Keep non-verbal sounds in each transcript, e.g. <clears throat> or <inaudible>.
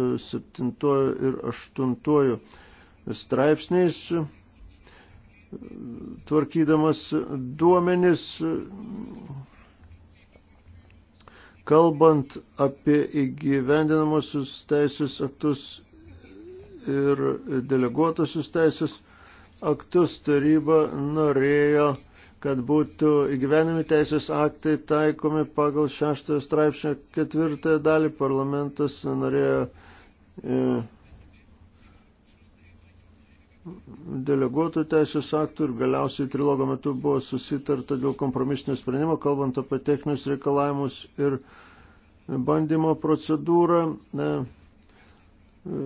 7 ir 8 straipsniais tvarkydamas duomenis, kalbant apie įgyvendinamosius teisės aktus ir deleguotosius teisės aktus taryba norėjo, kad būtų įgyvenimi teisės aktai taikomi pagal šeštojo straipsnio ketvirtąją dalį. Parlamentas norėjo E, deleguotų teisės aktų ir galiausiai trilogo metu buvo susitarta dėl kompromisinio sprendimo, kalbant apie techninius reikalavimus ir bandymo procedūrą. Ne, e,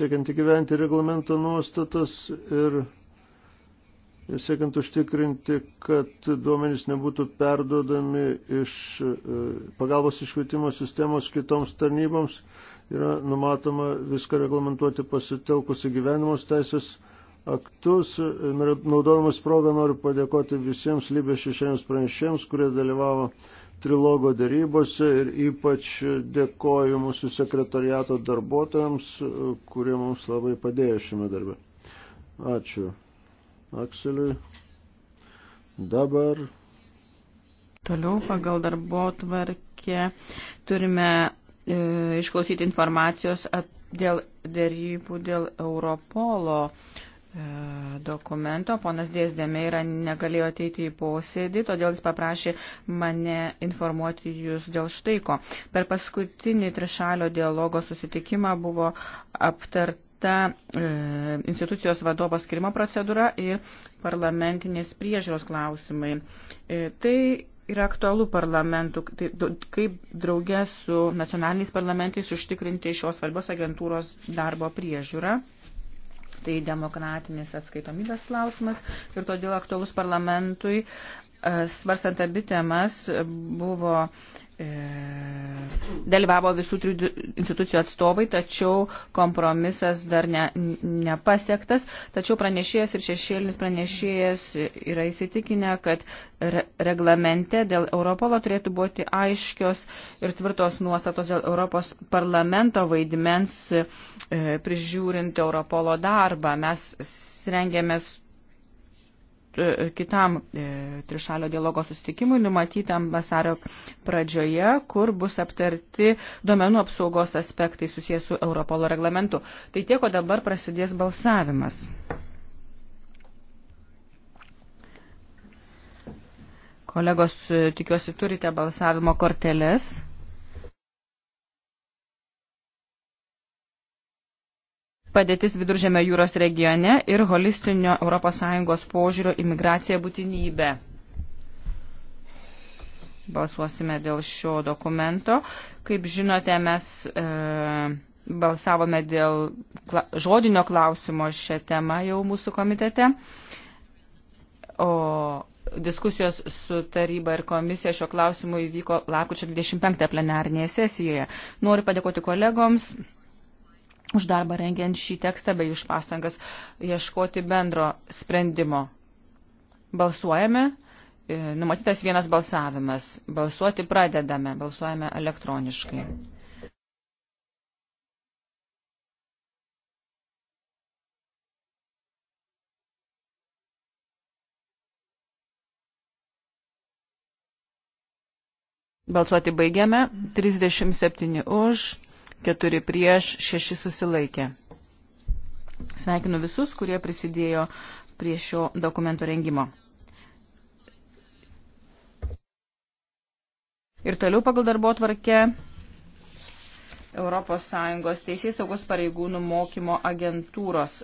siekiant įgyventi reglamento nuostatas ir siekiant užtikrinti, kad duomenys nebūtų perdodami iš e, pagalbos iškvietimo sistemos kitoms tarnyboms, yra numatoma viską reglamentuoti pasitelkus įgyvenimos teisės aktus. E, naudodamas progą noriu padėkoti visiems Libės šešiems pranešėjams, kurie dalyvavo trilogo darybose ir ypač dėkoju mūsų sekretariato darbuotojams, e, kurie mums labai padėjo šiame darbe. Ačiū. Akseliui. Dabar. Toliau pagal darbo tvarkę turime e, išklausyti informacijos at, dėl dėrybų dėl Europolo e, dokumento. Ponas Dėsdėme yra negalėjo ateiti į posėdį, todėl jis paprašė mane informuoti jūs dėl štaiko. Per paskutinį trišalio dialogo susitikimą buvo aptart numatyta e, institucijos vadovo skirimo procedūra ir parlamentinės priežiūros klausimai. E, tai yra aktualu parlamentų, tai, kaip draugė su nacionaliniais parlamentais užtikrinti šios svarbios agentūros darbo priežiūrą. Tai demokratinės atskaitomybės klausimas ir todėl aktualus parlamentui svarstant abi temas, buvo, e, dalyvavo visų trijų institucijų atstovai, tačiau kompromisas dar ne, nepasiektas. Tačiau pranešėjas ir šešėlinis pranešėjas yra įsitikinę, kad re, reglamente dėl Europolo turėtų būti aiškios ir tvirtos nuostatos dėl Europos parlamento vaidmens e, prižiūrint Europolo darbą. Mes rengiamės E, kitam e, trišalio dialogo susitikimui numatytam vasario pradžioje, kur bus aptarti duomenų apsaugos aspektai susijęs su Europolo reglamentu. Tai tiek, o dabar prasidės balsavimas. Kolegos, tikiuosi, turite balsavimo korteles. padėtis viduržėme jūros regione ir holistinio ES požiūrio imigracija būtinybė. Balsuosime dėl šio dokumento. Kaip žinote, mes e, balsavome dėl kla, žodinio klausimo šią temą jau mūsų komitete. O diskusijos su taryba ir komisija šio klausimu įvyko lakučio 25 plenarinėje sesijoje. Noriu padėkoti kolegoms už darbą rengiant šį tekstą bei už pastangas ieškoti bendro sprendimo. Balsuojame, e, numatytas vienas balsavimas. Balsuoti pradedame, balsuojame elektroniškai. Balsuoti baigiame. 37 už, 4 prieš, 6 susilaikė. Sveikinu visus, kurie prisidėjo prie šio dokumento rengimo. Ir toliau pagal darbo tvarkę ES Teisės saugos pareigūnų mokymo agentūros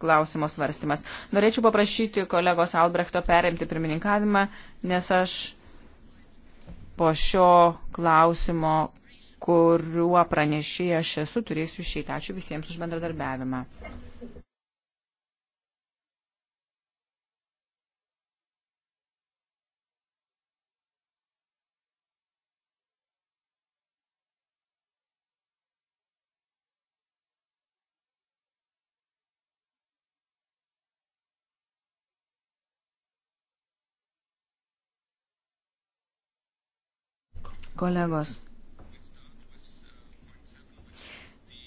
klausimo svarstymas. Norėčiau paprašyti kolegos Albrechto perimti pirmininkavimą, nes aš po šio klausimo kuriuo pranešėja aš esu, turėsiu išeiti. Ačiū visiems už bendradarbiavimą. kolegos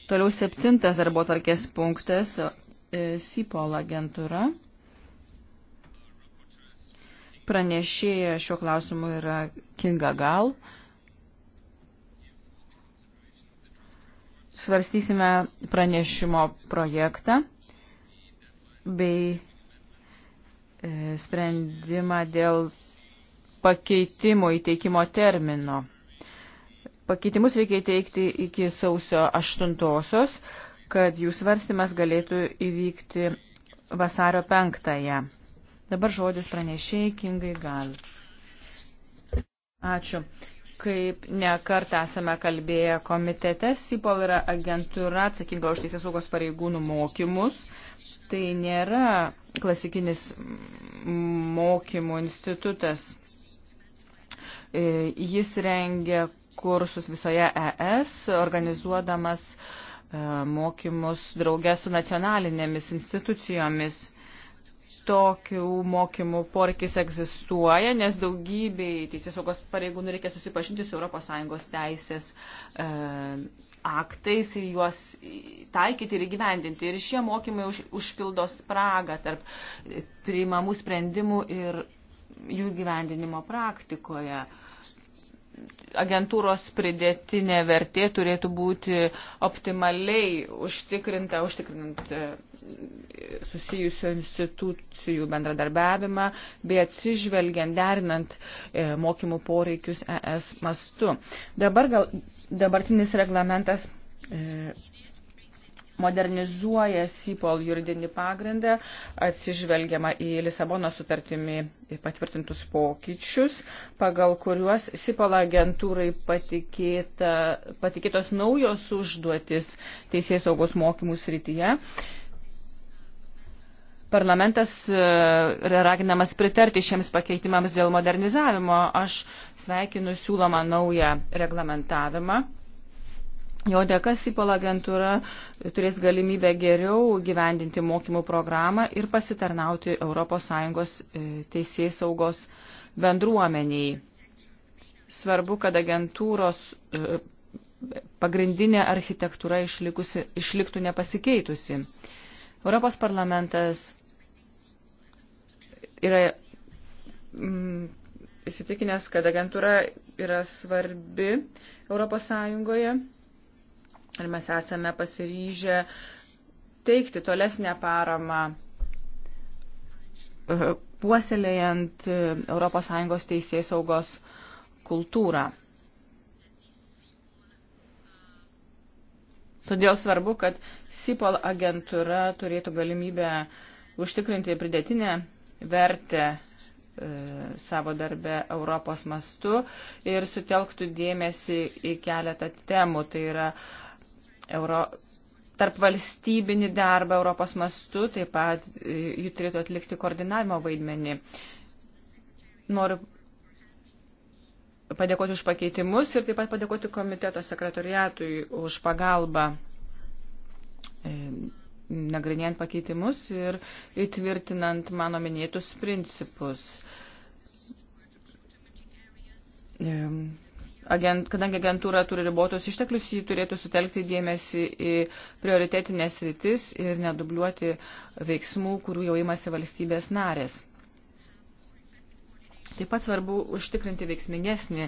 Toliau septintas darbo tarkės punktas e, – SIPOL agentūra. Pranešėja šiuo klausimu yra Kinga Gal. Svarstysime pranešimo projektą bei e, sprendimą dėl pakeitimo įteikimo termino. Pakeitimus reikia teikti iki sausio 8-osios, kad jų svarstymas galėtų įvykti vasario 5-ąją. Dabar žodis pranešėjai Kingai Gal. Ačiū kaip nekart esame kalbėję komitete, SIPOL yra agentūra atsakinga už teisės saugos pareigūnų mokymus. Tai nėra klasikinis mokymų institutas. E, jis rengia kursus visoje ES, organizuodamas e, mokymus draugės su nacionalinėmis institucijomis tokių mokymų poreikis egzistuoja, nes daugybei teisėsaugos pareigūnų reikia susipažinti su ES teisės e, aktais ir juos taikyti ir įgyvendinti. Ir šie mokymai už, užpildo spragą tarp priimamų sprendimų ir jų gyvendinimo praktikoje. E, agentūros pridėtinė vertė turėtų būti optimaliai užtikrinta, užtikrinant e, susijusio institucijų bendradarbiavimą, bei atsižvelgiant, derinant e, mokymų poreikius ES mastu. Dabar gal, dabartinis reglamentas e, modernizuoja SIPOL juridinį pagrindą, atsižvelgiama į Lisabono sutartimi patvirtintus pokyčius, pagal kuriuos SIPOL agentūrai patikėta, patikėtos naujos užduotis teisės saugos mokymų srityje. Parlamentas e, raginamas pritarti šiems pakeitimams dėl modernizavimo. Aš sveikinu siūlomą naują reglamentavimą Jo dėka SIPOL agentūra turės galimybę geriau gyvendinti mokymų programą ir pasitarnauti ES e, teisės saugos bendruomeniai. Svarbu, kad agentūros e, pagrindinė architektūra išlikusi, išliktų nepasikeitusi. Europos parlamentas yra mm, įsitikinęs, kad agentūra yra svarbi ES Ir mes esame pasiryžę teikti tolesnę paramą e, puoselėjant e, ES teisės saugos kultūrą. Todėl svarbu, kad SIPOL agentūra turėtų galimybę užtikrinti pridėtinę vertę e, savo darbę Europos mastu ir sutelktų dėmesį į keletą temų. Tai yra uh, Euro, tarp valstybinį darbą Europos mastu, taip pat e, jų turėtų atlikti koordinavimo vaidmenį. Noriu padėkoti už pakeitimus ir taip pat padėkoti komiteto sekretoriatui už pagalbą e, nagrinėjant pakeitimus ir įtvirtinant mano minėtus principus e, agent, kadangi agentūra turi ribotus išteklius, ji turėtų sutelkti dėmesį į prioritetinės rytis ir nedubliuoti veiksmų, kurių jau imasi valstybės narės. Taip pat svarbu užtikrinti veiksmingesnį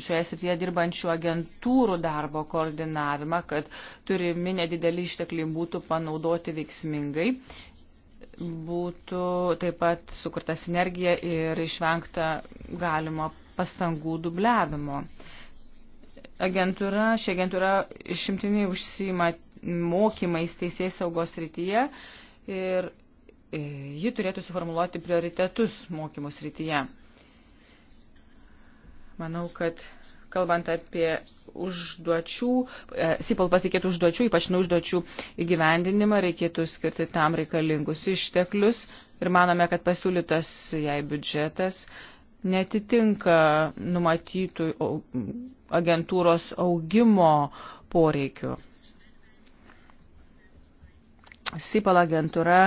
šioje srityje dirbančių agentūrų darbo koordinavimą, kad turimi nedideli ištekliai būtų panaudoti veiksmingai būtų taip pat sukurta sinergija ir išvengta galimo pastangų dubliavimo. Agentūra, ši agentūra išimtiniai užsima mokymais teisės saugos rytyje ir e, ji turėtų suformuluoti prioritetus mokymo srityje. Manau, kad kalbant apie užduočių, e, SIPAL patikėtų užduočių, ypač nuo užduočių įgyvendinimą, reikėtų skirti tam reikalingus išteklius ir manome, kad pasiūlytas jai biudžetas netitinka numatytų agentūros augimo poreikių. SIPAL agentūra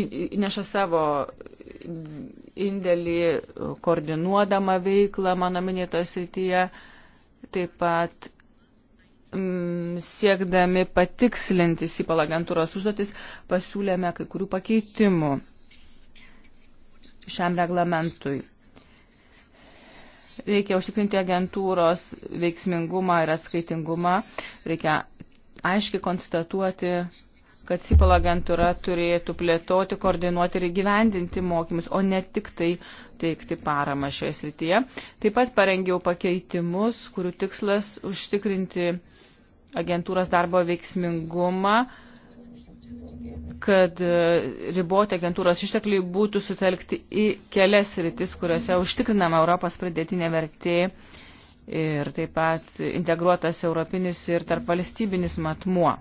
įneša savo indėlį koordinuodama veiklą mano minėtoje srityje, taip pat mm, siekdami patikslinti SIPAL agentūros užduotis, pasiūlėme kai kurių pakeitimų šiam reglamentui. Reikia užtikrinti agentūros veiksmingumą ir atskaitingumą. Reikia aiškiai konstatuoti, kad SIPAL agentūra turėtų plėtoti, koordinuoti ir įgyvendinti mokymus, o ne tik tai teikti paramą šioje srityje. Taip pat parengiau pakeitimus, kurių tikslas užtikrinti agentūros darbo veiksmingumą, uh, kad e, riboti agentūros ištekliai būtų sutelkti į kelias rytis, kuriuose užtikrinama Europos pridėtinė vertė ir taip pat integruotas europinis ir tarpvalstybinis matmuo.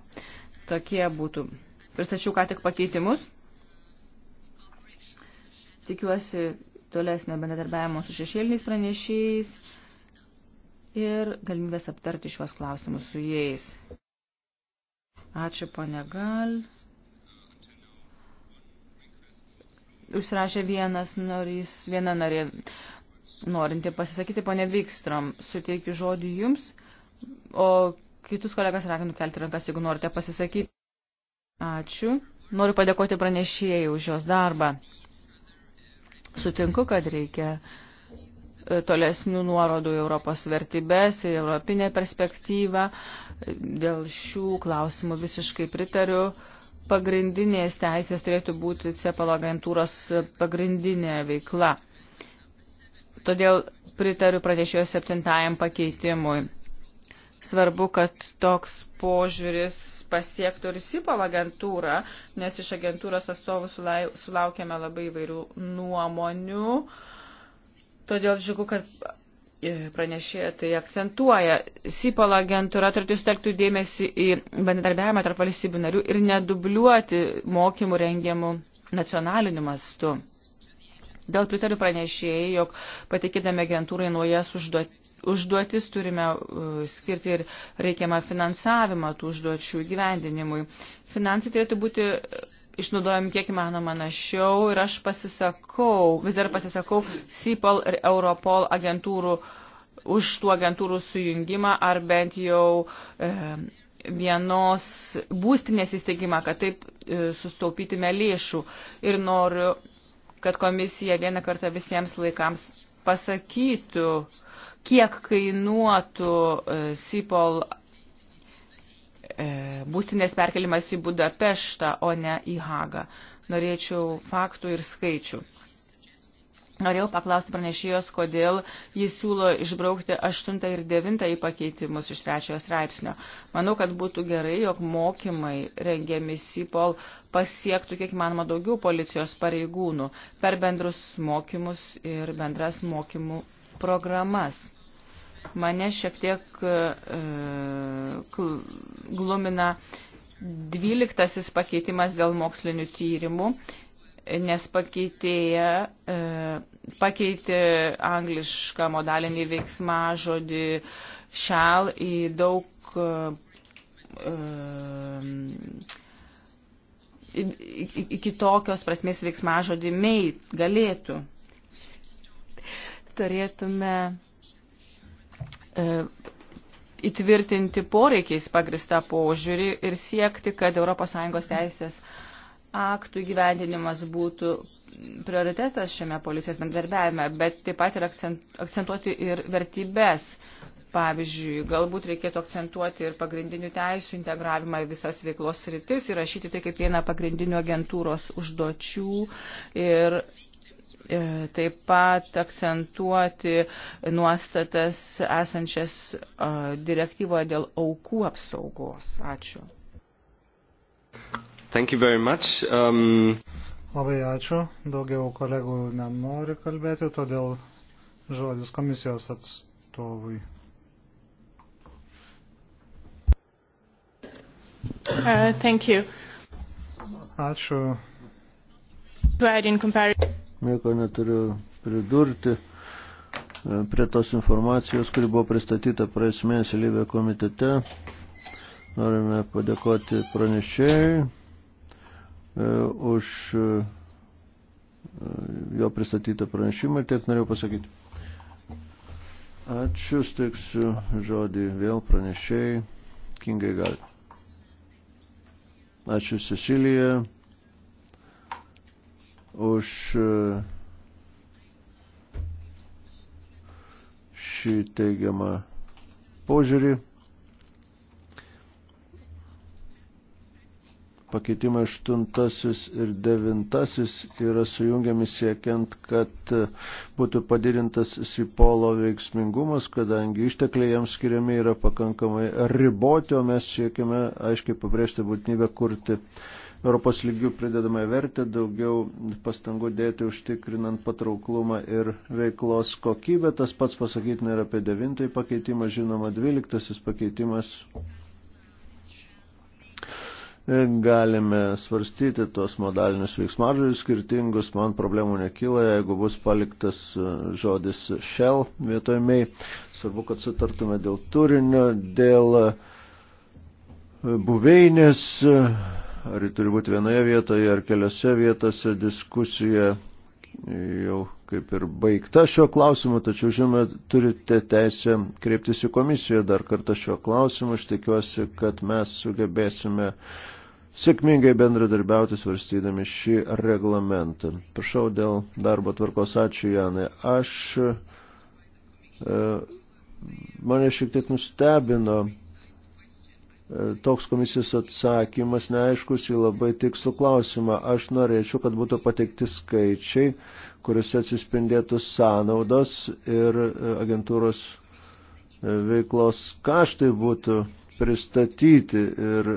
Tokie būtų. Pristačiau ką tik pakeitimus. Tikiuosi tolesnio bendradarbiavimo su šešėliniais pranešėjais ir galimybės aptarti šiuos klausimus su jais. Ačiū, ponia Gal. užsirašė vienas narys, viena narė norinti pasisakyti. Pone Vikstrom, suteikiu žodį jums, o kitus kolegas raginu kelti rankas, jeigu norite pasisakyti. Ačiū. Noriu padėkoti pranešėjai už jos darbą. Sutinku, kad reikia uh, tolesnių nuorodų į Europos vertybės, į europinę perspektyvą. Dėl šių klausimų visiškai pritariu. Pagrindinės teisės turėtų būti CEPAL agentūros pagrindinė veikla. Todėl pritariu pranešėjo septintajam pakeitimui. Svarbu, kad toks požiūris pasiektų ir SIPAL agentūrą, nes iš agentūros atstovų sulaukėme labai įvairių nuomonių. Uh, Todėl žiūrėjau, kad e, pranešėja tai akcentuoja. SIPOL agentūra turėtų sutelkti dėmesį į bendradarbiavimą tarp valstybių narių ir nedubliuoti mokymų rengiamų nacionaliniu mastu. Dėl pritariu pranešėjai, jog patikėdami agentūrai naujas užduotis turime e, skirti ir reikiamą finansavimą tų užduočių gyvendinimui. Finansai turėtų būti išnaudojami kiek įmanoma našiau ir aš pasisakau, vis dar pasisakau SIPOL ir Europol agentūrų už tų agentūrų sujungimą ar bent jau e, vienos būstinės įsteigimą, kad taip e, sustaupytume lėšų. Ir noriu, kad komisija vieną kartą visiems laikams pasakytų, kiek kainuotų e, SIPOL agentūrų E, būstinės perkelimas į Budapeštą, o ne į Hagą. Norėčiau faktų ir skaičių. Norėjau paklausti pranešėjos, kodėl jis siūlo išbraukti 8 ir 9 pakeitimus iš trečiojo straipsnio. Manau, kad būtų gerai, jog mokymai rengiami SIPOL pasiektų kiek manoma daugiau policijos pareigūnų per bendrus mokymus ir bendras mokymų programas. Mane šiek tiek e, glumina dvyliktasis pakeitimas dėl mokslinių tyrimų, nes pakeitėja e, pakeitė anglišką modalinį veiksmą žodį shall į daug iki e, tokios prasmės veiksmažodį mei galėtų. Turėtume E, įtvirtinti poreikiais pagristą požiūrį ir siekti, kad ES teisės aktų įgyvendinimas būtų prioritetas šiame policijos bendarbiavime, bet taip pat ir akcentuoti ir vertybės. Pavyzdžiui, galbūt reikėtų akcentuoti ir pagrindinių teisų integravimą į visas veiklos sritis, įrašyti tai kaip vieną pagrindinių agentūros užduočių ir E, taip pat akcentuoti nuostatas esančias e, direktyvoje dėl aukų apsaugos. Ačiū. Thank you very much. Um... Labai ačiū. Daugiau kolegų nenori kalbėti, todėl žodis komisijos atstovui. Uh, thank you. Ačiū. But in comparison nieko neturiu pridurti e, prie tos informacijos, kuri buvo pristatyta praeis mėnesį Lyvė komitete. Norime padėkoti pranešėjai e, už e, jo pristatytą pranešimą ir tiek norėjau pasakyti. Ačiū, steiksiu žodį vėl pranešėjai, kingai gali. Ačiū Cecilija už e, šį teigiamą požiūrį. pakeitimai aštuntasis ir devintasis yra sujungiami siekiant, kad e, būtų padidintas SIPOLO veiksmingumas, kadangi ištekliai jam skiriami yra pakankamai riboti, o mes siekime aiškiai pabrėžti būtinybę kurti Europos lygių pridedamą vertę, daugiau pastangų dėti užtikrinant patrauklumą ir veiklos kokybę. Tas pats pasakytina ir apie devintąjį pakeitimą, žinoma, dvyliktasis pakeitimas. Galime svarstyti tuos modalinius veiksmažodžius skirtingus, man problemų nekyla, jeigu bus paliktas e, žodis shell vietoj mei. Svarbu, kad sutartume dėl turinio, dėl e, buveinės e, ar ji turi būti vienoje vietoje ar keliose vietose, diskusija jau kaip ir baigta šiuo klausimu, tačiau žinoma, turite teisę kreiptis į komisiją dar kartą šiuo klausimu. Aš tikiuosi, kad mes sugebėsime sėkmingai bendradarbiauti svarstydami šį reglamentą. Prašau dėl darbo tvarkos, ačiū Janai. Aš, e, mane šiek tiek nustebino E, toks komisijos atsakymas neaiškus į labai tikslų klausimą. Aš norėčiau, kad būtų pateikti skaičiai, kuriuose atsispindėtų sąnaudos ir e, agentūros e, veiklos kaštai būtų pristatyti ir,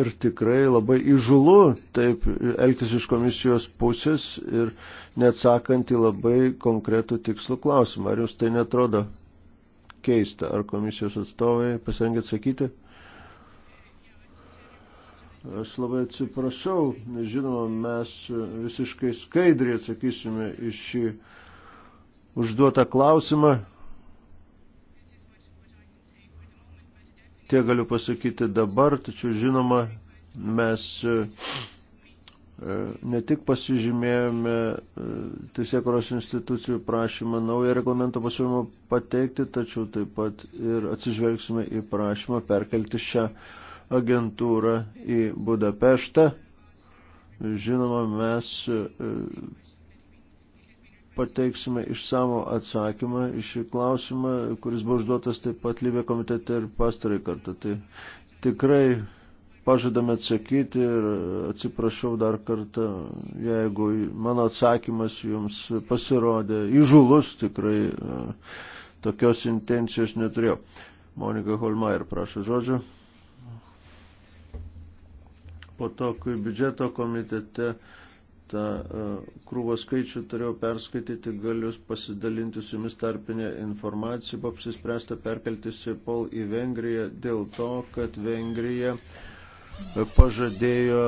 ir tikrai labai įžulu taip elgtis iš komisijos pusės ir neatsakant į labai konkretų tikslų klausimą. Ar jums tai netrodo keista. Ar komisijos atstovai pasirengė atsakyti? Aš labai atsiprašau, žinoma, mes visiškai skaidriai atsakysime iš šį užduotą klausimą. Tie galiu pasakyti dabar, tačiau žinoma, mes uh, E, ne tik pasižymėjome e, teisėkuros institucijų prašymą naują reglamento pasiūlymą pateikti, tačiau taip pat ir atsižvelgsime į prašymą perkelti šią agentūrą į Budapeštą. Žinoma, mes e, pateiksime išsamo atsakymą iš klausimą, kuris buvo užduotas taip pat Lyvė komitete ir pastarai kartą. Tai tikrai pažadame atsakyti ir atsiprašau dar kartą, jeigu mano atsakymas jums pasirodė įžulus, tikrai e, tokios intencijos neturėjau. Monika Holmaier, prašau žodžio. Po to, kai biudžeto komitete tą e, krūvą skaičių turėjau perskaityti, galiu pasidalinti su jumis tarpinę informaciją, buvo apsispręsta perkelti Sipol į Vengriją dėl to, kad Vengrija uh, pažadėjo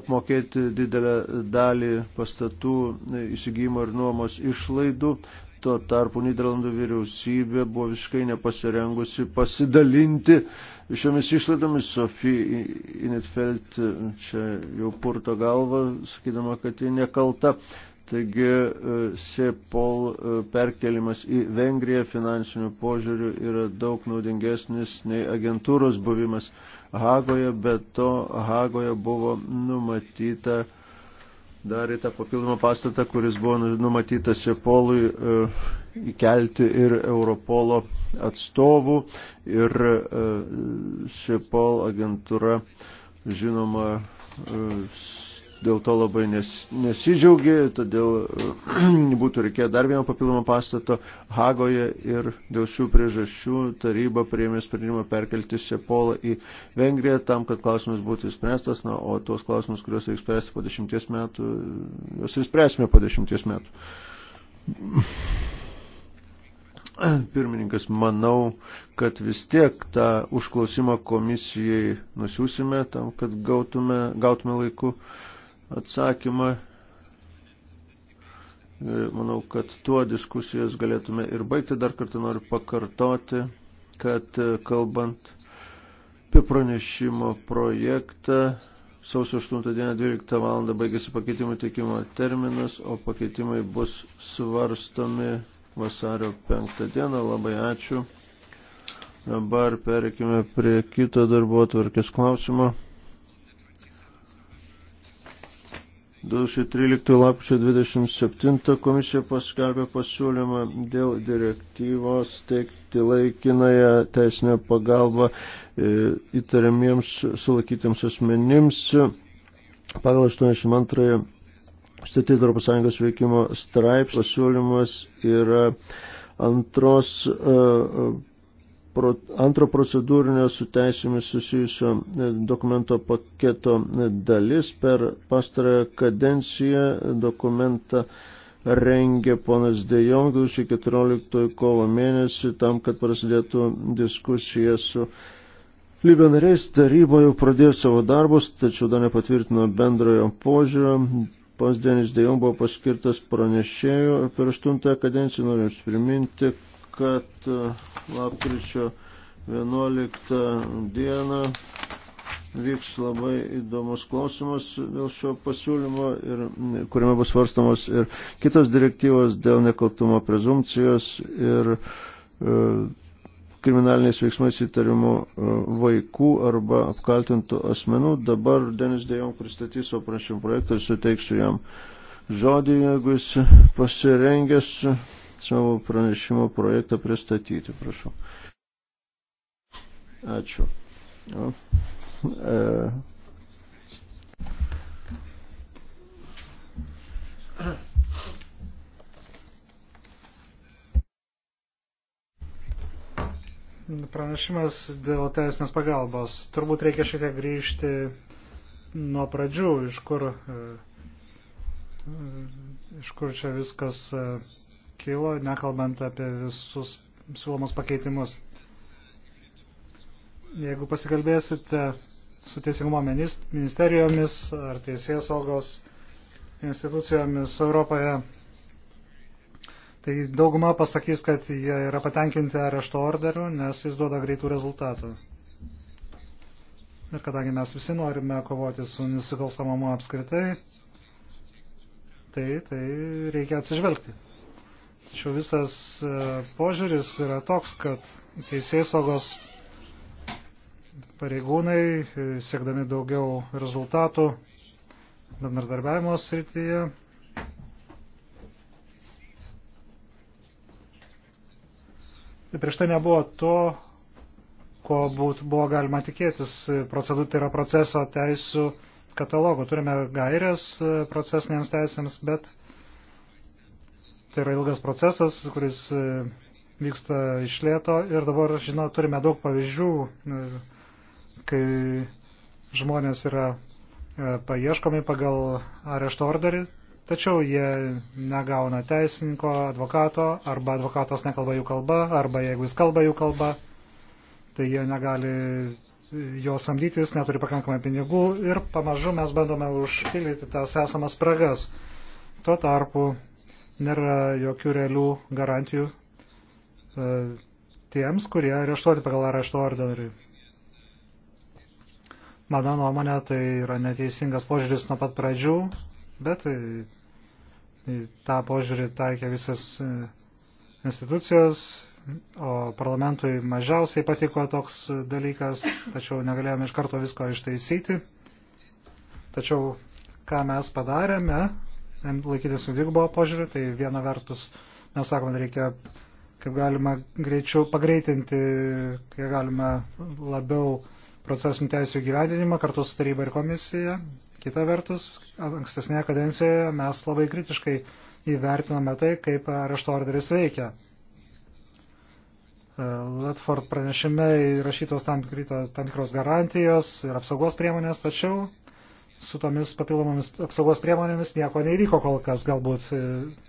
apmokėti didelę dalį pastatų įsigymo ir nuomos išlaidų. Tuo tarpu Niderlandų vyriausybė buvo visiškai nepasirengusi pasidalinti šiomis išlaidomis. Sofija Inetfeld čia jau purto galvą, sakydama, kad ji nekalta. Taigi e, SEPOL e, perkelimas į Vengriją finansinių požiūrių yra daug naudingesnis nei agentūros buvimas Hagoje, bet to Hagoje buvo numatyta dar į tą papildomą pastatą, kuris buvo nu-, numatytas SEPOLui e, įkelti ir Europolo atstovų ir SEPOL agentūra žinoma dėl to labai nes, nesidžiaugė, todėl <clears throat> būtų reikėję dar vieno papildomo pastato Hagoje ir dėl šių priežasčių taryba priėmė sprendimą perkelti Sepolą į Vengriją tam, kad klausimas būtų įspręstas, na, o tuos klausimus, kuriuos reiks spręsti po dešimties metų, juos ir spręsime po dešimties metų. <clears throat> Pirmininkas, manau, kad vis tiek tą užklausimą komisijai nusiusime tam, kad gautume, gautume laiku uh, atsakymą. E, manau, kad tuo diskusijas galėtume ir baigti. Dar kartą noriu pakartoti, kad e, kalbant apie pranešimo projektą, sausio 8 dieną 12 val. baigėsi pakeitimų teikimo terminas, o pakeitimai bus svarstomi vasario 5 dieną. Labai ačiū. Dabar perikime prie kito darbo tvarkės klausimo. 2013 lapčio 27 komisija paskelbė pasiūlymą dėl direktyvos teikti laikinąją teisinę pagalbą e, įtariamiems sulakytiems asmenims pagal 82 statyti Europos Sąjungos veikimo straipsnį pasiūlymas yra antros e, pro, antro procedūrinio su teisėmis susijusio e, dokumento paketo e, dalis. Per pastarąją kadenciją dokumentą rengė ponas Dejong 2014 kovo mėnesį tam, kad prasidėtų diskusija su Libenariais taryba jau pradėjo savo darbus, tačiau dar nepatvirtino bendrojo požiūrio. Pas Denis Dejong buvo paskirtas pranešėjo per aštuntąją kadenciją. Noriu jums priminti, kad uh, lapkričio 11 dieną vyks labai įdomus klausimas dėl šio pasiūlymo, ir, kuriame bus svarstamos ir kitos direktyvos dėl nekaltumo prezumcijos ir e, kriminaliniais veiksmais įtarimų e, vaikų arba apkaltintų asmenų. Dabar Denis Dejong pristatys savo prašymų projektą ir suteiksiu jam žodį, jeigu jis pasirengęs savo pranešimo projektą pristatyti, prašau. Ačiū. O, e, Pranešimas dėl teisinės pagalbos. Turbūt reikia šiek tiek grįžti nuo pradžių, iš kur, e, iš kur čia viskas e, kilo, nekalbant apie visus siūlomus pakeitimus. Jeigu pasikalbėsite su teisingumo ministerijomis ar teisės saugos institucijomis Europoje, tai dauguma pasakys, kad jie yra patenkinti arešto orderiu, nes jis duoda greitų rezultatų. Ir kadangi mes visi norime kovoti su nusikalstamumu apskritai, tai, tai reikia atsižvelgti. Tačiau visas e, požiūris yra toks, kad teisės saugos pareigūnai, e, siekdami daugiau rezultatų bendradarbiavimo srityje, tai prieš tai nebuvo to, ko būt, buvo galima tikėtis procedūrų, tai yra proceso teisų katalogų. Turime gairias e, procesinėms teisėms, bet Tai yra ilgas procesas, kuris e, vyksta iš lėto ir dabar, žinot, turime daug pavyzdžių, e, kai žmonės yra e, paieškomi pagal arešto orderį, tačiau jie negauna teisininko, advokato, arba advokatas nekalba jų kalba, arba jeigu jis kalba jų kalba, tai jie negali jo samdytis, neturi pakankamai pinigų ir pamažu mes bandome užpildyti tas esamas spragas. Tuo tarpu nėra jokių realių garantijų e, tiems, kurie areštuoti pagal arešto orderį. Mano nuomonė, tai yra neteisingas požiūris nuo pat pradžių, bet tą požiūrį taikė visas e, institucijos, o parlamentui mažiausiai patiko toks dalykas, tačiau negalėjome iš karto visko ištaisyti. Tačiau ką mes padarėme, laikytis dvigubo požiūrių. Tai viena vertus mes sakome, reikia kaip galima greičiau pagreitinti, kiek galima labiau procesinių teisų gyvendinimą kartu su taryba ir komisija. Kita vertus, ankstesnėje kadencijoje mes labai kritiškai įvertiname tai, kaip arešto orderis veikia. Ledford pranešime įrašytos tam, tam tikros garantijos ir apsaugos priemonės, tačiau su tomis papildomomis apsaugos priemonėmis nieko neįvyko kol kas, galbūt e,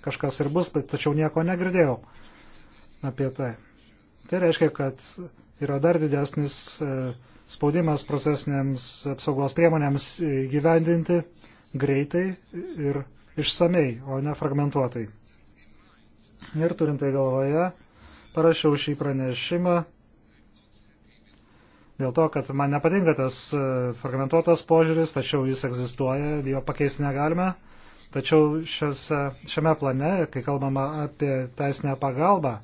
kažkas ir bus, tačiau nieko negirdėjau apie tai. Tai reiškia, kad yra dar didesnis e, spaudimas procesinėms apsaugos priemonėms gyvendinti greitai ir išsamei, o ne fragmentuotai. Ir turint tai galvoje, parašiau šį pranešimą dėl to, kad man nepatinka tas e, fragmentuotas požiūris, tačiau jis egzistuoja, jo pakeisti negalime. Tačiau šias, e, šiame plane, kai kalbama apie teisinę pagalbą,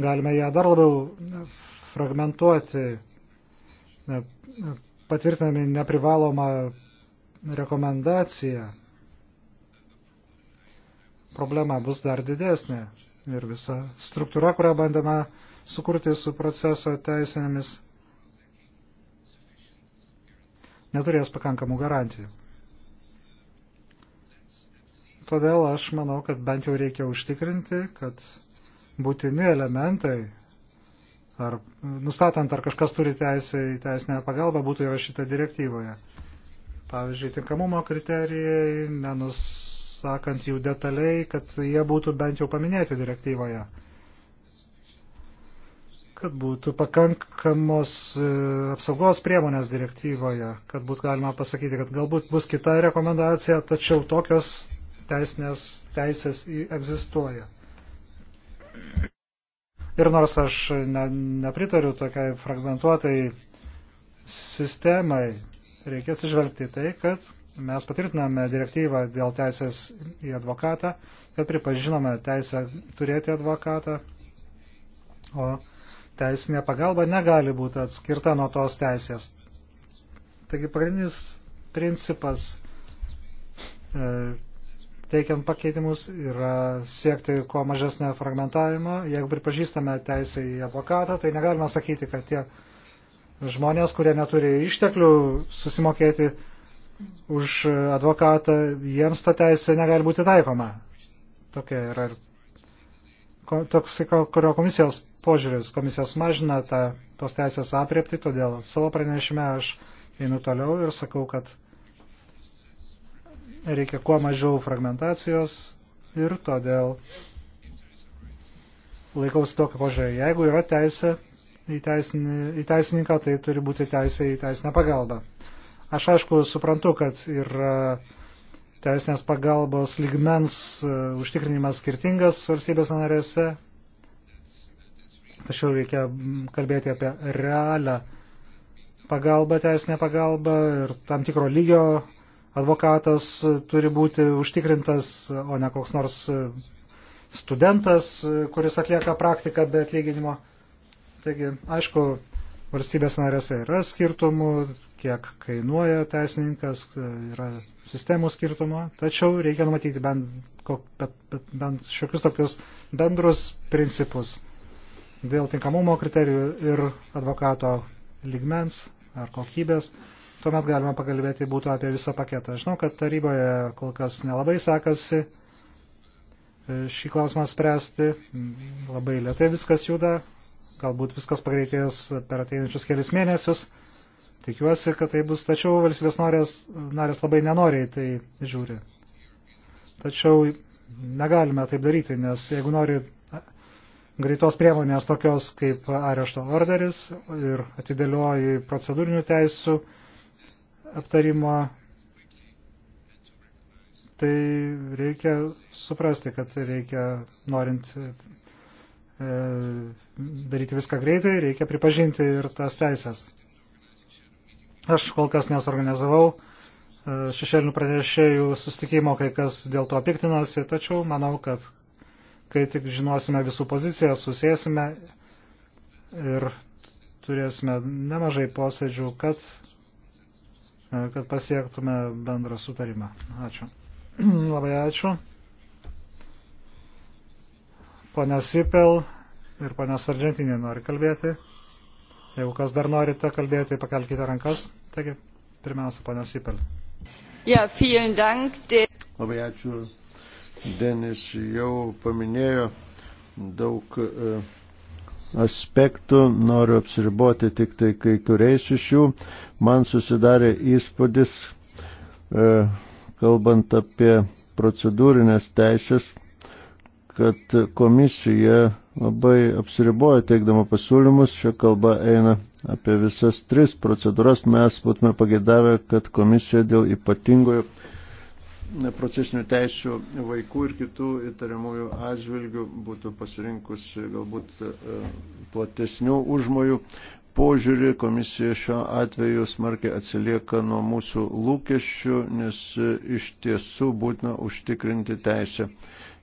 galime ją dar labiau e, fragmentuoti, patvirtinami neprivalomą rekomendaciją. Problema bus dar didesnė ir visa struktūra, kurią bandėme sukurti su proceso teisinėmis neturės pakankamų garantijų. Todėl aš manau, kad bent jau reikia užtikrinti, kad būtini elementai, ar nustatant, ar kažkas turi teisę į teisinę pagalbą, būtų įrašyta direktyvoje. Pavyzdžiui, tinkamumo kriterijai, nenusakant jų detaliai, kad jie būtų bent jau paminėti direktyvoje kad būtų pakankamos e, apsaugos priemonės direktyvoje, kad būtų galima pasakyti, kad galbūt bus kita rekomendacija, tačiau tokios teisinės teisės egzistuoja. Ir nors aš ne, nepritariu tokiai fragmentuotai sistemai, reikia atsižvelgti tai, kad mes patvirtiname direktyvą dėl teisės į advokatą, kad pripažinome teisę turėti advokatą, o teisinė pagalba negali būti atskirta nuo tos teisės. Taigi pagrindinis principas e, teikiant pakeitimus yra siekti kuo mažesnę fragmentavimą. Jeigu pripažįstame teisę į advokatą, tai negalime sakyti, kad tie žmonės, kurie neturi išteklių susimokėti už advokatą, jiems ta teisė negali būti taikoma. Tokia yra ir toks, kurio komisijos požiūris, komisijos mažina tą, tos teisės apriepti, todėl savo pranešime aš einu toliau ir sakau, kad reikia kuo mažiau fragmentacijos ir todėl laikausi tokio požiūrį. Jeigu yra teisė į, teisinį, į teisininką, tai turi būti teisė į teisinę pagalbą. Aš aišku suprantu, kad yra uh, teisinės pagalbos lygmens e, užtikrinimas skirtingas valstybės narėse. Tačiau reikia kalbėti apie realią pagalbą, teisinę pagalbą ir tam tikro lygio advokatas turi būti užtikrintas, o ne koks nors e, studentas, e, kuris atlieka praktiką be atlyginimo. Taigi, aišku, valstybės narėse yra skirtumų, kiek kainuoja teisininkas, e, yra sistemų skirtumo, tačiau reikia numatyti bent, bent, bent šiokius tokius bendrus principus dėl tinkamumo kriterijų ir advokato ligmens ar kokybės. Tuomet galima pakalbėti būtų apie visą paketą. Žinau, kad taryboje kol kas nelabai sekasi e, šį klausimą spręsti. Labai lietai viskas juda. Galbūt viskas pagreitės per ateinančius kelias mėnesius. Tikiuosi, kad tai bus, tačiau valstybės norės, narės labai nenoriai tai žiūri. Tačiau negalime taip daryti, nes jeigu nori greitos priemonės tokios kaip arešto orderis ir atidėlioji procedūrinių teisų aptarimo, tai reikia suprasti, kad reikia, norint e, daryti viską greitai, reikia pripažinti ir tas teisės. Aš kol kas nesorganizavau e, šešėlinių pranešėjų sustikimo, kai kas dėl to piktinosi, tačiau manau, kad kai tik žinosime visų poziciją, susėsime ir turėsime nemažai posėdžių, kad, e, kad pasiektume bendrą sutarimą. Ačiū. <clears throat> Labai ačiū. Pone Sipel ir pone Sargentinė nori kalbėti. Jeigu kas dar norite kalbėti, pakelkite rankas. Taigi, pirmiausia, ponia Sipel. Ja, dank, de... Labai ačiū. Denis jau paminėjo daug e, aspektų, noriu apsiriboti tik tai kai kuriais iš jų. Man susidarė įspūdis, e, kalbant apie procedūrinės teisės, kad komisija labai apsiriboja teikdama pasiūlymus. Šia kalba eina apie visas tris procedūras. Mes būtume pagėdavę, kad komisija dėl ypatingojo procesinių teisų vaikų ir kitų įtariamųjų atžvilgių būtų pasirinkusi galbūt e, platesnių užmojų požiūrį. Komisija šiuo atveju smarkiai atsilieka nuo mūsų lūkesčių, nes e, iš tiesų būtina užtikrinti teisę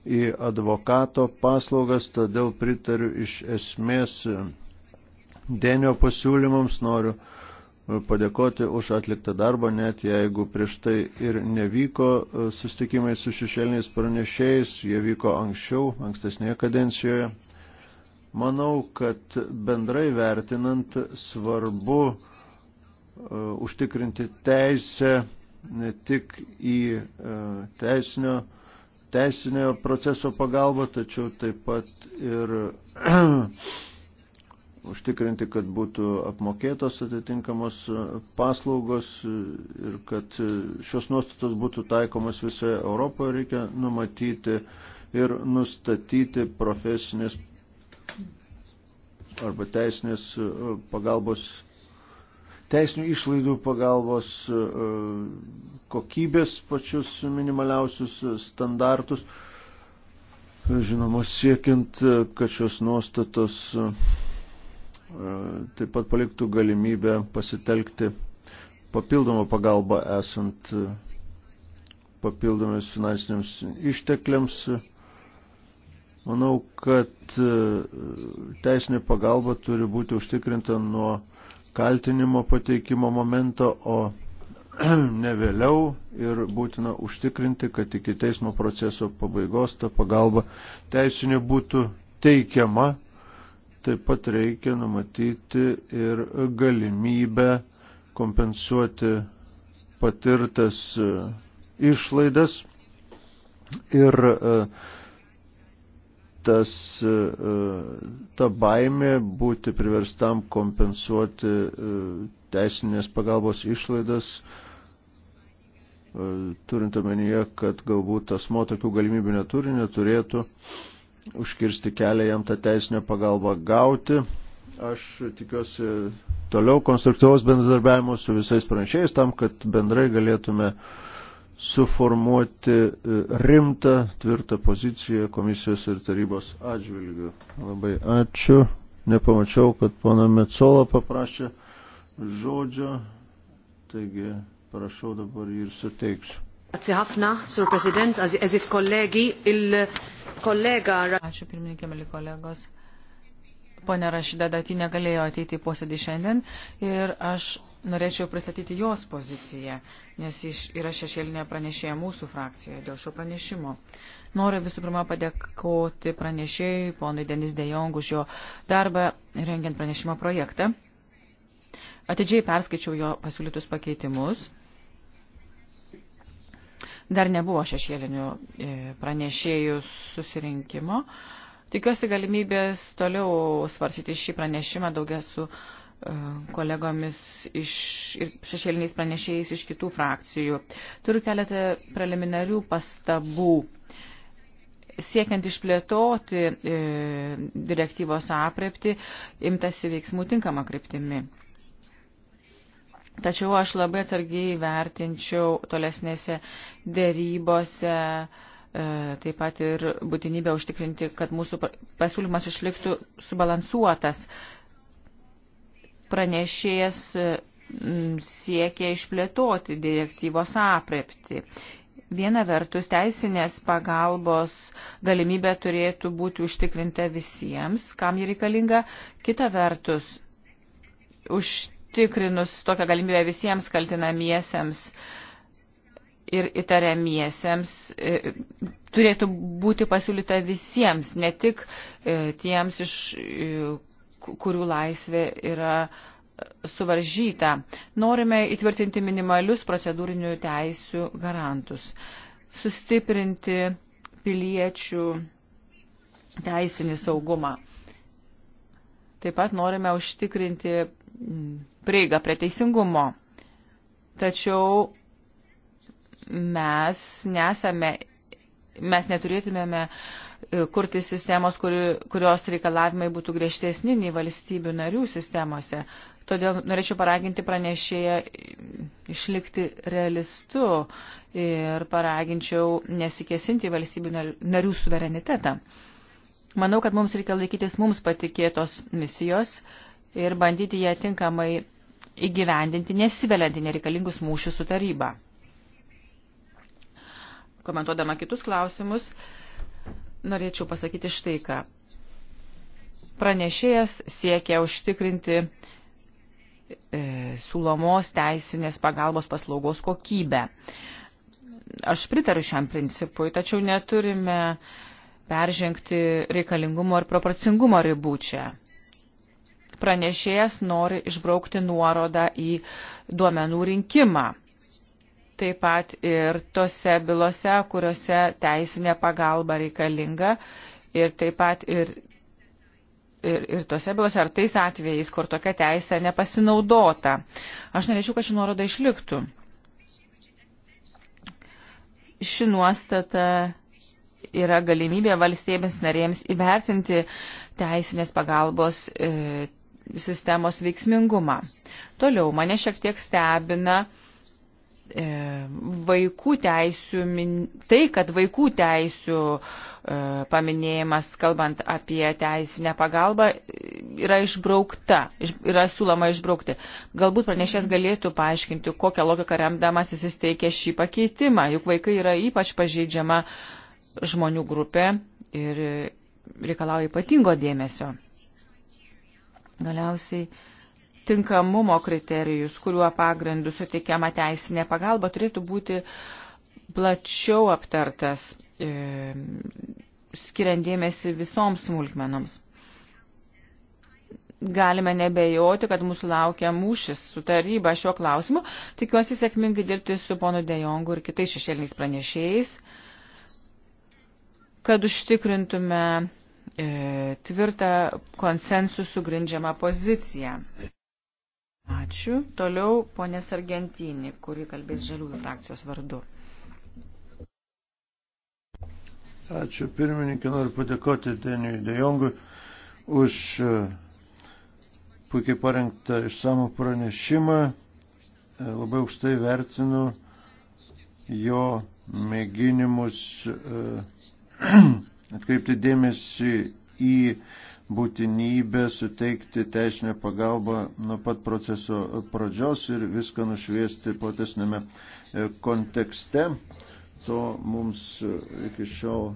į advokato paslaugas, todėl pritariu iš esmės Denio pasiūlymams, noriu padėkoti už atliktą darbą, net jeigu prieš tai ir nevyko e, sustikimai su šešėliniais pranešėjais, jie vyko anksčiau, ankstesnėje kadencijoje. Manau, kad bendrai vertinant svarbu e, užtikrinti teisę ne tik į e, teisinio teisinio proceso pagalba, tačiau taip pat ir <clears throat> užtikrinti, kad būtų apmokėtos atitinkamos paslaugos ir kad šios nuostatos būtų taikomos visoje Europoje, reikia numatyti ir nustatyti profesinės arba teisinės pagalbos teisinių išlaidų pagalbos, e, kokybės pačius minimaliausius standartus. Žinoma, siekiant, e, kad šios nuostatos e, taip pat paliktų galimybę pasitelkti papildomą pagalbą esant papildomis finansiniams ištekliams. Manau, kad teisinė pagalba turi būti užtikrinta nuo kaltinimo pateikimo momento, o <clears throat> ne vėliau ir būtina užtikrinti, kad iki teismo proceso pabaigos ta pagalba teisinė būtų teikiama. Taip pat reikia numatyti ir galimybę kompensuoti patirtas e, išlaidas ir uh, tas, e, e, ta baimė būti priverstam kompensuoti e, teisinės pagalbos išlaidas, turint omenyje, kad galbūt asmo tokių galimybių neturi, neturėtų užkirsti kelią jam tą teisinę pagalbą gauti. Aš tikiuosi toliau konstruktyvaus bendradarbiavimo su visais pranešėjais tam, kad bendrai galėtume uh, suformuoti e, rimtą, tvirtą poziciją komisijos ir tarybos atžvilgių. Labai ačiū. Nepamačiau, kad pana Metzola paprašė žodžio, taigi prašau dabar jį ir suteiksiu. Grazie ħafna, Sur President, aziz kollegi, il-kollega. Ačiū pirmininkė, mėly kolegos. Pone Rašida Dati negalėjo ateiti į posėdį šiandien ir aš norėčiau pristatyti jos poziciją, nes jis yra šešėlinė pranešėja mūsų frakcijoje dėl šio pranešimo. Noriu visų pirma padėkoti pranešėjai, ponui Denis Dejong, už jo darbą rengiant pranešimo projektą. Atidžiai perskaičiau jo pasiūlytus pakeitimus. Dar nebuvo šešėlinių e, pranešėjų susirinkimo. Tikiuosi galimybės toliau svarsyti šį pranešimą daugia su kolegomis iš, ir šešėliniais pranešėjais iš kitų frakcijų. Turiu keletą preliminarių pastabų. Siekiant išplėtoti e, direktyvos aprepti, imtasi veiksmų tinkama kryptimi. Tačiau aš labai atsargiai vertinčiau tolesnėse dėrybose e, taip pat ir būtinybę užtikrinti, kad mūsų pasiūlymas išliktų subalansuotas. E, pranešėjas mm, siekia išplėtoti direktyvos aprepti. Viena vertus, teisinės pagalbos galimybė turėtų būti užtikrinta visiems, kam ji reikalinga. Kita vertus, užtikrinus tokią galimybę visiems kaltinamiesiems ir įtariamiesiems e, turėtų būti pasiūlyta visiems, ne tik e, tiems, iš, e, kurių laisvė yra e, suvaržyta. Norime įtvirtinti minimalius procedūrinių teisių garantus, sustiprinti piliečių teisinį saugumą. Taip pat norime užtikrinti prieigą prie teisingumo. Tačiau mes nesame, mes neturėtumėme uh, E, kurti sistemos, kuri, kurios reikalavimai būtų griežtesni nei valstybių narių sistemose. Todėl norėčiau paraginti pranešėją išlikti realistu ir paraginčiau nesikesinti valstybių narių suverenitetą. Manau, kad mums reikia laikytis mums patikėtos misijos ir bandyti ją tinkamai įgyvendinti, nesiveliant į nereikalingus mūšius su taryba. Komentuodama kitus klausimus, uh, norėčiau pasakyti štai ką. Pranešėjas siekia užtikrinti e, siūlomos teisinės pagalbos paslaugos kokybę. Aš pritariu šiam principui, tačiau neturime peržengti reikalingumo ir proporcingumo ribų čia. Pranešėjas nori išbraukti nuorodą į duomenų rinkimą taip pat ir tose bylose, kuriuose teisinė pagalba reikalinga ir taip pat ir, ir, ir tose bylose ar tais atvejais, kur tokia teisė nepasinaudota. Aš norėčiau, kad ši nuoroda išliktų. Ši nuostata yra galimybė valstybėms narėms įvertinti teisinės pagalbos e, sistemos veiksmingumą. Toliau mane šiek tiek stebina e, E, vaikų teisių, tai, kad vaikų teisių e, paminėjimas, kalbant apie teisinę pagalbą, yra išbraukta, yra siūloma išbraukti. Galbūt pranešės galėtų paaiškinti, kokią logiką remdamas jis įsteikė šį pakeitimą, juk vaikai yra ypač pažeidžiama žmonių grupė ir reikalauja ypatingo dėmesio. Galiausiai tinkamumo kriterijus, kuriuo pagrindu suteikiama teisinė pagalba, turėtų būti plačiau aptartas, e, skiriant dėmesį visoms smulkmenoms. Galime nebejoti, kad mūsų laukia mūšis su taryba šiuo klausimu. Tikiuosi sėkmingai dirbti su ponu Dejongu ir kitais šešėliniais pranešėjais, kad užtikrintume e, tvirtą konsensusų grindžiamą poziciją. Ačiū. Toliau ponės Argentinį, kuri kalbės žaliųjų frakcijos vardu. Ačiū pirmininkė, noriu padėkoti Deniui Dejongui už e, puikiai parengtą išsamų pranešimą. E, labai aukštai vertinu jo mėginimus e, <clears throat> atkreipti dėmesį į būtinybę suteikti teisinę pagalbą nuo pat proceso pradžios ir viską nušviesti platesnėme e, kontekste. To mums e, iki šiol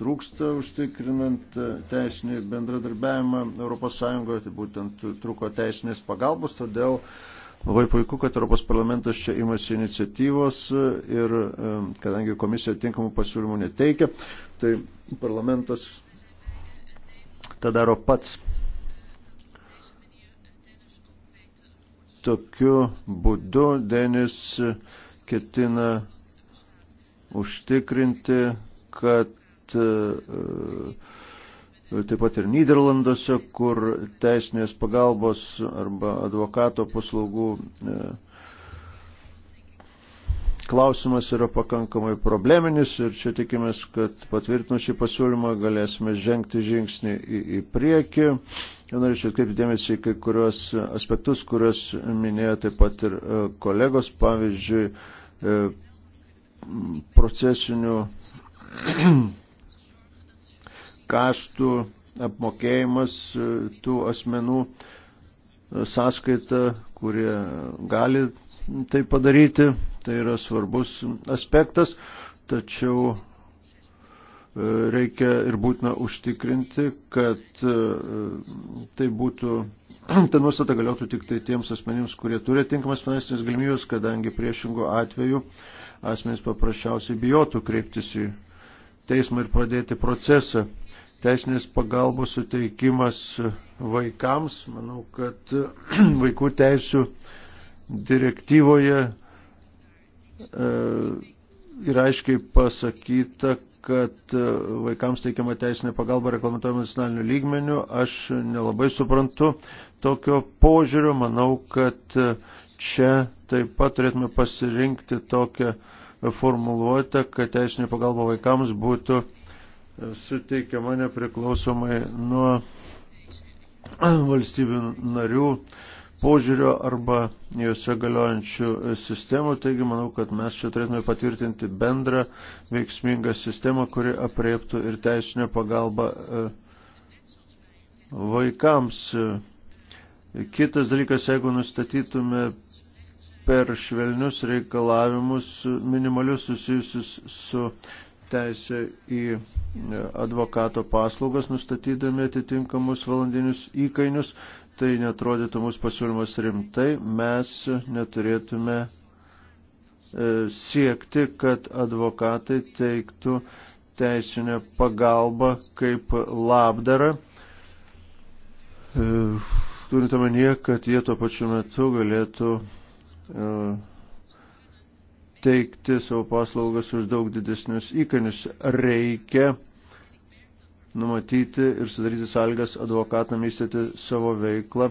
trūksta užtikrinant e, teisinį bendradarbiavimą ES, tai būtent trūko teisinės pagalbos, todėl Labai puiku, kad Europos parlamentas čia imasi iniciatyvos ir kadangi komisija tinkamų pasiūlymų neteikia, tai parlamentas tą daro pats. Tokiu būdu Denis ketina užtikrinti, kad e, taip pat ir Niderlanduose, kur teisinės pagalbos arba advokato paslaugų e, klausimas yra pakankamai probleminis ir čia tikimės, kad patvirtinus šį pasiūlymą galėsime žengti žingsnį į, į priekį. Norėčiau atkreipti dėmesį į kai kurios aspektus, kuriuos minėjo taip pat ir e, kolegos, pavyzdžiui, e, procesinių <clears throat> kaštų apmokėjimas e, tų asmenų sąskaita, kurie gali tai padaryti, tai yra svarbus aspektas, tačiau e, reikia ir būtina užtikrinti, kad e, tai būtų, <clears throat> ta nuostata galėtų tik tai tiems asmenims, kurie turi tinkamas finansinės galimybės, kadangi priešingų atveju asmenys paprasčiausiai bijotų kreiptis į teismą ir pradėti procesą. Teisinės pagalbos suteikimas vaikams, manau, kad <clears throat> vaikų teisų direktyvoje yra e, aiškiai pasakyta, kad e, vaikams teikiama teisinė pagalba reglamentojama nacionaliniu lygmeniu. Aš nelabai suprantu tokio požiūrio. Manau, kad e, čia taip pat turėtume pasirinkti tokią formuluotę, kad teisinė pagalba vaikams būtų suteikiama nepriklausomai nuo valstybių narių požiūrio arba juose galiojančių sistemų. Taigi manau, kad mes čia turėtume patvirtinti bendrą veiksmingą sistemą, kuri apriektų ir teisinę pagalbą e, vaikams. Kitas dalykas, jeigu nustatytume per švelnius reikalavimus minimalius susijusius su teisė į e, advokato paslaugas, nustatydami atitinkamus valandinius įkainius, tai netrodytų mūsų pasiūlymas rimtai, mes neturėtume e, siekti, kad advokatai teiktų teisinę pagalbą kaip labdarą, e, turint omenyje, kad jie tuo pačiu metu galėtų e, teikti savo paslaugas už daug didesnius įkainius. Reikia numatyti ir sudaryti sąlygas advokatam įstėti savo veiklą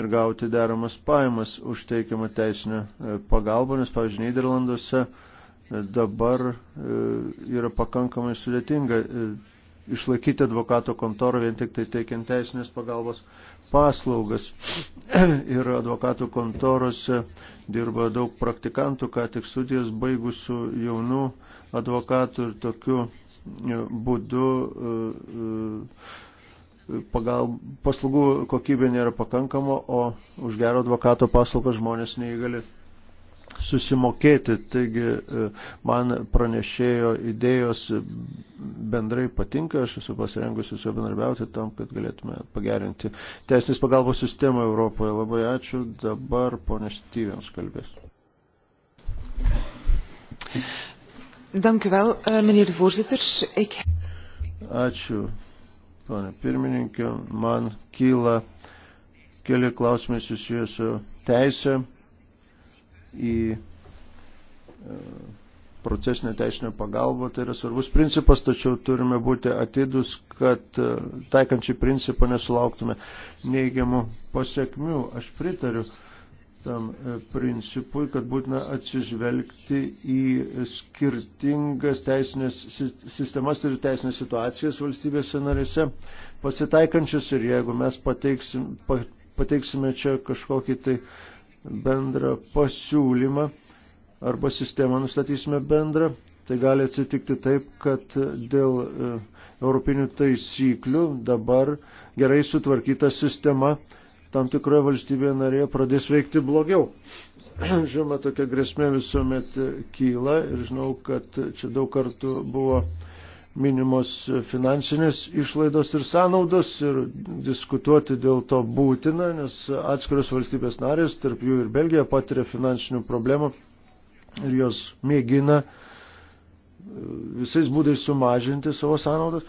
ir gauti deramas pajamas už teikiamą teisinę e, pagalbą, nes, pavyzdžiui, Niderlanduose e, dabar e, yra pakankamai sudėtinga išlaikyti advokato kontorą vien tik tai teikiant teisinės pagalbos paslaugas. <clears throat> ir advokatų kontorose dirba daug praktikantų, ką tik studijas baigusių jaunų advokatų ir tokiu e, būdu e, e, pagal, paslaugų kokybė nėra pakankama, o už gero advokato paslaugas žmonės neįgali susimokėti. Taigi e, man pranešėjo idėjos bendrai patinka, aš esu pasirengusi su bendarbiauti tam, kad galėtume pagerinti teisinės pagalbos sistemą Europoje. Labai ačiū. Dabar ponė Stevens kalbės. Dank u wel, eh, meneer de voorzitter. Ik... Ačiū, ponė pirmininkė. Man kyla keli klausimai susijusiu teisė į e, procesinę teisinę pagalbą, tai yra svarbus principas, tačiau turime būti atidus, kad e, taikant šį principą nesulauktume neigiamų pasiekmių. Aš pritariu tam e, principui, kad būtina atsižvelgti į skirtingas teisinės sistemas ir teisinės situacijas valstybėse narėse pasitaikančius ir jeigu mes pateiksim, pateiksime čia kažkokį tai bendrą pasiūlymą arba sistemą nustatysime bendrą, tai gali atsitikti taip, kad dėl e, europinių taisyklių dabar gerai sutvarkyta sistema tam tikroje valstybėje narėje pradės veikti blogiau. <clears throat> Žinoma, tokia grėsmė visuomet kyla ir žinau, kad čia daug kartų buvo minimos finansinės išlaidos ir sąnaudos ir diskutuoti dėl to būtina, nes atskiros valstybės narės, tarp jų ir Belgija, patiria finansinių problemų ir jos mėgina e, visais būdais sumažinti savo sąnaudas.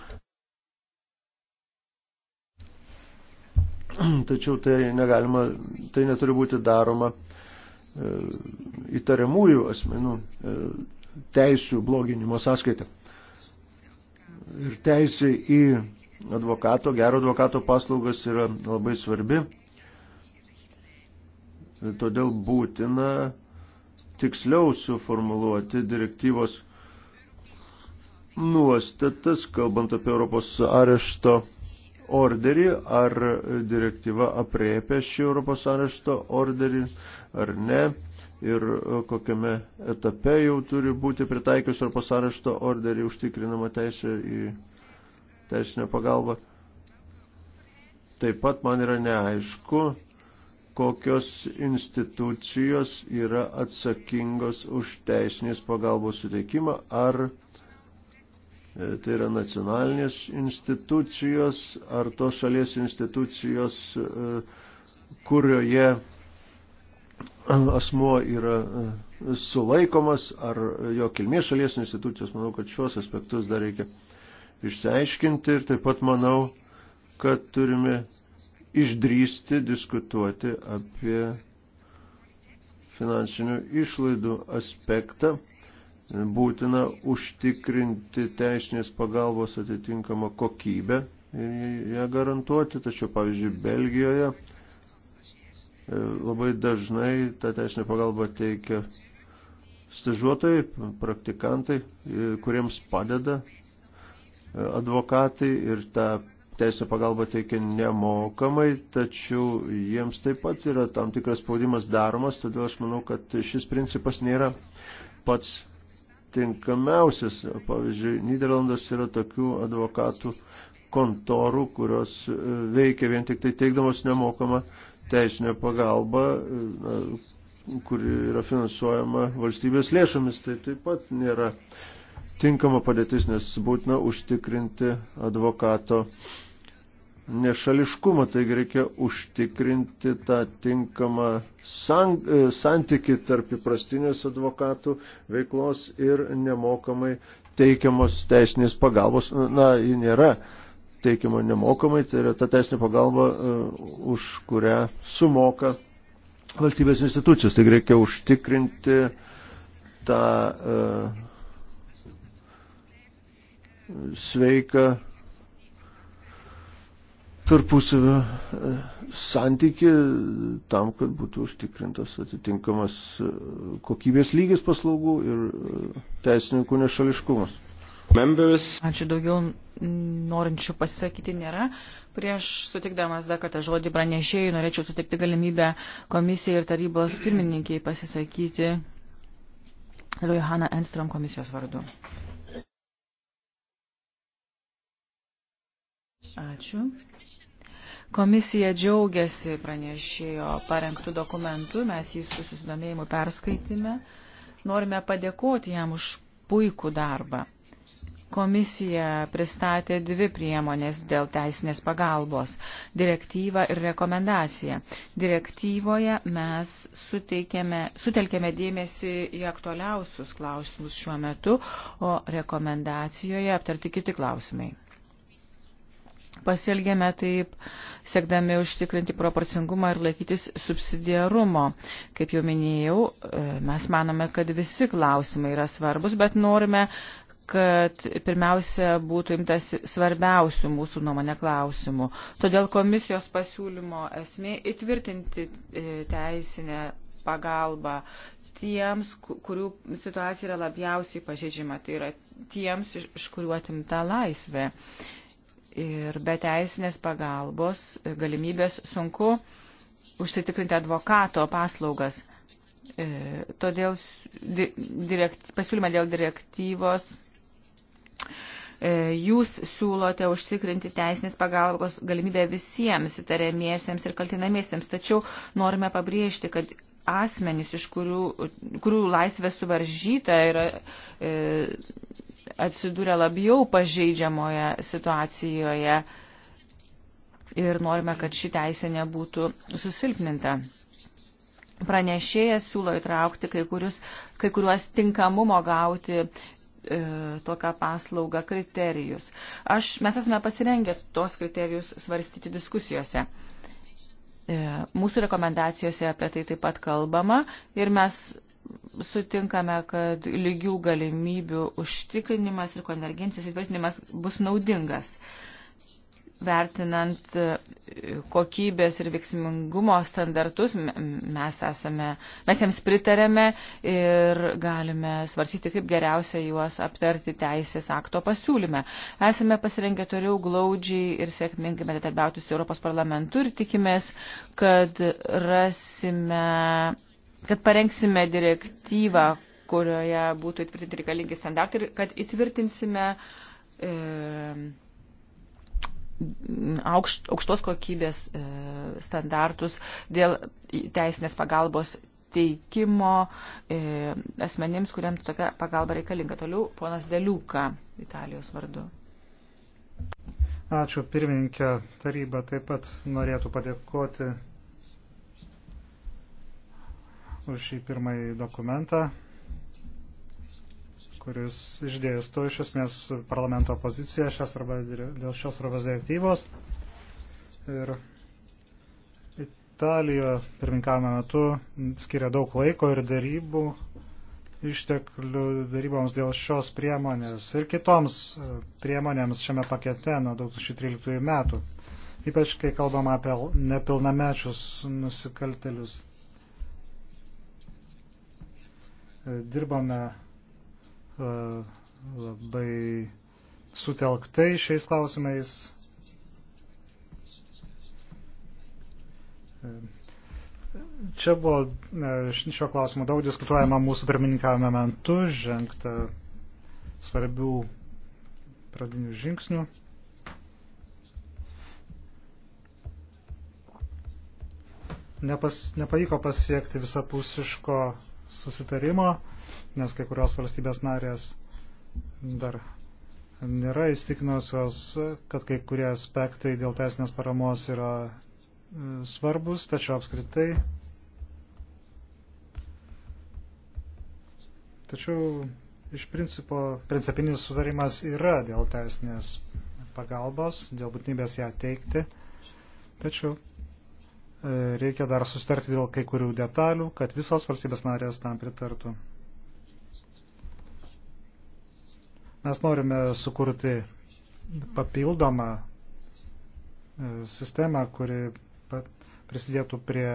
<clears throat> Tačiau tai negalima, tai neturi būti daroma e, įtariamųjų asmenų e, teisių bloginimo sąskaitą ir teisė į advokato, gero advokato paslaugas yra labai svarbi. Todėl būtina tiksliau suformuluoti direktyvos nuostatas, kalbant apie Europos arešto orderį, ar direktyva apriepia šį Europos arešto orderį, ar ne ir e, kokiame etape jau turi būti pritaikius ar pasarašto orderį užtikrinama teisė į teisinę pagalbą. Taip pat man yra neaišku, kokios institucijos yra atsakingos už teisinės pagalbos suteikimą, ar e, tai yra nacionalinės institucijos, ar tos šalies institucijos, e, kurioje asmuo yra e, sulaikomas ar jo kilmės šalies institucijos, manau, kad šios aspektus dar reikia išsiaiškinti ir taip pat manau, kad turime išdrysti diskutuoti apie finansinių išlaidų aspektą. Būtina užtikrinti teisinės pagalbos atitinkamą kokybę ir ją garantuoti, tačiau pavyzdžiui Belgijoje E, labai dažnai tą teisinę pagalbą teikia stažuotojai, praktikantai, e, kuriems padeda e, advokatai ir tą teisę pagalbą teikia nemokamai, tačiau jiems taip pat yra tam tikras spaudimas daromas, todėl aš manau, kad šis principas nėra pats tinkamiausias. Pavyzdžiui, Niderlandas yra tokių advokatų kontorų, kurios veikia vien tik tai teikdamos nemokamą teisinę pagalbą, e, kuri yra finansuojama valstybės lėšomis, tai taip pat nėra tinkama padėtis, nes būtina užtikrinti advokato nešališkumą, taigi reikia užtikrinti tą tinkamą san, e, santyki tarp įprastinės advokatų veiklos ir nemokamai teikiamos teisinės pagalbos. Na, ji nėra teikiama nemokamai, tai yra ta teisinė pagalba, e, už kurią sumoka valstybės institucijos. Taigi reikia užtikrinti tą e, sveiką tarpusavio e, santyki tam, kad būtų užtikrintas atitinkamas kokybės lygis paslaugų ir teisininkų nešališkumas. Members. Ačiū daugiau norinčių pasisakyti nėra. Prieš sutikdamas dar kartą žodį pranešėjai, norėčiau sutikti galimybę komisijai ir tarybos pirmininkiai pasisakyti Johanna Enstrom komisijos vardu. Ačiū. Komisija džiaugiasi pranešėjo parengtų dokumentų, mes jį su susidomėjimu perskaitime. Norime padėkoti jam už puikų darbą. Komisija pristatė dvi priemonės dėl teisinės pagalbos - direktyvą ir rekomendaciją. Direktyvoje mes sutelkėme dėmesį į aktualiausius klausimus šiuo metu, o rekomendacijoje aptarti kiti klausimai. Pasielgėme taip, siekdami užtikrinti proporcingumą ir laikytis subsidiarumo. Kaip jau minėjau, e, mes manome, kad visi klausimai yra svarbus, bet norime kad pirmiausia būtų imtas svarbiausių mūsų nuomonė klausimų. Todėl komisijos pasiūlymo esmė įtvirtinti e, teisinę pagalbą tiems, kurių situacija yra labiausiai pažeidžiama, tai yra tiems, iš kurių atimta laisvė. Ir be teisinės pagalbos e, galimybės sunku užsitikrinti advokato paslaugas. E, todėl direkt, pasiūlymą dėl direktyvos E, jūs siūlote užtikrinti teisinės pagalbos galimybę visiems įtariamiesiems ir kaltinamiesiems, tačiau norime pabrėžti, kad asmenys, iš kurių, kurių laisvė suvaržyta yra e, atsidūrę labiau pažeidžiamoje situacijoje ir norime, kad ši teisė nebūtų susilpninta. Pranešėjas siūlo įtraukti kai, kurius, kai kuriuos tinkamumo gauti E, tokią paslaugą kriterijus. Aš, mes esame pasirengę tos kriterijus svarstyti diskusijose. E, mūsų rekomendacijose apie tai taip pat kalbama ir mes sutinkame, kad lygių galimybių užtikrinimas ir konvergencijos įtvirtinimas bus naudingas. Uh, vertinant e, kokybės ir veiksmingumo standartus, mes, esame, mes jiems pritarėme ir galime svarsyti, kaip geriausia juos aptarti teisės akto pasiūlyme. Esame pasirengę toliau glaudžiai ir sėkmingai bendradarbiauti su Europos parlamentu ir tikimės, kad rasime, kad parengsime direktyvą, kurioje būtų įtvirtinti reikalingi standartai ir kad įtvirtinsime e, aukštos kokybės e, standartus dėl teisinės pagalbos teikimo e, asmenims, kuriems tokia pagalba reikalinga. Toliau ponas Deliuka, Italijos vardu. Ačiū pirmininkė. Taryba taip pat norėtų padėkoti už šį pirmąjį dokumentą kuris išdėsto iš esmės parlamento poziciją šios arba, dėl šios svarbos direktyvos. Ir Italija pirminkavimo metu skiria daug laiko ir darybų išteklių daryboms dėl šios priemonės ir kitoms e, priemonėms šiame pakete nuo 2013 metų, ypač kai kalbam apie nepilnamečius nusikaltelius. E, dirbame E, labai sutelktai šiais klausimais. E, čia buvo e, šio klausimo daug diskutuojama mūsų pirmininkavimo metu, žengta svarbių pradinių žingsnių. Nepas, nepavyko pasiekti visapusiško susitarimo nes kai kurios valstybės narės dar nėra įstikinusios, kad kai kurie aspektai dėl teisinės paramos yra e, svarbus, tačiau apskritai. Tačiau iš principo principinis sutarimas yra dėl teisinės pagalbos, dėl būtinybės ją teikti. Tačiau e, reikia dar sustarti dėl kai kurių detalių, kad visos valstybės narės tam pritartų. Mes norime sukurti papildomą e, sistemą, kuri prisidėtų prie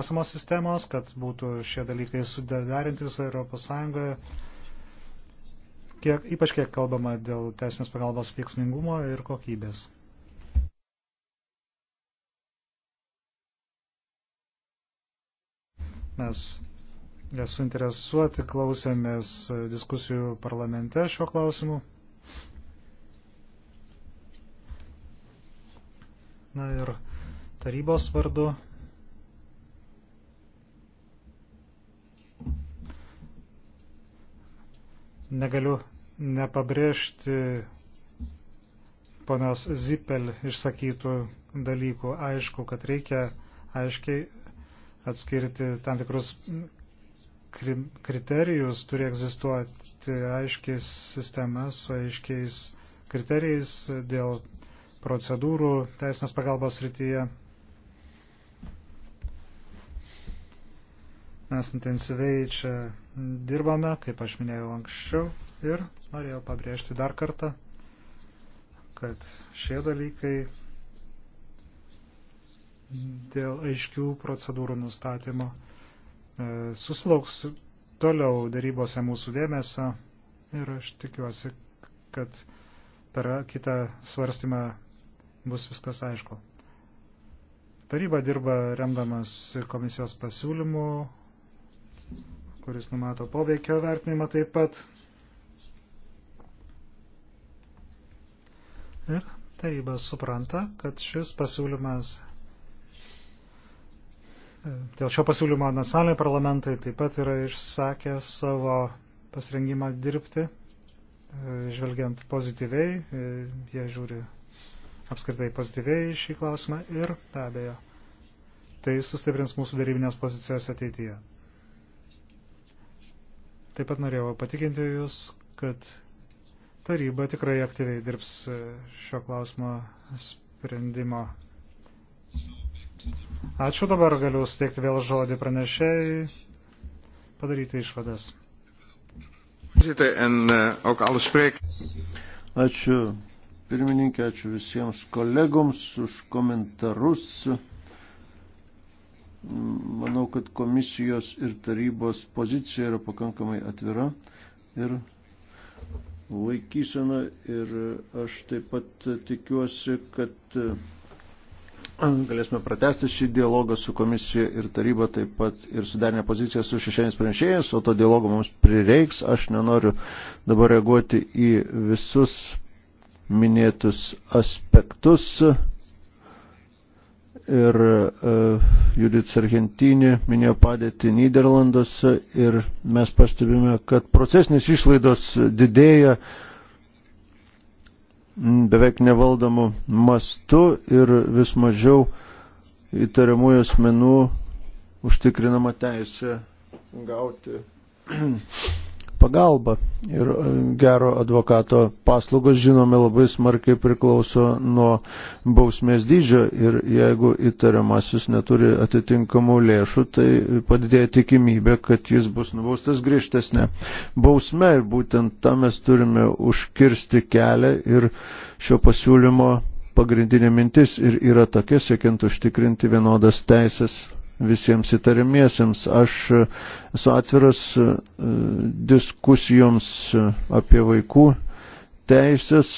esamos sistemos, kad būtų šie dalykai sudarinti visoje Europos Sąjungoje, kiek, ypač kiek kalbama dėl teisinės pagalbos veiksmingumo ir kokybės. Mes suinteresuoti klausėmės diskusijų parlamente šiuo klausimu. Na ir tarybos vardu. Negaliu nepabrėžti ponios Zipel išsakytų dalykų. Aišku, kad reikia aiškiai atskirti tam tikrus kriterijus, turi egzistuoti aiškiais sistemas su aiškiais kriterijais dėl procedūrų teisinės pagalbos rytyje. Mes intensyviai čia dirbame, kaip aš minėjau anksčiau, ir norėjau pabrėžti dar kartą, kad šie dalykai dėl aiškių procedūrų nustatymo E, susilauks toliau darybose mūsų dėmesio ir aš tikiuosi, kad per kitą svarstymą bus viskas aišku. Taryba dirba remdamas komisijos pasiūlymų, kuris numato poveikio vertinimą taip pat. Ir taryba supranta, kad šis pasiūlymas Dėl šio pasiūlymo nacionaliniai parlamentai taip pat yra išsakę savo pasirengimą dirbti, žvelgiant pozityviai, jie žiūri apskritai pozityviai šį klausimą ir be abejo, tai sustiprins mūsų darybinės pozicijas ateityje. Taip pat norėjau patikinti Jūs, kad taryba tikrai aktyviai dirbs šio klausimo sprendimo Ačiū dabar galiu suteikti vėl žodį pranešėjai padaryti išvadas. Eh, ačiū pirmininkė, ačiū visiems kolegoms už komentarus. Manau, kad komisijos ir tarybos pozicija yra pakankamai atvira ir laikysena ir aš taip pat tikiuosi, kad galėsime pratesti šį dialogą su komisija ir taryba, taip pat ir sudarinę poziciją su šešėnės pranešėjais, o to dialogo mums prireiks. Aš nenoriu dabar reaguoti į visus minėtus aspektus. Ir uh, Judith Sargentinė minėjo padėti Niderlanduose ir mes pastebime, kad procesinės išlaidos didėja uh, beveik nevaldomų mastų ir vis mažiau įtariamųjų asmenų užtikrinama teisė gauti pagalba. Ir e, gero advokato paslaugos, žinome, labai smarkiai priklauso nuo bausmės dydžio ir jeigu įtariamasis neturi atitinkamų lėšų, tai padidėja tikimybė, kad jis bus nubaustas grįžtesnė bausme ir būtent tam mes turime užkirsti kelią ir šio pasiūlymo pagrindinė mintis ir yra tokia, siekiant užtikrinti vienodas teisės visiems įtarimiesiems. Aš e, esu atviras e, diskusijoms e, apie vaikų teisės.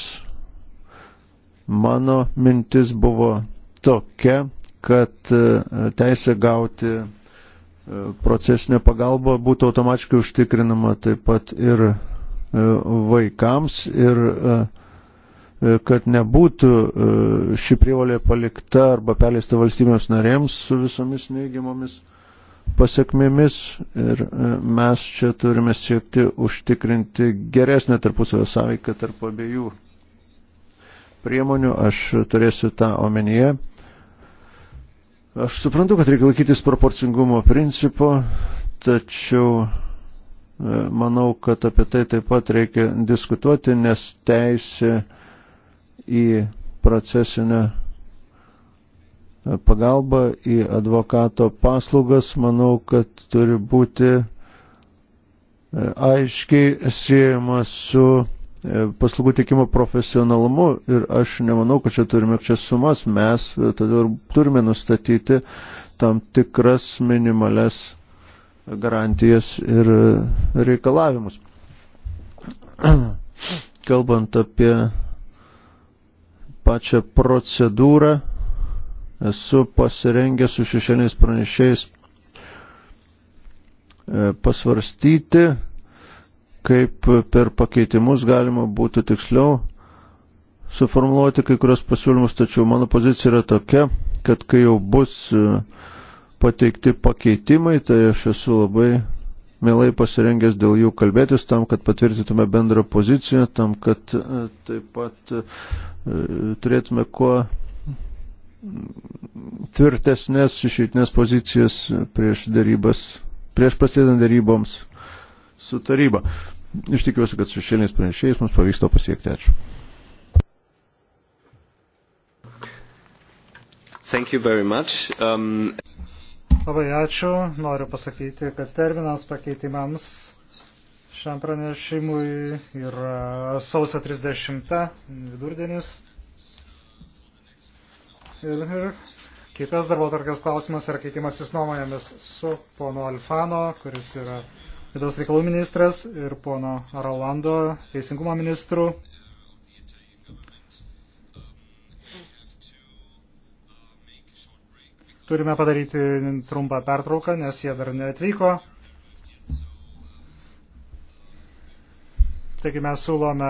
Mano mintis buvo tokia, kad teisė gauti procesinė pagalba būtų automatiškai užtikrinama taip pat ir vaikams ir uh, E, kad nebūtų e, ši prievalė palikta arba perleista valstybėms narėms su visomis neigiamomis pasiekmėmis ir e, mes čia turime siekti užtikrinti geresnę tarpusavio sąveiką tarp abiejų priemonių, aš turėsiu tą omenyje. Aš suprantu, kad reikia laikytis proporcingumo principo, tačiau manau, kad apie tai taip pat reikia diskutuoti, nes teisė į procesinę e, pagalbą, į advokato paslaugas, manau, kad turi būti e, aiškiai siejama su e, paslaugų teikimo profesionalumu ir aš nemanau, kad čia turime čia sumas, mes todėl turime nustatyti tam tikras minimales garantijas ir reikalavimus. <clears throat> Kalbant apie pačią procedūrą. Esu pasirengęs su šešėliais pranešėjais e, pasvarstyti, kaip per pakeitimus galima būtų tiksliau suformuoluoti kai kurios pasiūlymus, tačiau mano pozicija yra tokia, kad kai jau bus e, pateikti pakeitimai, tai aš esu labai mielai pasirengęs dėl jų kalbėtis tam, kad patvirtintume bendrą poziciją, tam, kad e, taip pat e, turėtume kuo tvirtesnės išeitinės pozicijas prieš darybas, prieš prasidant daryboms su taryba. Iš tikiuosi, kad su šešėliniais pranešėjais mums pavyks to pasiekti. Ačiū. Thank you very much. Um... Labai ačiū. Noriu pasakyti, kad terminas pakeitimams šiam pranešimui yra sausio 30 vidurdienis. Ir, ir kitas darbo tarkės klausimas yra keitimasis nuomonėmis su pono Alfano, kuris yra vidaus reikalų ministras, ir pono Rolando teisingumo ministru. Turime padaryti trumpą pertrauką, nes jie dar neatvyko. Taigi mes siūlome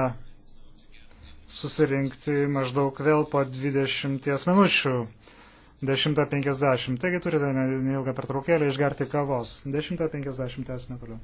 susirinkti maždaug vėl po 20 minučių. 10.50. Taigi turite neilgą pertraukėlę išgerti kavos. 10.50 esame toliau.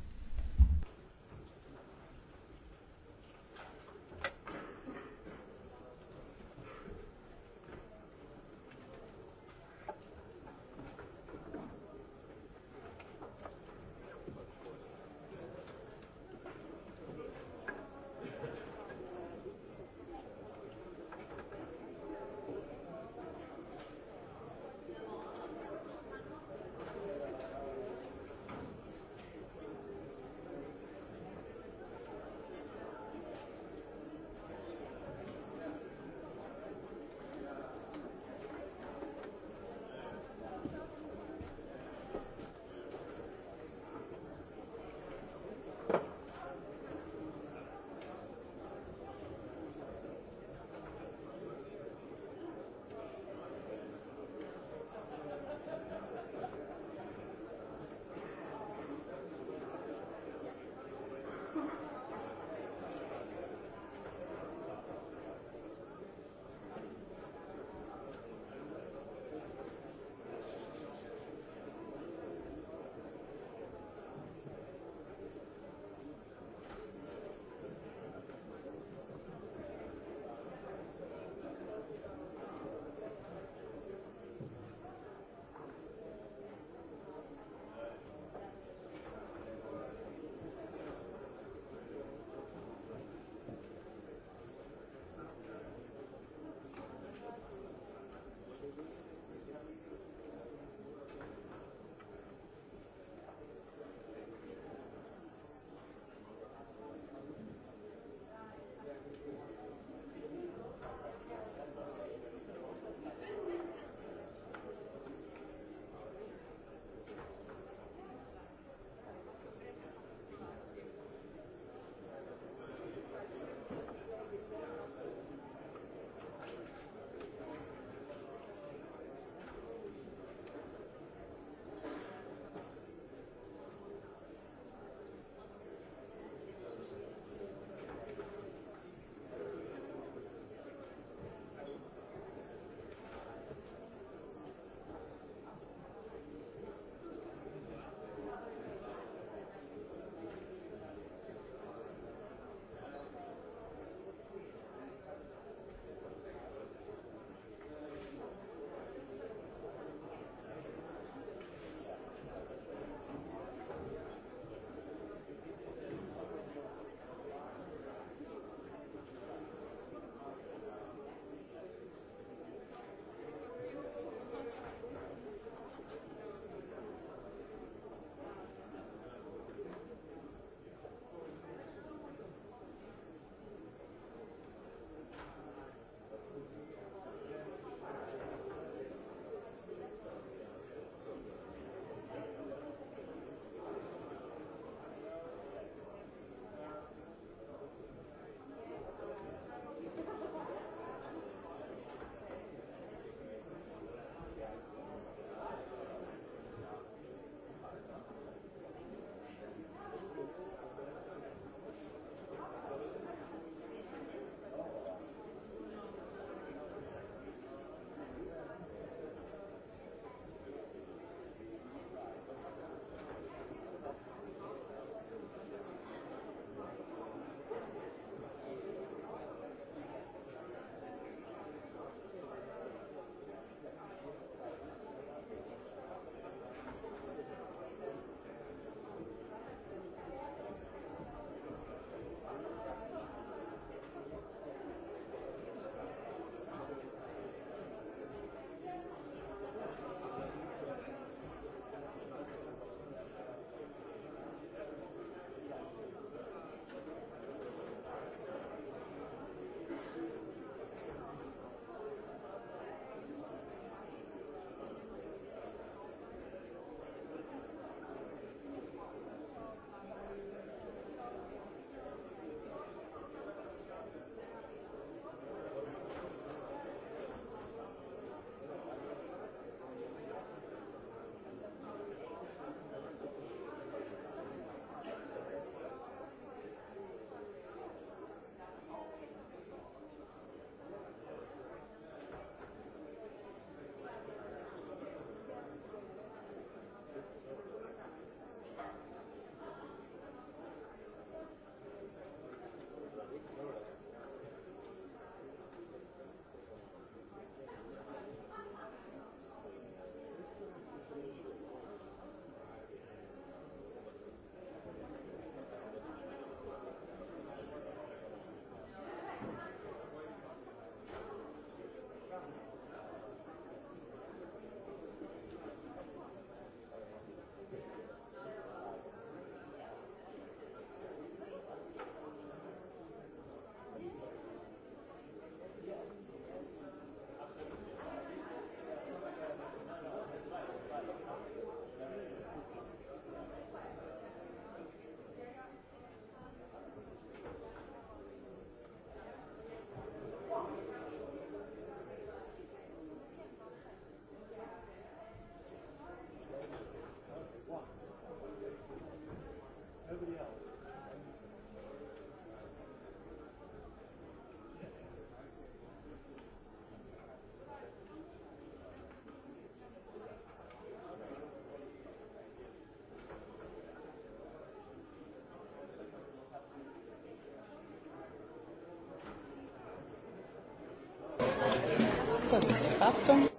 Fatto.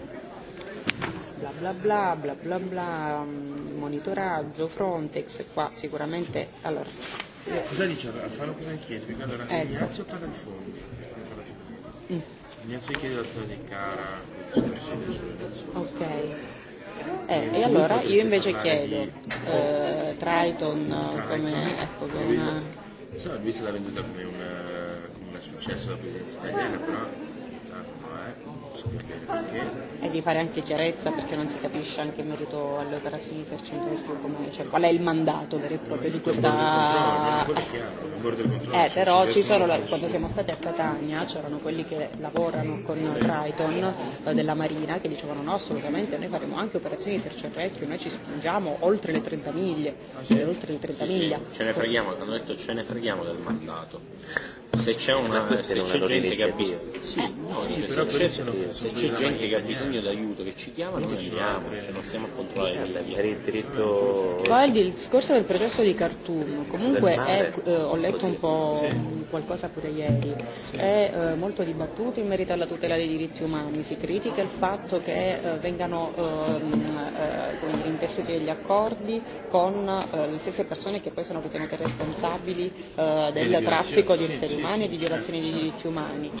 bla bla bla bla bla monitoraggio Frontex qua sicuramente allora io... cosa dice Alfano cosa chiede perché allora ecco. Eh. Ignazio parla di fondi mm. Ignazio chiede l'azione di cara ok eh, e, e allora io invece chiedo di... eh, Triton, Triton come ecco come una... so, lui se l'ha venduta come, una, come un eh, successo la presenza italiana però e di fare anche chiarezza perché non si capisce anche in merito alle operazioni di esercito rescue come, cioè, qual è il mandato vero e proprio di questa eh, però ci sono quando siamo stati a Catania c'erano quelli che lavorano con Triton eh, della Marina che dicevano no assolutamente noi faremo anche operazioni di search and rescue noi ci spingiamo oltre le 30 miglia ah, sì. oltre le 30 sì, miglia sì. ce ne freghiamo hanno detto ce ne freghiamo del mandato se c'è, una, se c'è gente che ha bisogno sì, no, dice, se c'è, se c'è gente che ha bisogno d'aiuto che ci chiama noi andiamo cioè non stiamo a controllare per il diritto poi il discorso del processo di Khartoum comunque è, eh, ho letto un po' qualcosa pure ieri è eh, molto dibattuto in merito alla tutela dei diritti umani si critica il fatto che eh, vengano ehm, eh, intessuti degli accordi con eh, le stesse persone che poi sono ritenute responsabili eh, del traffico di esseri umani e di violazione dei diritti umani.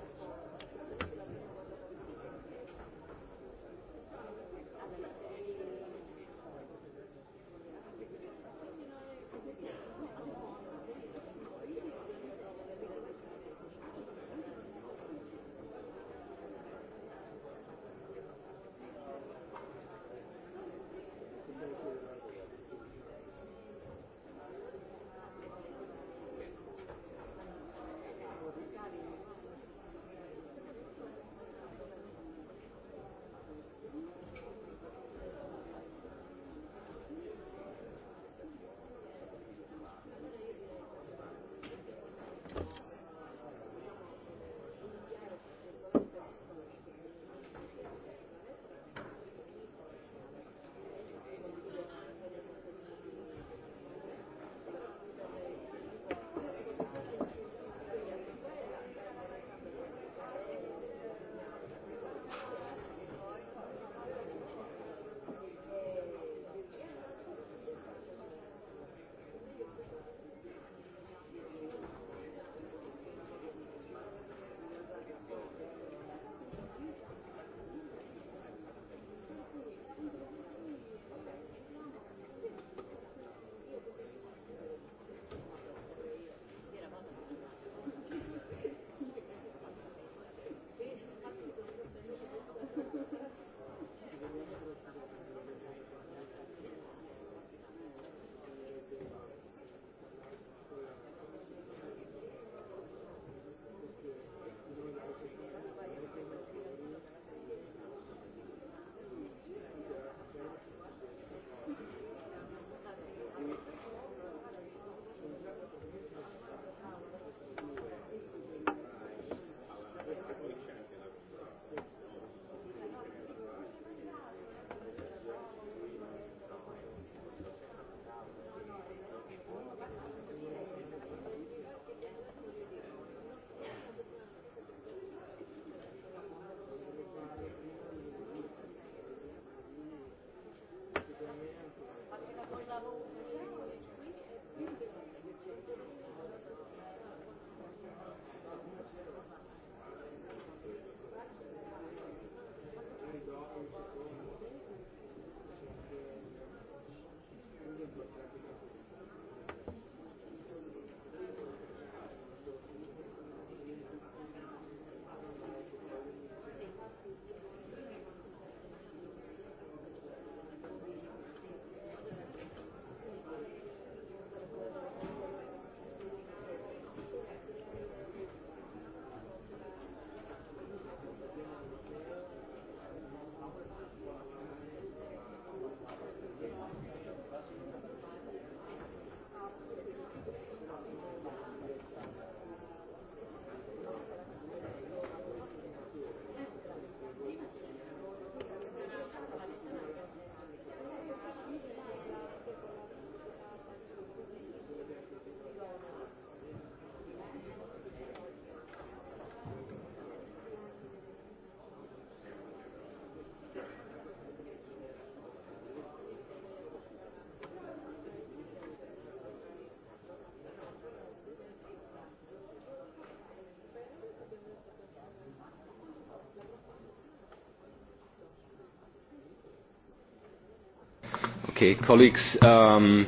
Okay, colleagues. Um...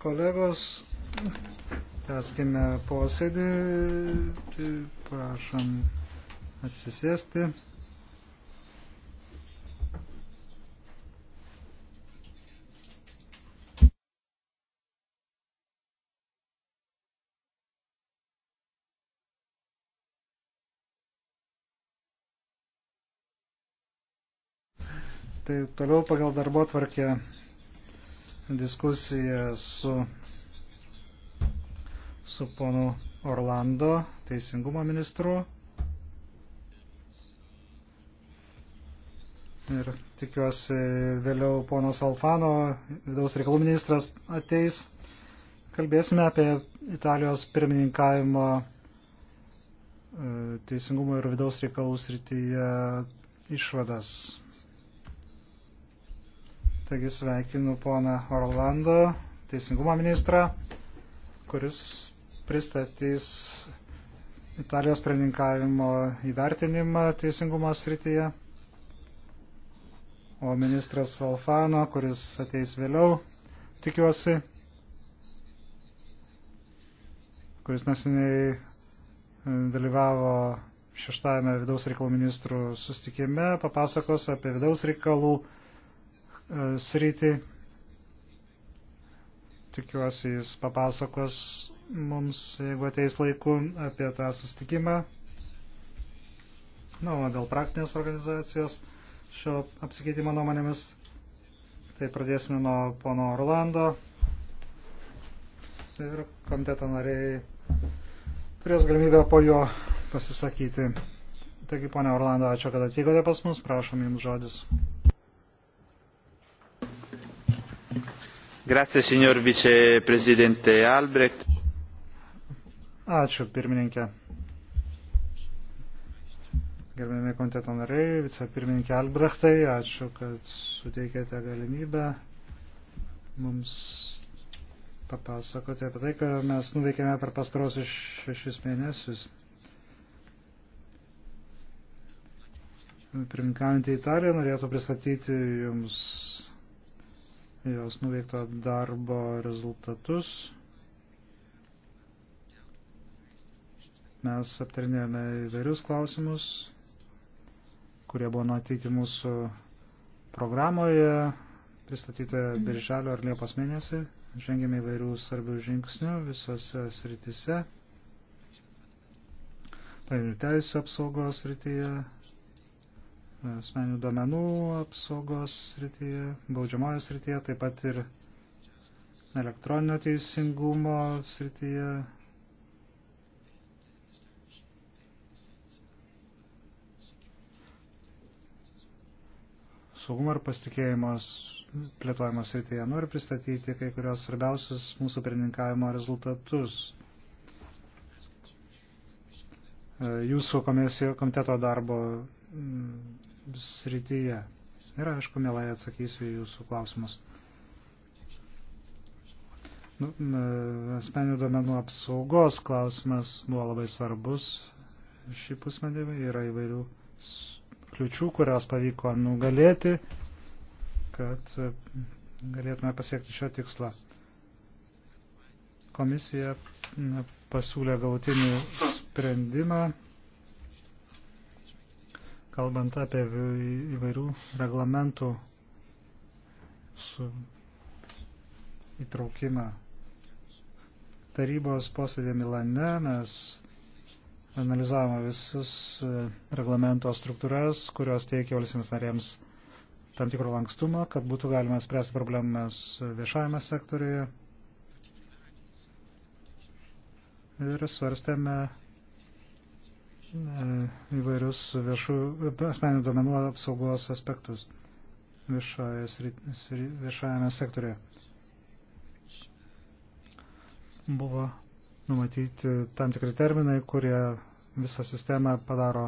Kolegos, tęskime posėdį. Prašom atsisėsti. Toliau pagal darbo tvarkę diskusija su, su ponu Orlando, teisingumo ministru. Ir tikiuosi vėliau ponas Alfano, vidaus reikalų ministras, ateis. Kalbėsime apie Italijos pirmininkavimo e, teisingumo ir vidaus reikalų srityje išvadas. Taigi sveikinu poną Orlando, teisingumo ministrą, kuris pristatys Italijos sprendininkavimo įvertinimą teisingumo srityje. O ministras Alfano, kuris ateis vėliau, tikiuosi, kuris neseniai e, dalyvavo šeštame vidaus reikalų ministrų sustikime, papasakos apie vidaus reikalų E, sritį. Tikiuosi, jis papasakos mums, jeigu ateis laiku, apie tą sustikimą. Na, o dėl praktinės organizacijos šio apsikeitimo nuomonėmis, tai pradėsime nuo pono Orlando. Tai ir komiteto nariai turės galimybę po jo pasisakyti. Taigi, ponia Orlando, ačiū, kad atvykote pas mus, prašom jums žodis. Grazie, signor viceprezidente Albrecht. Ačiū, pirmininkė. Gerbėmi komiteto nariai, vicepirmininkė Albrechtai, ačiū, kad suteikėte galimybę mums papasakoti apie tai, ką mes nuveikėme per pastarosius šešis mėnesius. Pirminkaujantį Italiją norėtų pristatyti jums jos nuveikto darbo rezultatus. Mes aptarinėjome įvairius klausimus, kurie buvo matyti mūsų programoje, pristatytoje birželio ar liepos mėnesį. Žengėme įvairių svarbių žingsnių visose srityse. Pavyzdžiui, teisų apsaugos srityje, asmenių domenų apsaugos srityje, baudžiamojo srityje, taip pat ir elektroninio teisingumo srityje. Saugumo ir pasitikėjimos plėtojimo srityje. Noriu pristatyti kai kurios svarbiausius mūsų pirmininkavimo rezultatus e, jūsų komisijo komiteto darbo srityje. Ir aišku, mielai atsakysiu jūsų klausimus. Nu, asmenių duomenų apsaugos klausimas buvo labai svarbus šį pusmetį. Yra įvairių kliučių, kurios pavyko nugalėti, kad galėtume pasiekti šio tikslo. Komisija pasiūlė galutinį sprendimą kalbant apie įvairių reglamentų su įtraukimą. Tarybos posėdė Milane mes analizavome visus e, reglamento struktūras, kurios teikia valstybės narėms tam tikro lankstumo, kad būtų galima spręsti problemas viešajame sektoriuje. Ir svarstėme E, įvairius viešų, asmeninių duomenų apsaugos aspektus viešajame sektorėje. Buvo numatyti tam tikri terminai, kurie visą sistemą padaro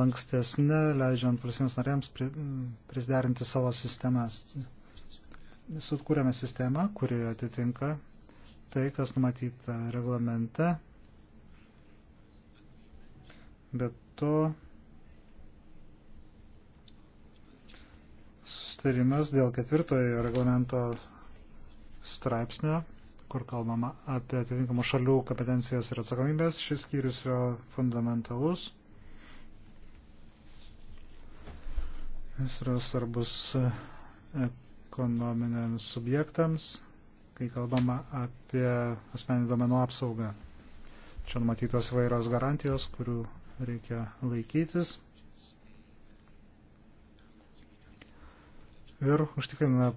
lankstesnė, leidžiant valstybės narėms prisderinti savo sistemas. Sutkūrėme sistemą, kuri atitinka tai, kas numatyta reglamente Bet to sustarimas dėl ketvirtojo reglamento straipsnio, kur kalbama apie atitinkamų šalių kompetencijas ir atsakomybės, šis skyrius yra fundamentalus. Jis yra svarbus ekonominiams subjektams, kai kalbama apie asmenį domenų apsaugą. Čia numatytos vairios garantijos, kurių reikia laikytis. Ir užtikriname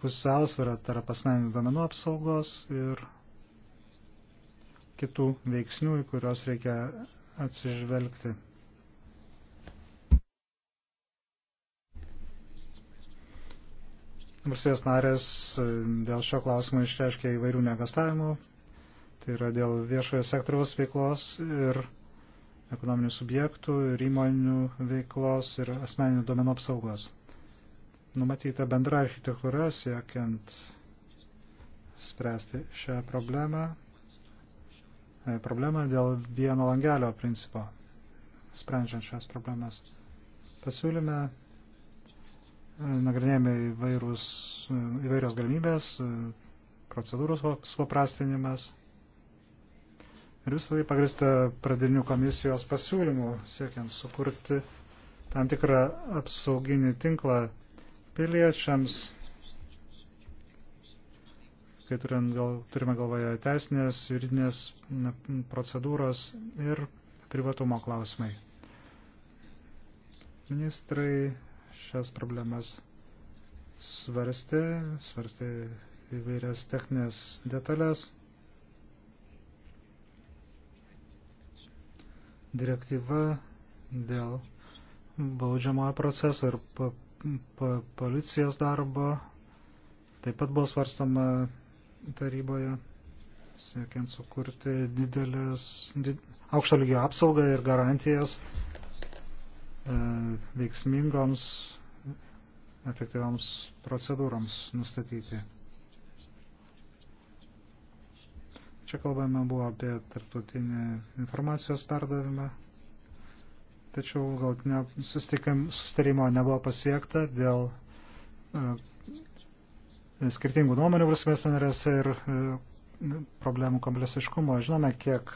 pusiausvyrą tarp asmeninių domenų apsaugos ir kitų veiksnių, į kuriuos reikia atsižvelgti. Valstybės narės dėl šio klausimo išreiškia įvairių negastavimų, tai yra dėl viešojo sektoriaus veiklos ir ekonominių subjektų ir įmonių veiklos ir asmeninių domenų apsaugos. Numatyta bendra architektūra siekiant spręsti šią problemą, e, problemą dėl vieno langelio principo, sprendžiant šias problemas. Pasiūlyme e, nagrinėjame įvairūs, e, įvairios galimybės, procedūros supaprastinimas. Ir visą tai pagrįsta pradinių komisijos pasiūlymų, siekiant sukurti tam tikrą apsauginį tinklą piliečiams, kai turint gal, turime galvoje teisinės, juridinės procedūros ir privatumo klausimai. Ministrai šias problemas svarstė, svarstė įvairias techninės detalės. direktyva dėl baudžiamojo proceso ir po, po, policijos darbo taip pat buvo svarstama taryboje, siekiant sukurti didelės, did, aukšto lygio apsaugą ir garantijas e, veiksmingoms efektyvioms procedūroms nustatyti. Čia kalbame buvo apie tarptautinį informacijos perdavimą, tačiau galtinio sustarimo nebuvo pasiekta dėl e, skirtingų nuomonių valstybės narėse ir e, problemų kompleksiškumo. Žinome, kiek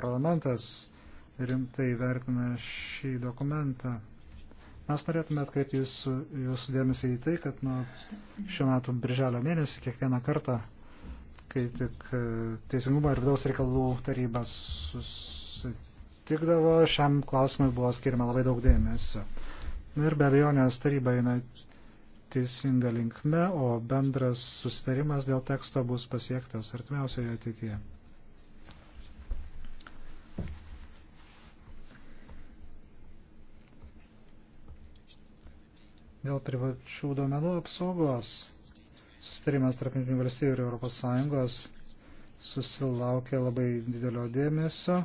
parlamentas rimtai vertina šį dokumentą. Mes norėtume atkreipti jūsų, jūsų dėmesį į tai, kad nuo šiuo metu birželio mėnesį kiekvieną kartą kai tik e, Teisingumo ir vidaus reikalų tarybas susitikdavo, šiam klausimui buvo skirima labai daug dėmesio. Ir be abejonės taryba eina teisinga linkme, o bendras susitarimas dėl teksto bus pasiektas artimiausioje ateityje. Dėl privačių duomenų apsaugos sustarimas tarp jungtinių valstybių ir Europos Sąjungos susilaukė labai didelio dėmesio.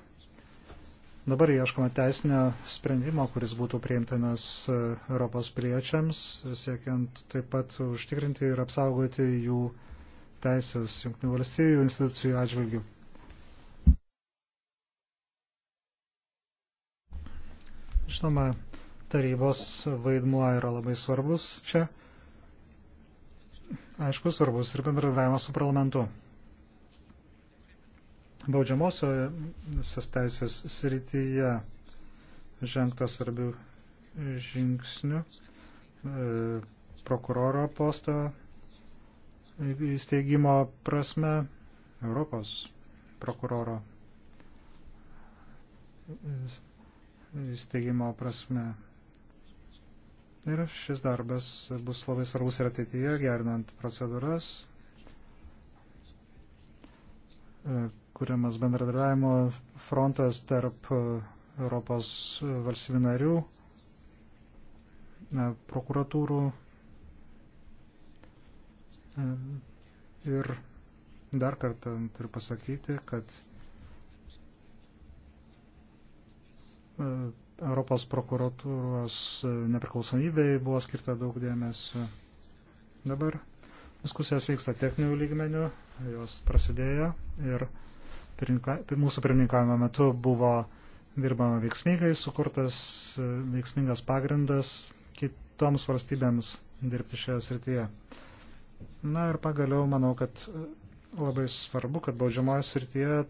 Dabar ieškoma teisinio sprendimo, kuris būtų priimtinas e, Europos piliečiams, siekiant taip pat užtikrinti ir apsaugoti jų teisės jungtinių valstybių institucijų atžvilgių. Žinoma, tarybos vaidmuo yra labai svarbus čia aišku, svarbus ir bendradarbiavimas su parlamentu. Baudžiamosios teisės srityje žengtas svarbių žingsnių e, prokuroro posto įsteigimo prasme Europos prokuroro įsteigimo prasme. Ir šis darbas bus labai svarbus ir ateityje, gerinant procedūras, e, kuriamas bendradarbiavimo frontas tarp e, Europos valstybių narių, e, prokuratūrų ir dar kartą turiu pasakyti, kad Europos prokuratūros nepriklausomybei buvo skirta daug dėmesio. Dabar diskusijos vyksta techninių lygmenių, jos prasidėjo ir pirinka, mūsų pirmininkavimo metu buvo dirbama veiksmingai, sukurtas e, veiksmingas pagrindas kitoms valstybėms dirbti šioje srityje. Na ir pagaliau manau, kad e, labai svarbu, kad baudžiamojo srityje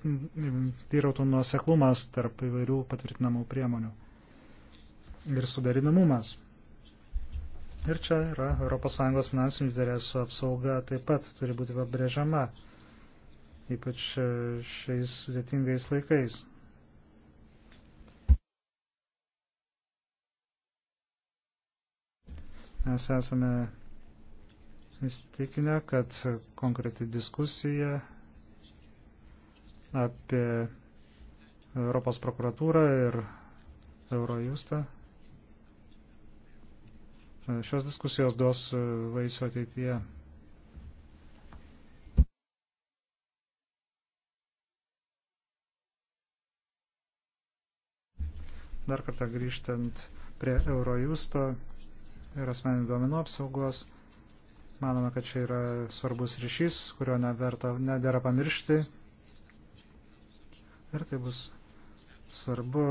vyrautų nuoseklumas tarp įvairių patvirtinamų priemonių ir suderinamumas. Ir čia yra ES finansinių interesų apsauga taip pat turi būti pabrėžiama, ypač šiais sudėtingais laikais. Mes esame įstikinę, kad konkreti diskusija apie Europos prokuratūrą ir Eurojustą Šios diskusijos duos e, vaisių ateityje. Dar kartą grįžtant prie Eurojusto ir asmeninių duomenų apsaugos, manome, kad čia yra svarbus ryšys, kurio neverta, nedėra pamiršti. Ir tai bus svarbu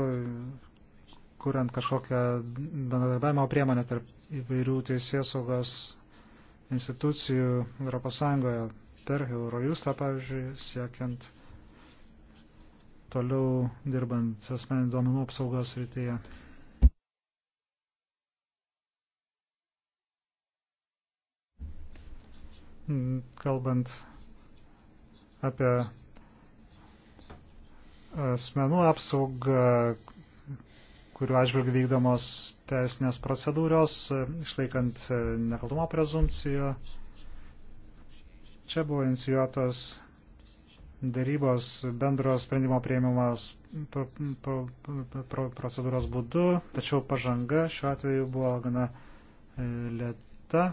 kuriant kažkokią bendradarbiavimo priemonę tarp įvairių teisėsaugos institucijų ES per Eurojustą, pavyzdžiui, siekiant toliau dirbant asmeninių duomenų apsaugos rytyje. Kalbant apie asmenų apsaugą, kuriuo atžvilgiu vykdomos teisinės procedūros, išlaikant nekaltumo prezumciją. Čia buvo inicijuotas darybos bendro sprendimo prieimimas pro, pro, pro, procedūros būdu, tačiau pažanga šiuo atveju buvo gana e, lėta.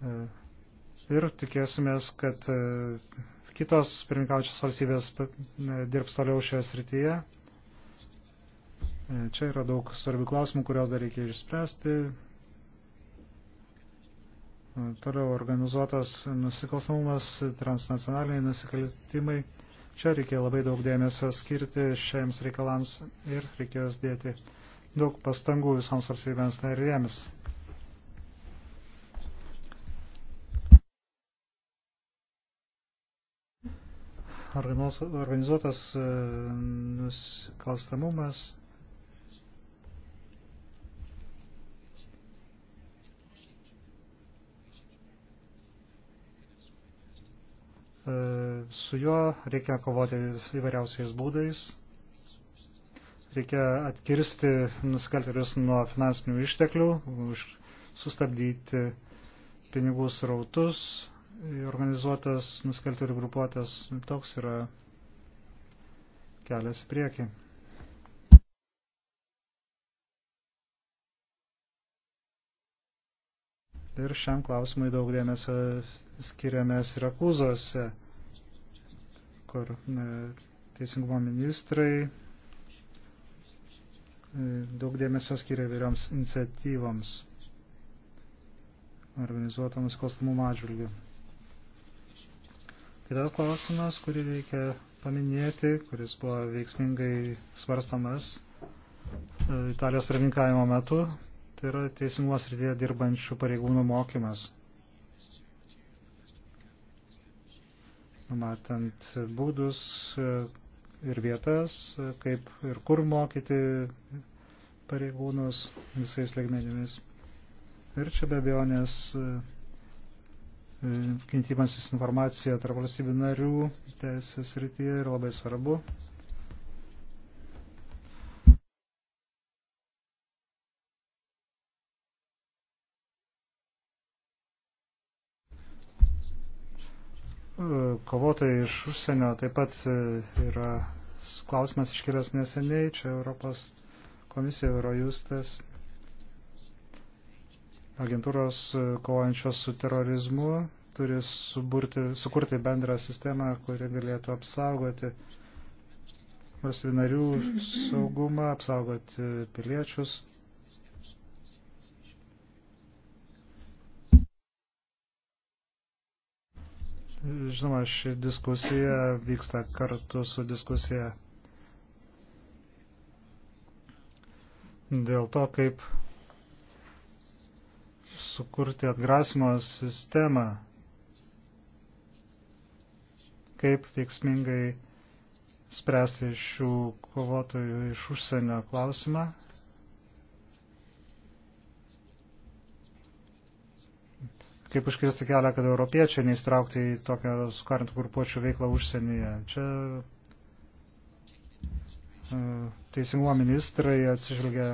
E, ir tikėsimės, kad e, kitos pirmininkaujančios valstybės dirbs toliau šioje srityje. E, čia yra daug svarbių klausimų, kuriuos dar reikia išspręsti. E, toliau organizuotas nusikalstamumas, transnacionaliniai nusikaltimai. Čia reikia labai daug dėmesio skirti šiems reikalams ir reikės dėti daug pastangų visoms valstybėms narėms. organizuotas e, nusikalstamumas E, su juo reikia kovoti įvairiausiais būdais. Reikia atkirsti nusikaltėlius nuo finansinių išteklių, sustabdyti pinigų srautus, organizuotas nusikaltėlių grupuotės. Toks yra kelias į priekį. Ir šiam klausimui daug dėmesio skiriame Sirakūzose, kur e, teisingumo ministrai e, daug dėmesio skiria vyrioms iniciatyvoms organizuoto nusikalstamumo atžvilgių. Kitas tai klausimas, kurį reikia paminėti, kuris buvo veiksmingai svarstamas e, Italijos pirmininkavimo metu, tai yra teisingumo srityje dirbančių pareigūnų mokymas. numatant būdus e, ir vietas, e, kaip ir kur mokyti pareigūnus visais legmenimis. Ir čia be abejonės e, kintimasis informacija tarp valstybių narių teisės rytyje yra labai svarbu. kovotojai iš užsienio taip pat e, yra klausimas iškilęs neseniai, čia Europos komisija Eurojustas, agentūros e, kovojančios su terorizmu turi suburti, sukurti bendrą sistemą, kuri galėtų apsaugoti valstybinarių saugumą, apsaugoti piliečius Žinoma, ši diskusija vyksta kartu su diskusija dėl to, kaip sukurti atgrasimo sistemą, kaip veiksmingai spręsti šių kovotojų iš užsienio klausimą kaip užkirsti kelią, kad europiečiai neįstraukti į tokią sukarintų grupuočių veiklą užsienyje. Čia e, teisingumo ministrai atsižvelgia,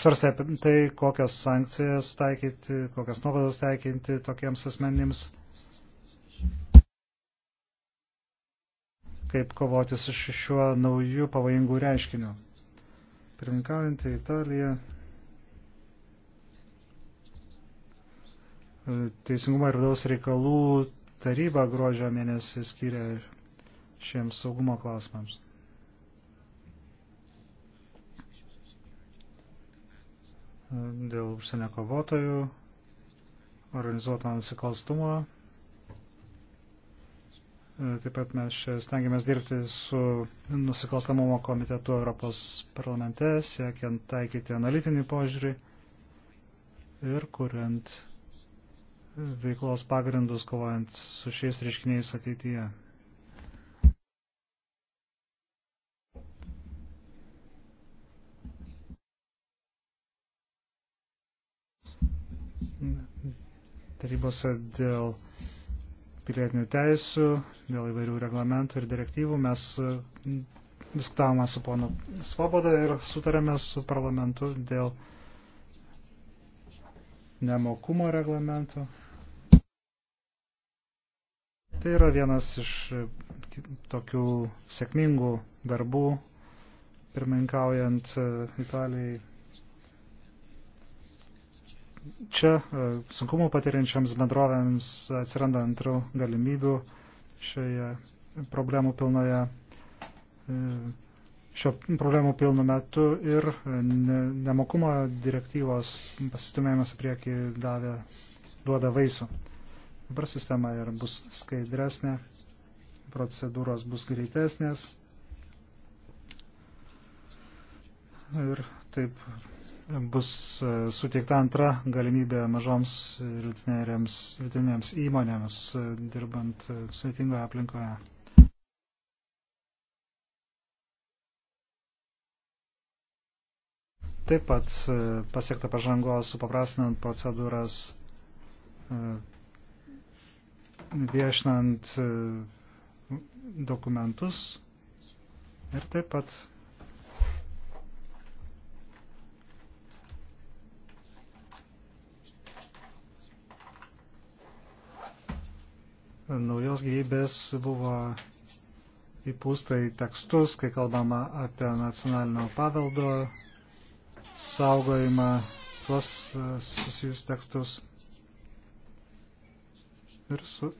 svarstė apie tai, kokias sankcijas taikyti, kokias nuovadas taikyti tokiems asmenims, kaip kovoti su šiuo nauju pavojingu reiškiniu. Pirminkaujantį Italiją Teisingumo ir vidaus reikalų taryba gruodžio mėnesį skiria šiems saugumo klausimams. Dėl užsienio kovotojų, organizuoto nusikalstumo. Taip pat mes čia stengiamės dirbti su nusikalstamumo komitetu Europos parlamente, siekiant taikyti analitinį požiūrį ir kuriant veiklos pagrindus kovojant su šiais reiškiniais ateityje. Tarybose dėl pilietinių teisų, dėl įvairių reglamentų ir direktyvų mes e, diskutavome su ponu Svoboda ir sutarėme su parlamentu dėl nemokumo reglamento. Tai yra vienas iš e, tokių sėkmingų darbų, pirmininkaujant e, Italijai. Čia e, sunkumų patiriančiams bendrovėms atsiranda antrų galimybių šioje problemų pilnoje šio problemų pilnu metu ir e, nemokumo direktyvos pasistumėjimas į priekį davė, duoda vaisių. Dabar sistema ir bus skaidresnė, procedūros bus greitesnės ir taip bus e, suteikta antra galimybė mažoms rutinėms įmonėms e, dirbant sveitingoje aplinkoje. Taip pat e, pasiekta pažangos supaprastinant procedūras, e, viešinant e, dokumentus ir taip pat naujos gyvybės buvo įpūsta į tekstus, kai kalbama apie nacionalinio paveldo saugojimą, tuos e, susijus tekstus ir su.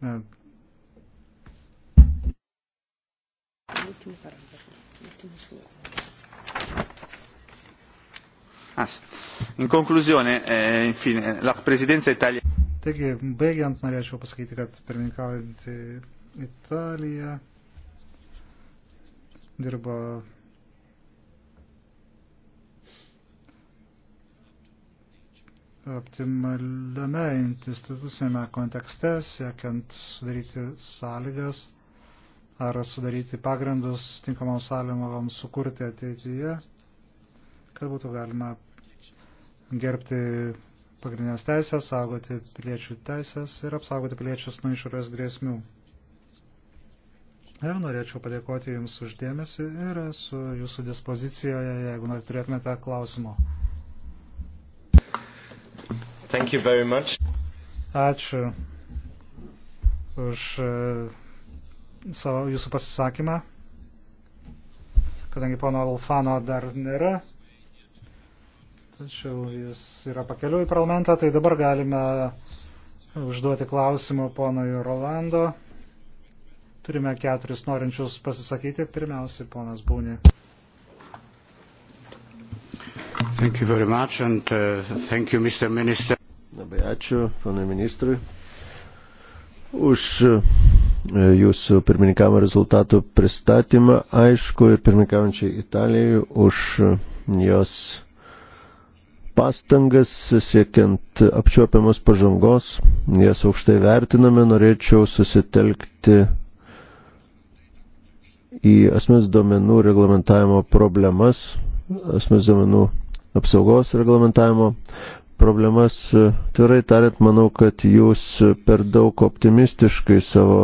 Ne. Ah, In conclusione, eh, infine, la presidenza italiana. Taigi, baigiant, norėčiau pasakyti, kad pirmininkaujant Italija dirba optimaliame institucinėme kontekste, siekiant sudaryti sąlygas ar sudaryti pagrindus tinkamoms sąlygoms sukurti ateityje, kad būtų galima gerbti pagrindinės teisės, saugoti piliečių teisės ir apsaugoti piliečius nuo išorės grėsmių. Ir norėčiau padėkoti Jums uždėmesi ir esu Jūsų dispozicijoje, jeigu norėtumėte klausimo. Thank you very much. Ačiū už e, savo, jūsų pasisakymą. Kadangi pono Alfano dar nėra, tačiau jis yra pakeliu į parlamentą, tai dabar galime užduoti klausimų ponui Rolando. Turime keturis norinčius pasisakyti. Pirmiausiai ponas Būni. Thank you very much and uh, thank you, Mr. Minister. Labai ačiū, pana ministrui, už e, jūsų pirmininkavimo rezultatų pristatymą, aišku, ir pirmininkaujančiai Italijai už e, jos pastangas siekiant apčiuopiamos pažangos. Jas aukštai vertiname, norėčiau susitelkti į asmens duomenų reglamentavimo problemas, asmens duomenų apsaugos reglamentavimo problemas. E, Tvirai tariant, manau, kad jūs per daug optimistiškai savo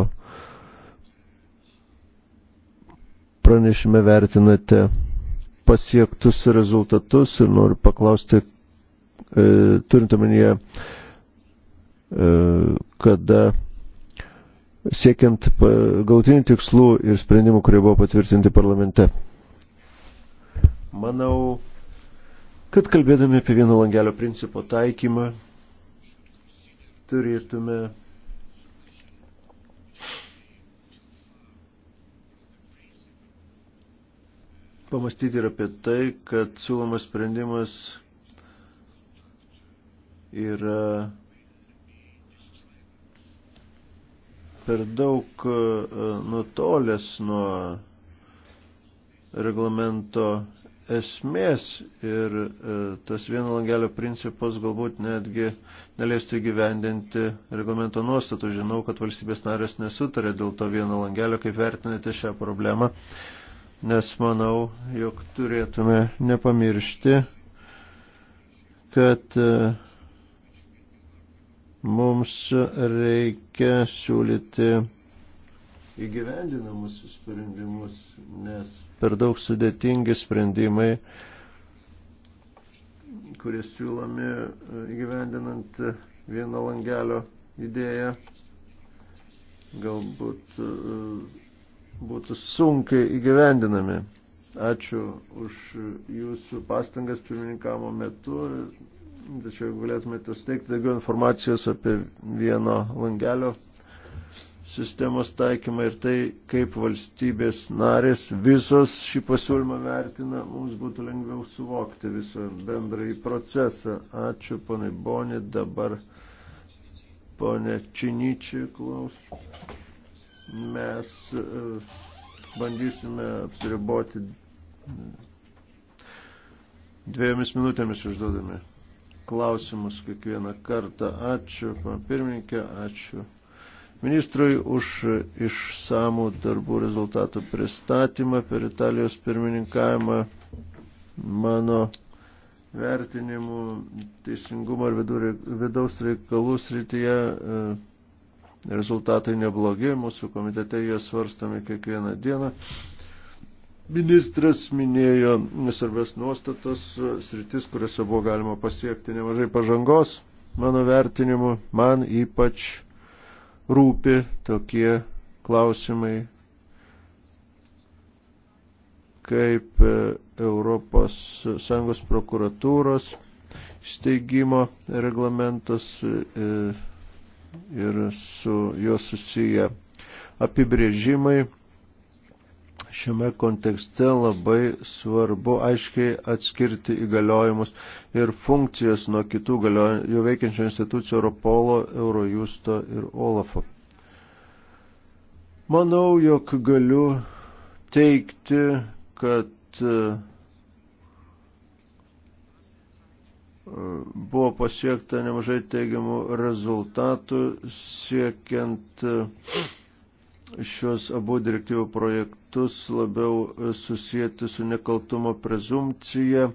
pranešime vertinate pasiektus rezultatus ir noriu paklausti, e, turint omenyje, e, kada siekiant gautinių tikslų ir sprendimų, kurie buvo patvirtinti parlamente. Manau, kad kalbėdami apie vieno langelio principo taikymą turėtume pamastyti ir apie tai, kad siūlomas sprendimas yra per daug e, nutolęs nuo reglamento esmės ir e, tas vieno langelio principas galbūt netgi neleistų įgyvendinti reglamento nuostatų. Žinau, kad valstybės narės nesutarė dėl to vieno langelio, kaip vertinate šią problemą, nes manau, jog turėtume nepamiršti, kad e, mums reikia siūlyti įgyvendinamus sprendimus, nes per daug sudėtingi sprendimai, kurie siūlomi e, įgyvendinant e, vieno langelio idėją, galbūt e, būtų sunkiai įgyvendinami. Ačiū už jūsų pastangas pirmininkamo metu. Tačiau jeigu galėtumėte suteikti daugiau informacijos apie vieno langelio sistemos taikymą ir tai, kaip valstybės narės visos šį pasiūlymą vertina, mums būtų lengviau suvokti visą bendrąjį procesą. Ačiū, ponai Boni, dabar ponė Činyčiai klaus. Mes e, bandysime apsiriboti dviejomis minutėmis užduodami klausimus kiekvieną kartą. Ačiū, pirmininkė, ačiū ministrui už išsamų darbų rezultatų pristatymą per Italijos pirmininkavimą. Mano vertinimų teisingumo ir vidaus reikalų srityje e, rezultatai neblogi, mūsų komitete jie svarstami kiekvieną dieną. Ministras minėjo svarbės nuostatas, e, sritis, kuriuose buvo galima pasiekti nemažai pažangos. Mano vertinimu, man ypač rūpi tokie klausimai kaip ES prokuratūros steigimo reglamentas e, ir su juo susiję apibrėžimai šiame kontekste labai svarbu aiškiai atskirti įgaliojimus ir funkcijas nuo kitų jau veikiančių institucijų Europolo, Eurojusto ir Olafo. Manau, jog galiu teikti, kad e, buvo pasiekta nemažai teigiamų rezultatų siekiant uh, šios abu direktyvų projektus labiau susijęti su nekaltumo prezumcija,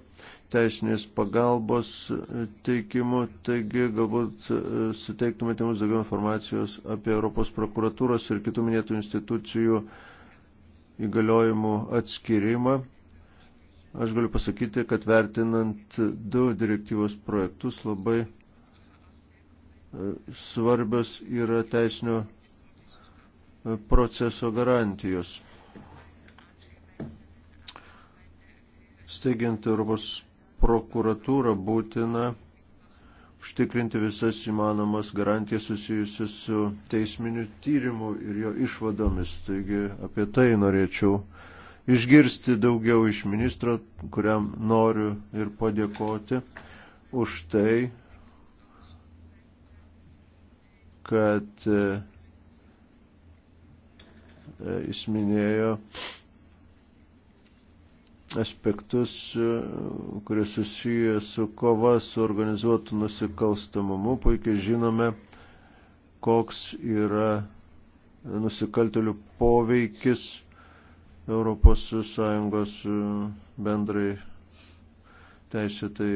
teisinės pagalbos teikimu, taigi galbūt e, suteiktumėte mums daugiau informacijos apie Europos prokuratūros ir kitų minėtų institucijų įgaliojimų atskirimą. Aš galiu pasakyti, kad vertinant du direktyvos projektus labai e, svarbios yra teisinio proceso garantijos. Steigiant Europos prokuratūrą būtina užtikrinti visas įmanomas garantijas susijusias su teisminiu tyrimu ir jo išvadomis. Taigi apie tai norėčiau išgirsti daugiau iš ministro, kuriam noriu ir padėkoti už tai, kad E, jis minėjo aspektus, e, kurie susiję su kova su organizuotu nusikalstamumu. Puikiai žinome, koks yra nusikaltelių poveikis ES e, bendrai teisėtai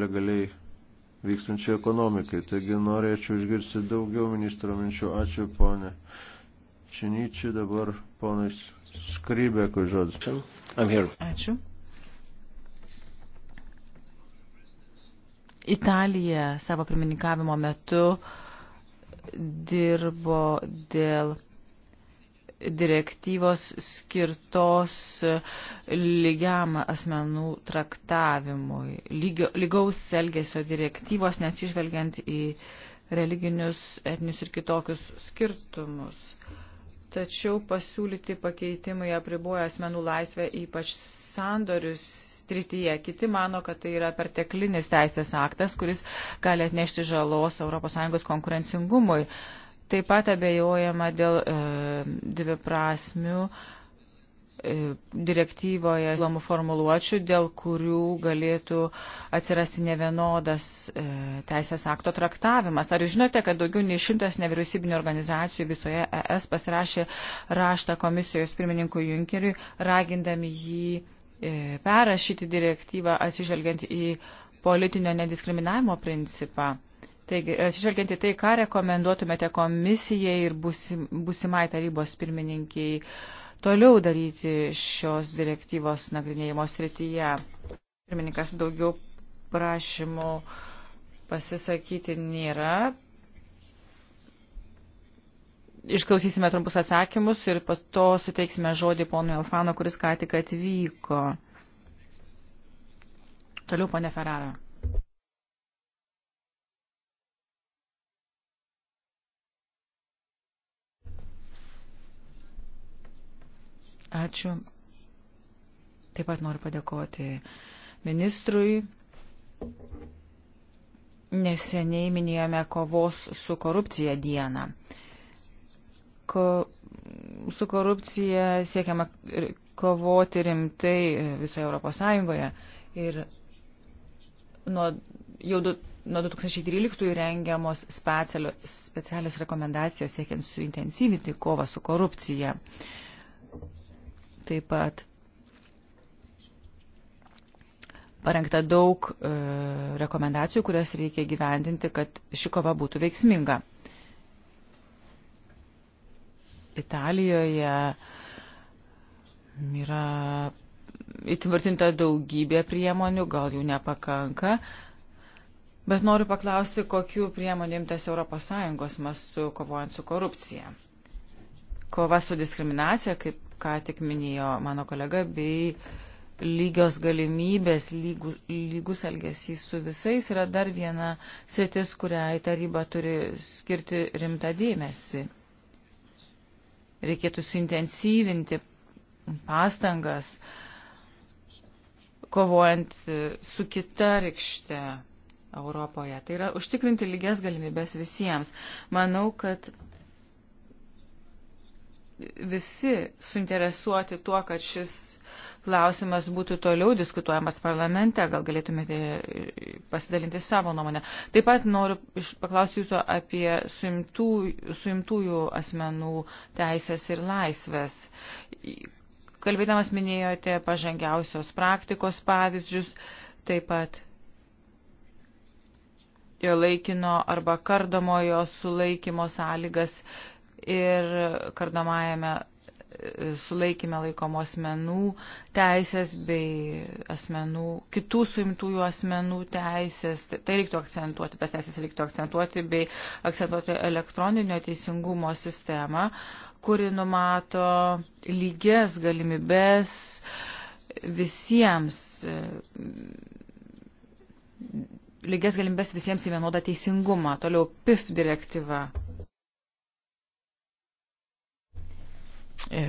legaliai vykstančiai ekonomikai. Taigi norėčiau išgirsti daugiau ministro minčių. Ačiū, ponė. Činyčiai, dabar ponas Skrybėkui žodis. Ačiū. Italija savo pirmininkavimo metu dirbo dėl direktyvos skirtos lygiam asmenų traktavimui, lygio, lygaus elgesio direktyvos, neatsižvelgiant į religinius, etinius ir kitokius skirtumus tačiau pasiūlyti pakeitimai apriboja asmenų laisvę, ypač sandorius strityje. Kiti mano, kad tai yra perteklinis teisės aktas, kuris gali atnešti žalos ES konkurencingumui. Taip pat abejojama dėl e, dviprasmių e, E, direktyvoje siūlomų formuluočių, dėl kurių galėtų atsirasti nevienodas e, teisės akto traktavimas. Ar jūs žinote, kad daugiau nei šimtas nevyriausybinio organizacijų visoje ES pasirašė raštą komisijos pirmininkui Junkeriui, ragindami jį e, perrašyti direktyvą atsižvelgiant į politinio nediskriminavimo principą? Taigi, atsižvelgiant į tai, ką rekomenduotumėte komisijai ir busimai tarybos pirmininkiai, uh, toliau daryti šios direktyvos nagrinėjimo srityje. Pirmininkas daugiau prašymų pasisakyti nėra. Išklausysime trumpus atsakymus ir pas to suteiksime žodį ponui Alfano, kuris ką tik atvyko. Toliau, ponė Ferrara. Ačiū. Taip pat noriu padėkoti ministrui. Neseniai minėjome kovos su korupcija dieną. Ko, su korupcija siekiama kovoti rimtai visoje Europos Sąjungoje. Ir nuo, jau du, nuo 2013 rengiamos specialios, specialios rekomendacijos siekiant suintensyvinti kovą su korupcija. Uh, Taip pat parengta daug e, rekomendacijų, kurias reikia gyvendinti, kad ši kova būtų veiksminga. Italijoje yra įtvirtinta daugybė priemonių, gal jų nepakanka, bet noriu paklausti, kokiu priemonė imtas ES mastu kovojant su korupcija. Kova su diskriminacija, kaip ką tik minėjo mano kolega, bei lygios galimybės, lygų, lygus elgesys su visais yra dar viena sritis, kuriai taryba turi skirti rimtą dėmesį. Reikėtų suintensyvinti pastangas, kovojant su kita rykšte Europoje. Tai yra užtikrinti lygias galimybės visiems. Manau, kad visi suinteresuoti tuo, kad šis klausimas būtų toliau diskutuojamas parlamente, gal galėtumėte pasidalinti savo nuomonę. Taip pat noriu paklausti jūsų apie suimtų, suimtųjų asmenų teisės ir laisvės. Kalbėdamas minėjote pažangiausios praktikos pavyzdžius, taip pat jo laikino arba kardomojo sulaikymo sąlygas ir kardomajame sulaikime laikomų asmenų teisės bei asmenų, kitų suimtųjų asmenų teisės. Tai, tai reiktų akcentuoti, tas teisės reiktų akcentuoti bei akcentuoti elektroninio teisingumo sistemą, kuri numato lygias galimybės visiems lygias galimybės visiems į vienodą teisingumą. Toliau PIF direktyva. E,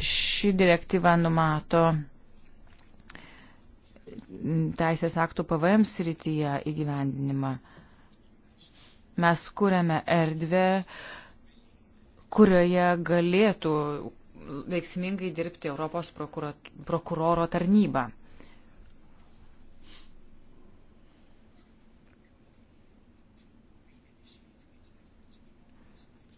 ši direktyva numato teisės aktų PVM srityje įgyvendinimą. Mes kūrėme erdvę, kurioje galėtų veiksmingai dirbti Europos prokuroro tarnyba.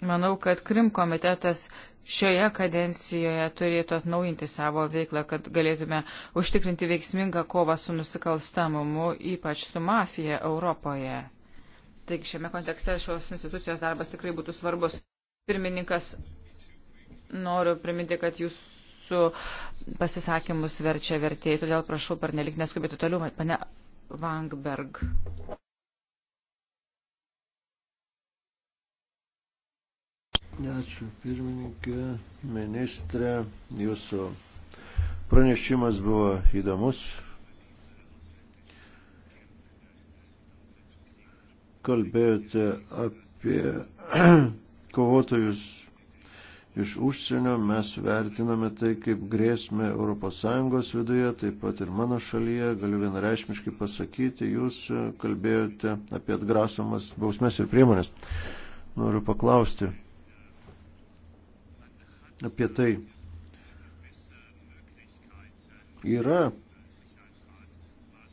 Manau, kad Krim komitetas šioje kadencijoje turėtų atnaujinti savo veiklą, kad galėtume užtikrinti veiksmingą kovą su nusikalstamumu, ypač su mafija Europoje. Taigi šiame kontekste šios institucijos darbas tikrai būtų svarbus. Pirmininkas, noriu priminti, kad jūs jūsų pasisakymus verčia vertėjai, todėl prašau per nelik neskubėti toliau, pane Vangberg. Ačiū pirmininkė, ministrė, jūsų pranešimas buvo įdomus. Kalbėjote apie <clears throat> kovotojus iš užsienio, mes vertiname tai kaip grėsmę ES viduje, taip pat ir mano šalyje, galiu vienareišmiškai pasakyti, jūs kalbėjote apie atgrasomas bausmes ir priemonės. Noriu paklausti apie tai. Yra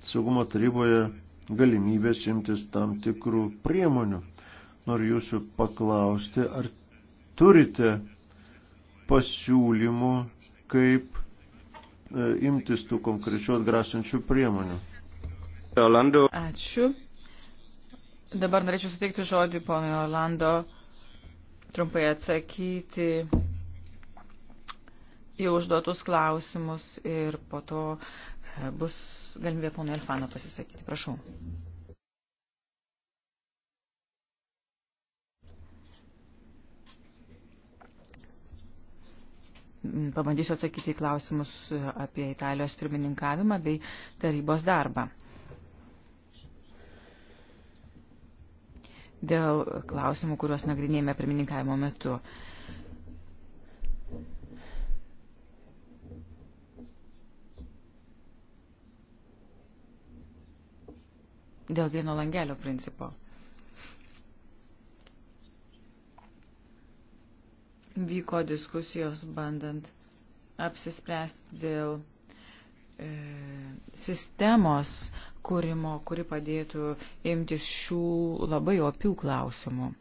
saugumo taryboje galimybės imtis tam tikrų priemonių. Noriu jūsų paklausti, ar turite pasiūlymų, kaip e, imtis tų konkrečių atgrasančių priemonių. Orlando. Ačiū. Dabar norėčiau suteikti žodį ponui Orlando trumpai atsakyti jau užduotus klausimus ir po to e, bus galimybė pono Elfano pasisakyti. Prašau. Mm, pabandysiu atsakyti į klausimus e, apie Italijos pirmininkavimą bei tarybos darbą. Dėl klausimų, kuriuos nagrinėjame pirmininkavimo metu. dėl vieno langelio principo. Vyko diskusijos bandant apsispręsti dėl e, sistemos kūrimo, kuri padėtų imtis šių labai opių klausimų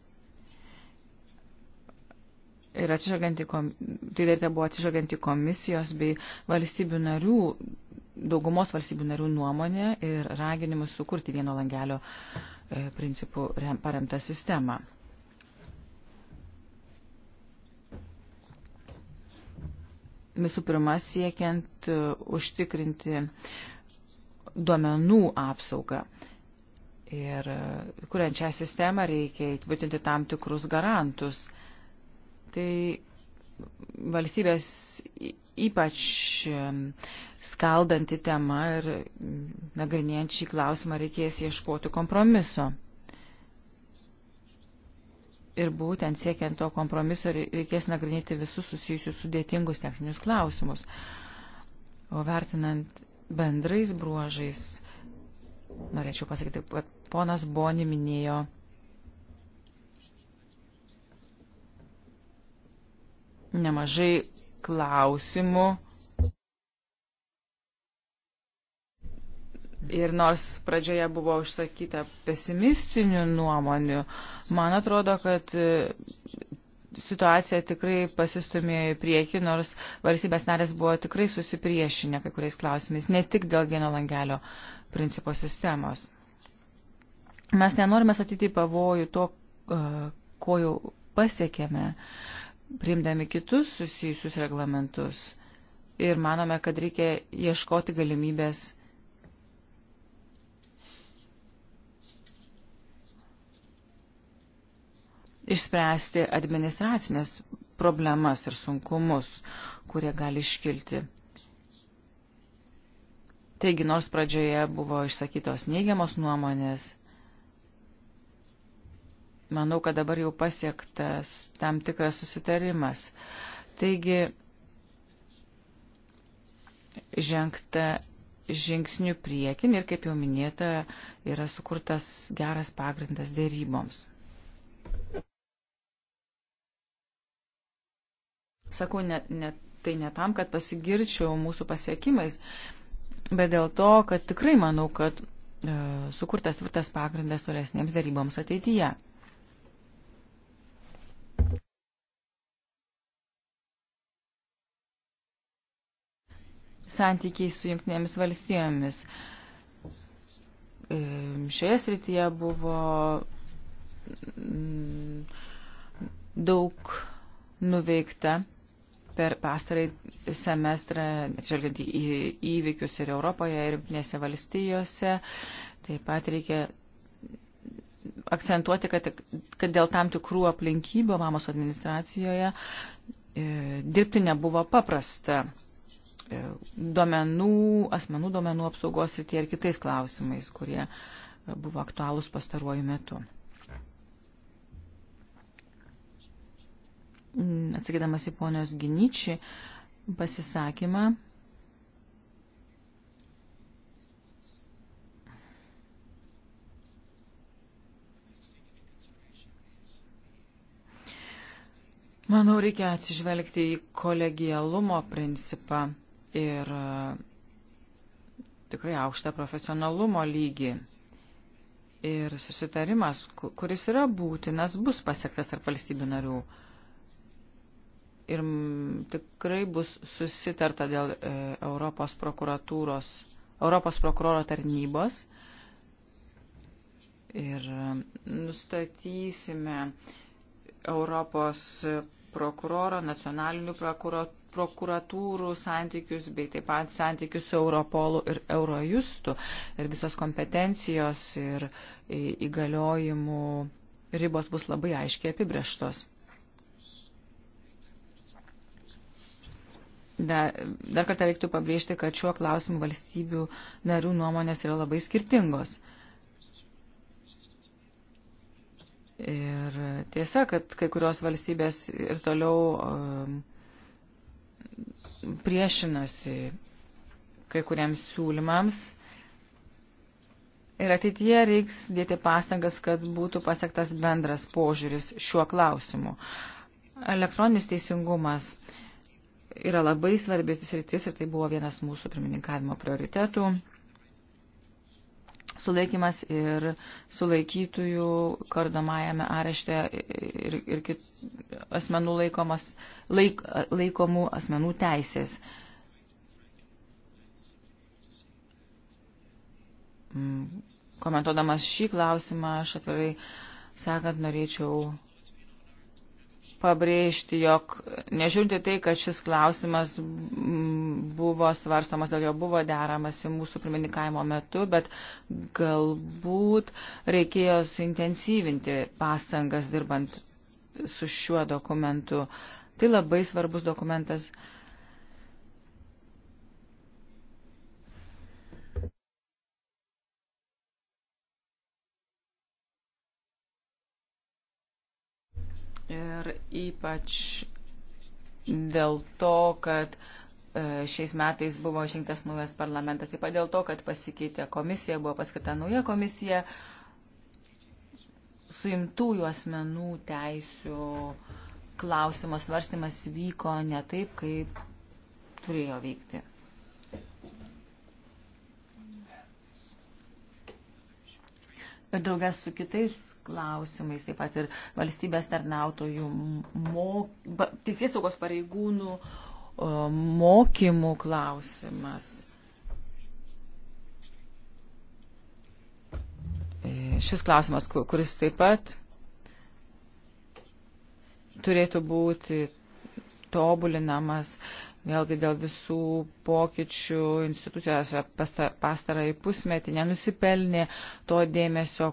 ir atsižvelgiant į, kom... tai dar buvo atsižvelgiant į komisijos bei valstybių narių, daugumos valstybių narių nuomonę ir raginimus sukurti vieno langelio e, principų paremtą sistemą. Visų pirma, siekiant e, užtikrinti duomenų apsaugą. Ir e, kuriant šią sistemą reikia įtvirtinti tam tikrus garantus tai valstybės ypač skaldanti tema ir nagrinėjant šį klausimą reikės ieškoti kompromiso. Ir būtent siekiant to kompromiso reikės nagrinėti visus susijusius sudėtingus techninius klausimus. O vertinant bendrais bruožais, norėčiau pasakyti, kad ponas Boni minėjo nemažai klausimų. Ir nors pradžioje buvo užsakyta pesimistinių nuomonių, man atrodo, kad e, situacija tikrai pasistumėjo į priekį, nors valstybės narės buvo tikrai susipriešinę kai kuriais klausimais, ne tik dėl vieno langelio principo sistemos. Mes nenorime statyti pavojų to, e, ko jau pasiekėme. Uh, priimdami kitus susijusius reglamentus. Ir manome, kad reikia ieškoti galimybės išspręsti administracinės problemas ir sunkumus, kurie gali iškilti. Taigi, nors pradžioje buvo išsakytos neigiamos nuomonės, Manau, kad dabar jau pasiektas tam tikras susitarimas. Taigi, žengta žingsnių priekin ir, kaip jau minėta, yra sukurtas geras pagrindas dėryboms. Sakau, ne, ne, tai ne tam, kad pasigirčiau mūsų pasiekimais, bet dėl to, kad tikrai manau, kad e, sukurtas tvirtas pagrindas tolesniems dėryboms ateityje. santykiai su jungtinėmis valstijomis. Šioje srityje buvo mm, daug nuveikta per pastarąjį semestrą, atžvelgiant į įvykius ir Europoje, ir jungtinėse valstijose. Taip pat reikia akcentuoti, kad, kad dėl tam tikrų aplinkybių Obamos administracijoje e, dirbti nebuvo paprasta. E, duomenų, asmenų duomenų apsaugos ir tie ir kitais klausimais, kurie e, buvo aktualūs pastaruoju metu. Mm, atsakydamas į ponios Giničį pasisakymą, Manau, reikia atsižvelgti į kolegialumo principą ir e, tikrai aukštą profesionalumo lygį. Ir susitarimas, kuris yra būtinas, bus pasiektas tarp valstybių narių. Ir tikrai bus susitarta dėl e, Europos prokuratūros, Europos prokuroro tarnybos. Ir e, nustatysime Europos prokuroro, nacionalinių prokurorų prokuratūrų santykius, bei taip pat santykius su Europolu ir Eurojustu ir visos kompetencijos ir įgaliojimų ribos bus labai aiškiai apibrieštos. Dar, dar kartą reiktų pabrėžti, kad šiuo klausimu valstybių narių nuomonės yra labai skirtingos. Ir tiesa, kad kai kurios valstybės ir toliau um, priešinasi kai kuriems siūlymams. Ir ateityje reiks dėti pastangas, kad būtų pasiektas bendras požiūris šiuo klausimu. Elektroninis teisingumas yra labai svarbės sritis ir tai buvo vienas mūsų pirmininkavimo prioritetų sulaikimas ir sulaikytųjų kardomajame arešte ir, ir kit, asmenų laikomas, laik, laikomų asmenų teisės. Mm, komentuodamas šį klausimą, aš atvirai sakant, norėčiau pabrėžti, jog nežiūrinti tai, kad šis klausimas buvo svarstamas, dėl jo buvo deramasi mūsų pirmininkavimo metu, bet galbūt reikėjo suintensyvinti pastangas dirbant su šiuo dokumentu. Tai labai svarbus dokumentas Ir ypač dėl to, kad e, šiais metais buvo išrinktas naujas parlamentas, taip pat dėl to, kad pasikeitė komisija, buvo paskata nauja komisija, suimtųjų asmenų teisių klausimas varstimas vyko ne taip, kaip turėjo veikti. Ir draugės su kitais klausimais, taip pat ir valstybės tarnautojų, teisės saugos pareigūnų mokymų klausimas. E, šis klausimas, kuris taip pat turėtų būti tobulinamas vėlgi dėl visų pokyčių institucijose pastarąjį pusmetį nenusipelnė to dėmesio,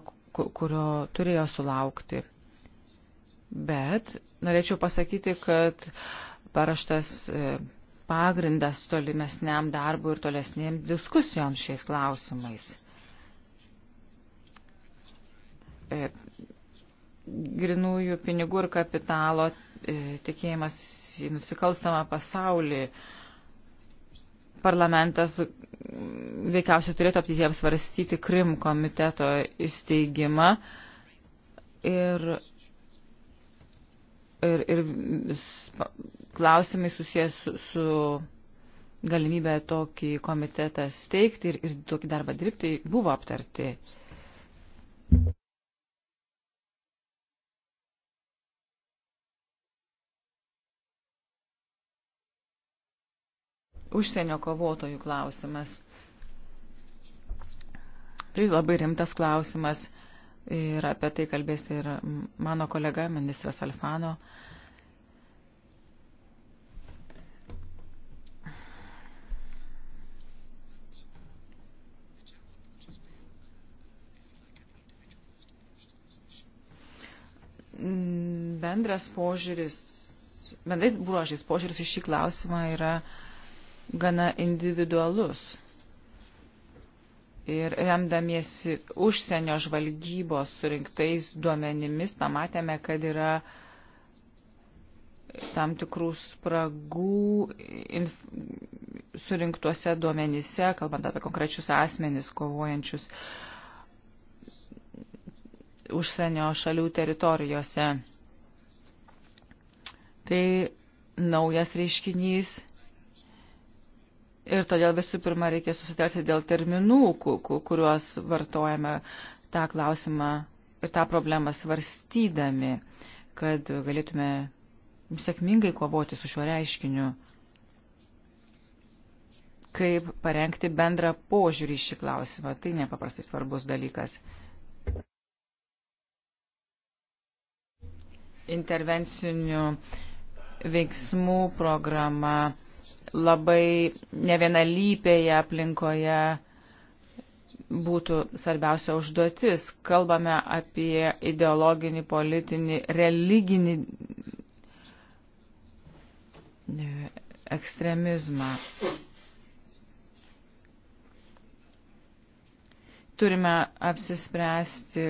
kurio turėjo sulaukti. Bet norėčiau pasakyti, kad paraštas e, pagrindas tolimesniam darbui ir tolesnėm diskusijom šiais klausimais. E, grinųjų pinigų ir kapitalo e, tikėjimas į nusikalstamą pasaulį parlamentas veikiausiai turėtų aptitie apsvarstyti Krim komiteto įsteigimą ir, ir, ir klausimai susijęs su, su galimybę tokį komitetą steigti ir, ir tokį darbą dirbti buvo aptarti. užsienio kovotojų klausimas. Tai labai rimtas klausimas ir apie tai kalbės ir mano kolega ministras Alfano. Bendras požiūris, bendrais bruožais požiūris į šį klausimą yra uh, gana individualus. Ir remdamiesi užsienio žvalgybos surinktais duomenimis, pamatėme, kad yra tam tikrų spragų inf... surinktuose duomenyse, kalbant apie konkrečius asmenis kovojančius užsienio šalių teritorijose. Tai naujas reiškinys Ir todėl visų pirma reikia susitarti dėl terminų, kuriuos vartojame tą klausimą ir tą problemą svarstydami, kad galėtume sėkmingai kovoti su šiuo reiškiniu kaip parengti bendrą požiūrį šį klausimą. Tai nepaprastai svarbus dalykas. Intervencinių veiksmų programa labai nevienalypėje aplinkoje būtų svarbiausia užduotis. Kalbame apie ideologinį, politinį, religinį ekstremizmą. Turime apsispręsti,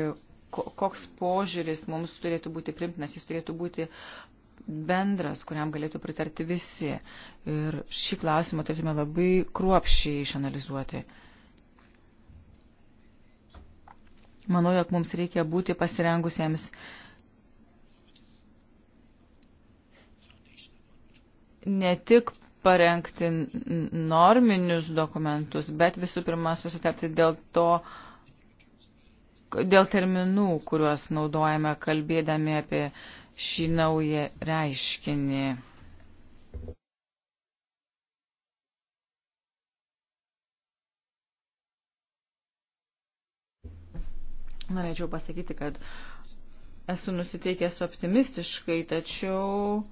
koks požiūris mums turėtų būti primtinas, jis turėtų būti bendras, kuriam galėtų pritarti visi. Ir šį klausimą turėtume labai kruopščiai išanalizuoti. Manau, jog mums reikia būti pasirengusiems ne tik parengti norminius dokumentus, bet visų pirma susitarti dėl to, dėl terminų, kuriuos naudojame kalbėdami apie uh, šį naują reiškinį. Norėčiau pasakyti, kad esu nusiteikęs optimistiškai, tačiau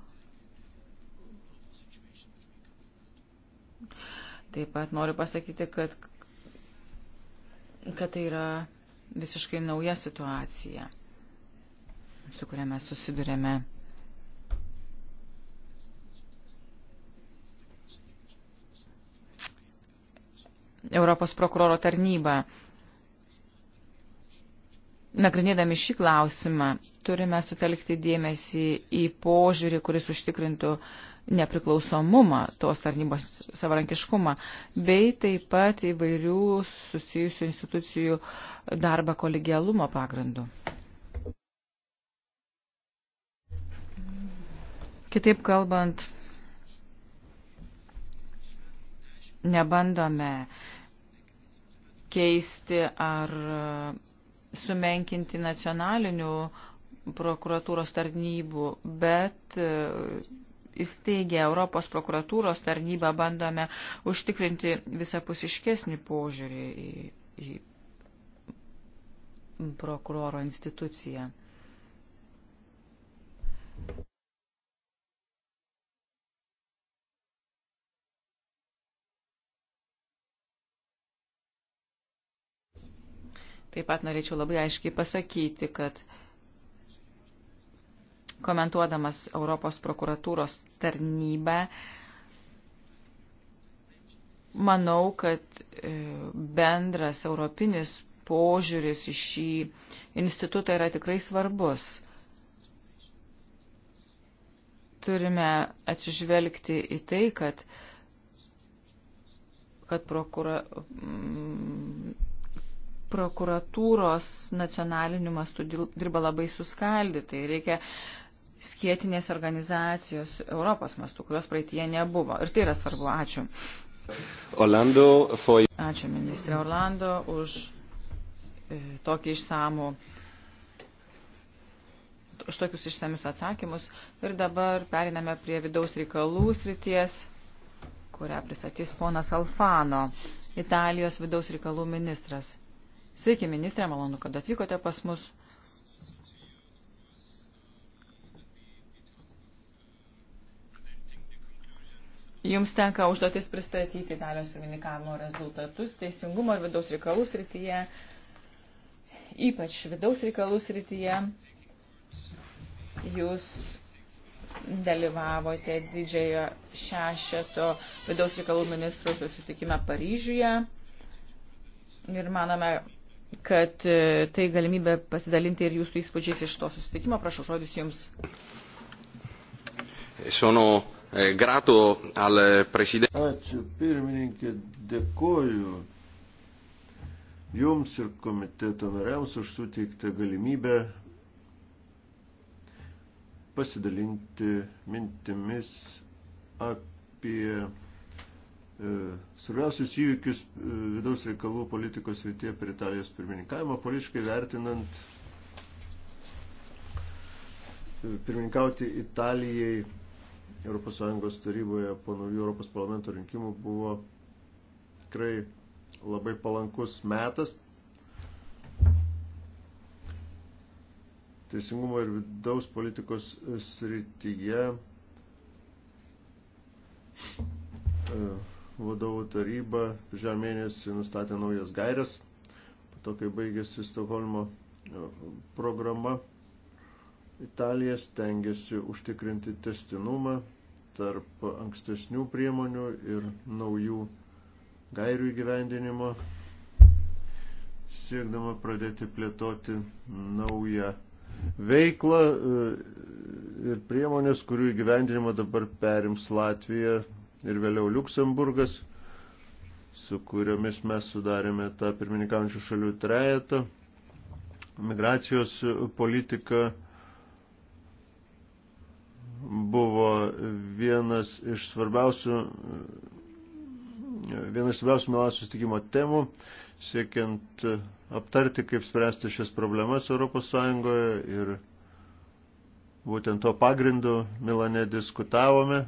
taip pat noriu pasakyti, kad, kad tai yra visiškai nauja situacija su kuria mes susidurėme. Europos prokuroro tarnyba. Nagrinėdami šį klausimą, turime sutelkti dėmesį į požiūrį, kuris užtikrintų nepriklausomumą tos tarnybos savarankiškumą, bei taip pat įvairių susijusių institucijų darbą kolegialumo pagrindu. Kitaip kalbant, nebandome keisti ar sumenkinti nacionalinių prokuratūros tarnybų, bet e, įsteigę Europos prokuratūros tarnybą bandome užtikrinti visapusiškesnį požiūrį į, į prokuroro instituciją. Taip pat norėčiau labai aiškiai pasakyti, kad komentuodamas Europos prokuratūros tarnybę, manau, kad e, bendras europinis požiūris į šį institutą yra tikrai svarbus. Turime atsižvelgti į tai, kad, kad prokura, prokuratūros nacionaliniu mastu dirba labai suskaldytai. Reikia skėtinės organizacijos Europos mastu, kurios praeitie nebuvo. Ir tai yra svarbu. Ačiū. Orlando for... Ačiū ministrė Orlando už e, tokį išsamų už tokius išsamius atsakymus. Ir dabar periname prie vidaus reikalų srities, kurią pristatys ponas Alfano, Italijos vidaus reikalų ministras. Sveiki, ministrė, malonu, kad atvykote pas mus. Jums tenka užduotis pristatyti Italijos pirmininkavimo rezultatus teisingumo ir vidaus reikalų srityje, ypač vidaus reikalų srityje. Jūs dalyvavote didžiojo šešeto vidaus reikalų ministrų susitikime Paryžiuje ir manome, kad e, tai galimybė pasidalinti ir jūsų įspūdžiais iš to susitikimo. Prašau, žodis jums. Sono eh, grato al presidente. Ačiū pirmininkė, dėkoju jums ir komiteto nariams už suteiktą galimybę pasidalinti mintimis apie E, svarbiausius įvykius e, vidaus reikalų politikos srityje per Italijos pirmininkavimą politiškai vertinant e, pirmininkauti Italijai ES taryboje po naujų Europos parlamento rinkimų buvo tikrai labai palankus metas. Teisingumo ir vidaus politikos srityje vadovų taryba žemė mėnesį nustatė naujas gairias, po to, kai baigėsi Stokholmo e, programa, Italija stengiasi užtikrinti testinumą tarp ankstesnių priemonių ir naujų gairių įgyvendinimo, siekdama pradėti plėtoti naują veiklą e, ir priemonės, kurių įgyvendinimą dabar perims Latvija, ir vėliau Luksemburgas, su kuriomis mes sudarėme tą pirmininkaujančių šalių trejetą. Migracijos politika buvo vienas iš svarbiausių vienas svarbiausių Milano susitikimo temų, siekiant aptarti, kaip spręsti šias problemas Europos Sąjungoje ir būtent to pagrindu Milane diskutavome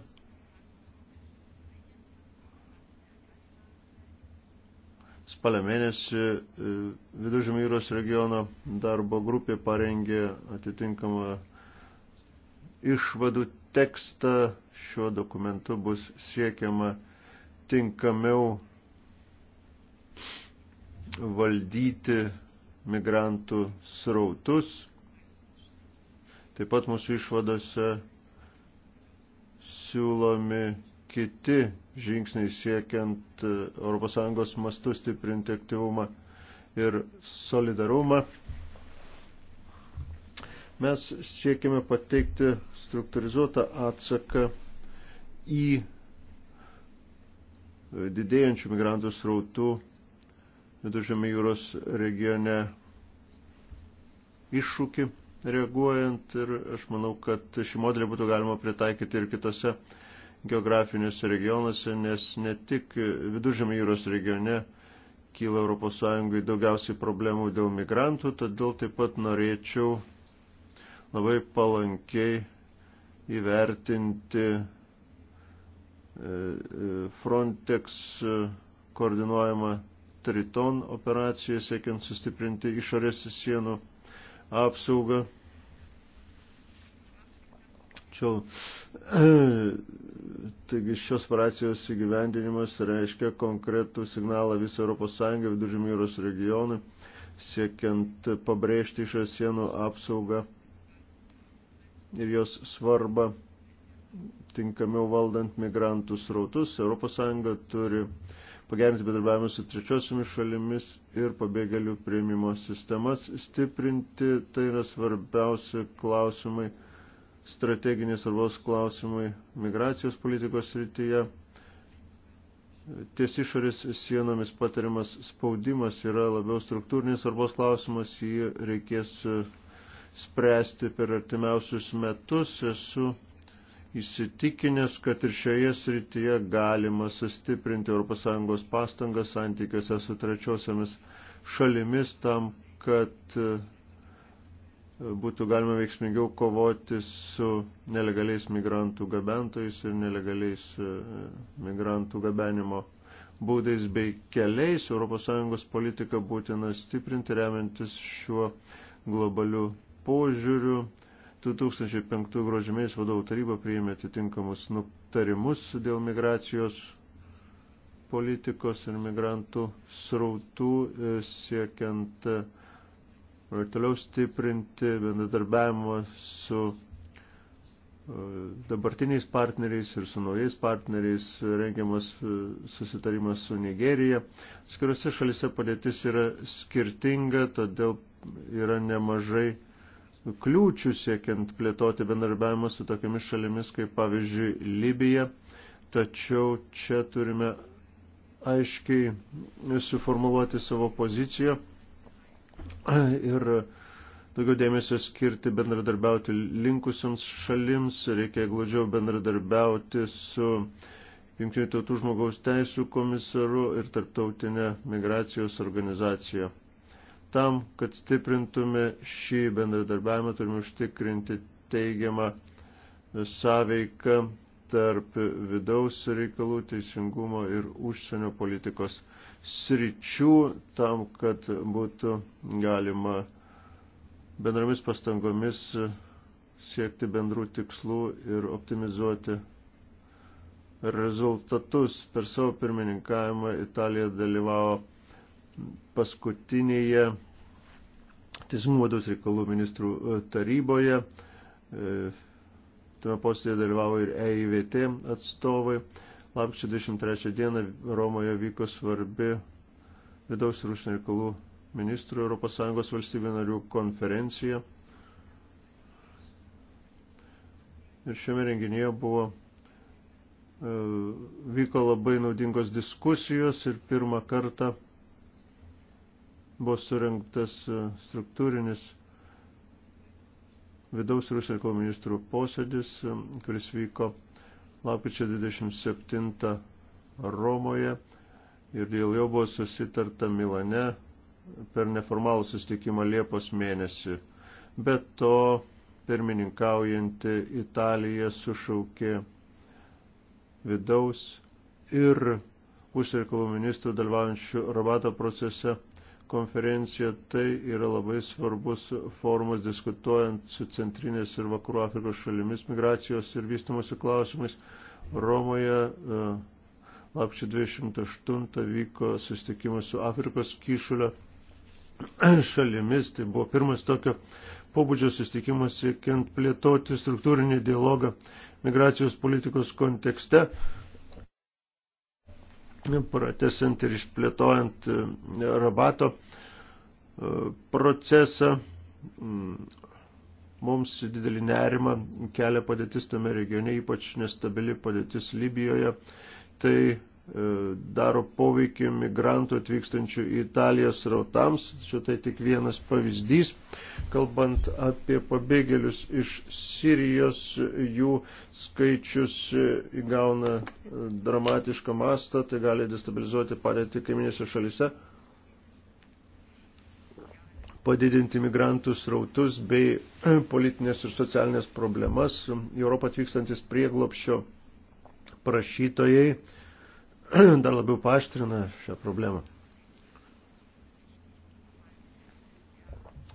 spalio mėnesį e, Viduržymio jūros regiono darbo grupė parengė atitinkamą išvadų tekstą. Šiuo dokumentu bus siekiama tinkamiau valdyti migrantų srautus. Taip pat mūsų išvadose siūlomi kiti žingsniai siekiant ES mastu stiprinti aktyvumą ir solidarumą. Mes siekime pateikti struktūrizuotą atsaką į didėjančių migrantų srautų Viduržėmio jūros regione iššūkį reaguojant ir aš manau, kad šį modelį būtų galima pritaikyti ir kitose geografinėse regionuose, nes ne tik Viduržėmio jūros regione kyla ES daugiausiai problemų dėl migrantų, todėl taip pat norėčiau labai palankiai įvertinti e, e, Frontex koordinuojama Triton operacija, siekiant sustiprinti išorės sienų apsaugą anksčiau. E, taigi šios operacijos įgyvendinimas reiškia konkretų signalą visą ES viduržymį jūros regionui, siekiant pabrėžti šią sienų apsaugą ir jos svarbą tinkamiau valdant migrantų srautus. ES turi pagerinti bedarbiavimą su trečiosiomis šalimis ir pabėgėlių prieimimo sistemas, stiprinti, tai yra svarbiausi klausimai strateginės svarbos klausimai migracijos politikos srityje. Ties išorės sienomis patariamas spaudimas yra labiau struktūrinės svarbos klausimas, jį reikės e, spręsti per artimiausius metus. Esu įsitikinęs, kad ir šioje srityje galima sustiprinti ES pastangas santykiuose su trečiosiamis šalimis tam, kad e, būtų galima veiksmingiau kovoti su nelegaliais migrantų gabentojais ir nelegaliais e, migrantų gabenimo būdais bei keliais. ES politika būtina stiprinti remiantis šiuo globaliu požiūriu. 2005 gruožymės vadovų taryba priėmė atitinkamus nutarimus dėl migracijos politikos ir migrantų srautų e, siekiant uh, toliau stiprinti bendradarbiavimo su e, dabartiniais partneriais ir su naujais partneriais rengiamas e, susitarimas su Nigerija. Skiriuose šalise padėtis yra skirtinga, todėl yra nemažai kliūčių siekiant plėtoti bendarbiavimą su tokiamis šalimis kaip pavyzdžiui Libija. Tačiau čia turime aiškiai suformuluoti savo poziciją ir daugiau dėmesio skirti bendradarbiauti linkusiams šalims, reikia glaudžiau bendradarbiauti su Junktinių tautų žmogaus teisų komisaru ir tarptautinė migracijos organizacija. Tam, kad stiprintume šį bendradarbiavimą, turime užtikrinti teigiamą sąveiką tarp vidaus reikalų, teisingumo ir užsienio politikos sričių tam, kad būtų galima bendromis pastangomis siekti bendrų tikslų ir optimizuoti rezultatus. Per savo pirmininkavimą Italija dalyvavo paskutinėje Teisingumo vidaus reikalų ministrų e, taryboje. E, tame posėdėje dalyvavo ir EIVT atstovai. Lapčio 23 dieną Romoje vyko svarbi vidaus ir užsienio reikalų ministrų ES valstybių narių konferencija. Ir šiame renginyje buvo e, vyko labai naudingos diskusijos ir pirmą kartą buvo surinktas e, struktūrinis vidaus ir užsienio ministrų posėdis, e, kuris vyko lapkričio 27 Romoje ir dėl jo buvo susitarta Milane per neformalų susitikimą Liepos mėnesį. Be to, pirmininkaujanti Italija sušaukė vidaus ir užsireikalų ministrų dalyvaujančių rabato procese konferencija tai yra labai svarbus formas diskutuojant su centrinės ir vakarų Afrikos šalimis migracijos ir vystimosi klausimais. Romoje e, lapčio 28 vyko susitikimas su Afrikos kyšulio <clears throat> šalimis. Tai buvo pirmas tokio pobūdžio susitikimas siekiant plėtoti struktūrinį dialogą migracijos politikos kontekste pratesant ir išplėtojant e, rabato e, procesą, mm, mums didelį nerimą kelia padėtis tame regione, ypač nestabili padėtis Libijoje. Tai E, daro poveikį migrantų atvykstančių į Italiją srautams. Tačiau tai tik vienas pavyzdys, kalbant apie pabėgėlius iš Sirijos, jų skaičius įgauna e, dramatišką mastą, tai gali destabilizuoti padėtį kaiminėse šalise, padidinti migrantų srautus bei e, politinės ir socialinės problemas. Į Europą atvykstantis prieglopščio prašytojai <clears throat> dar labiau paaštrina šią problemą.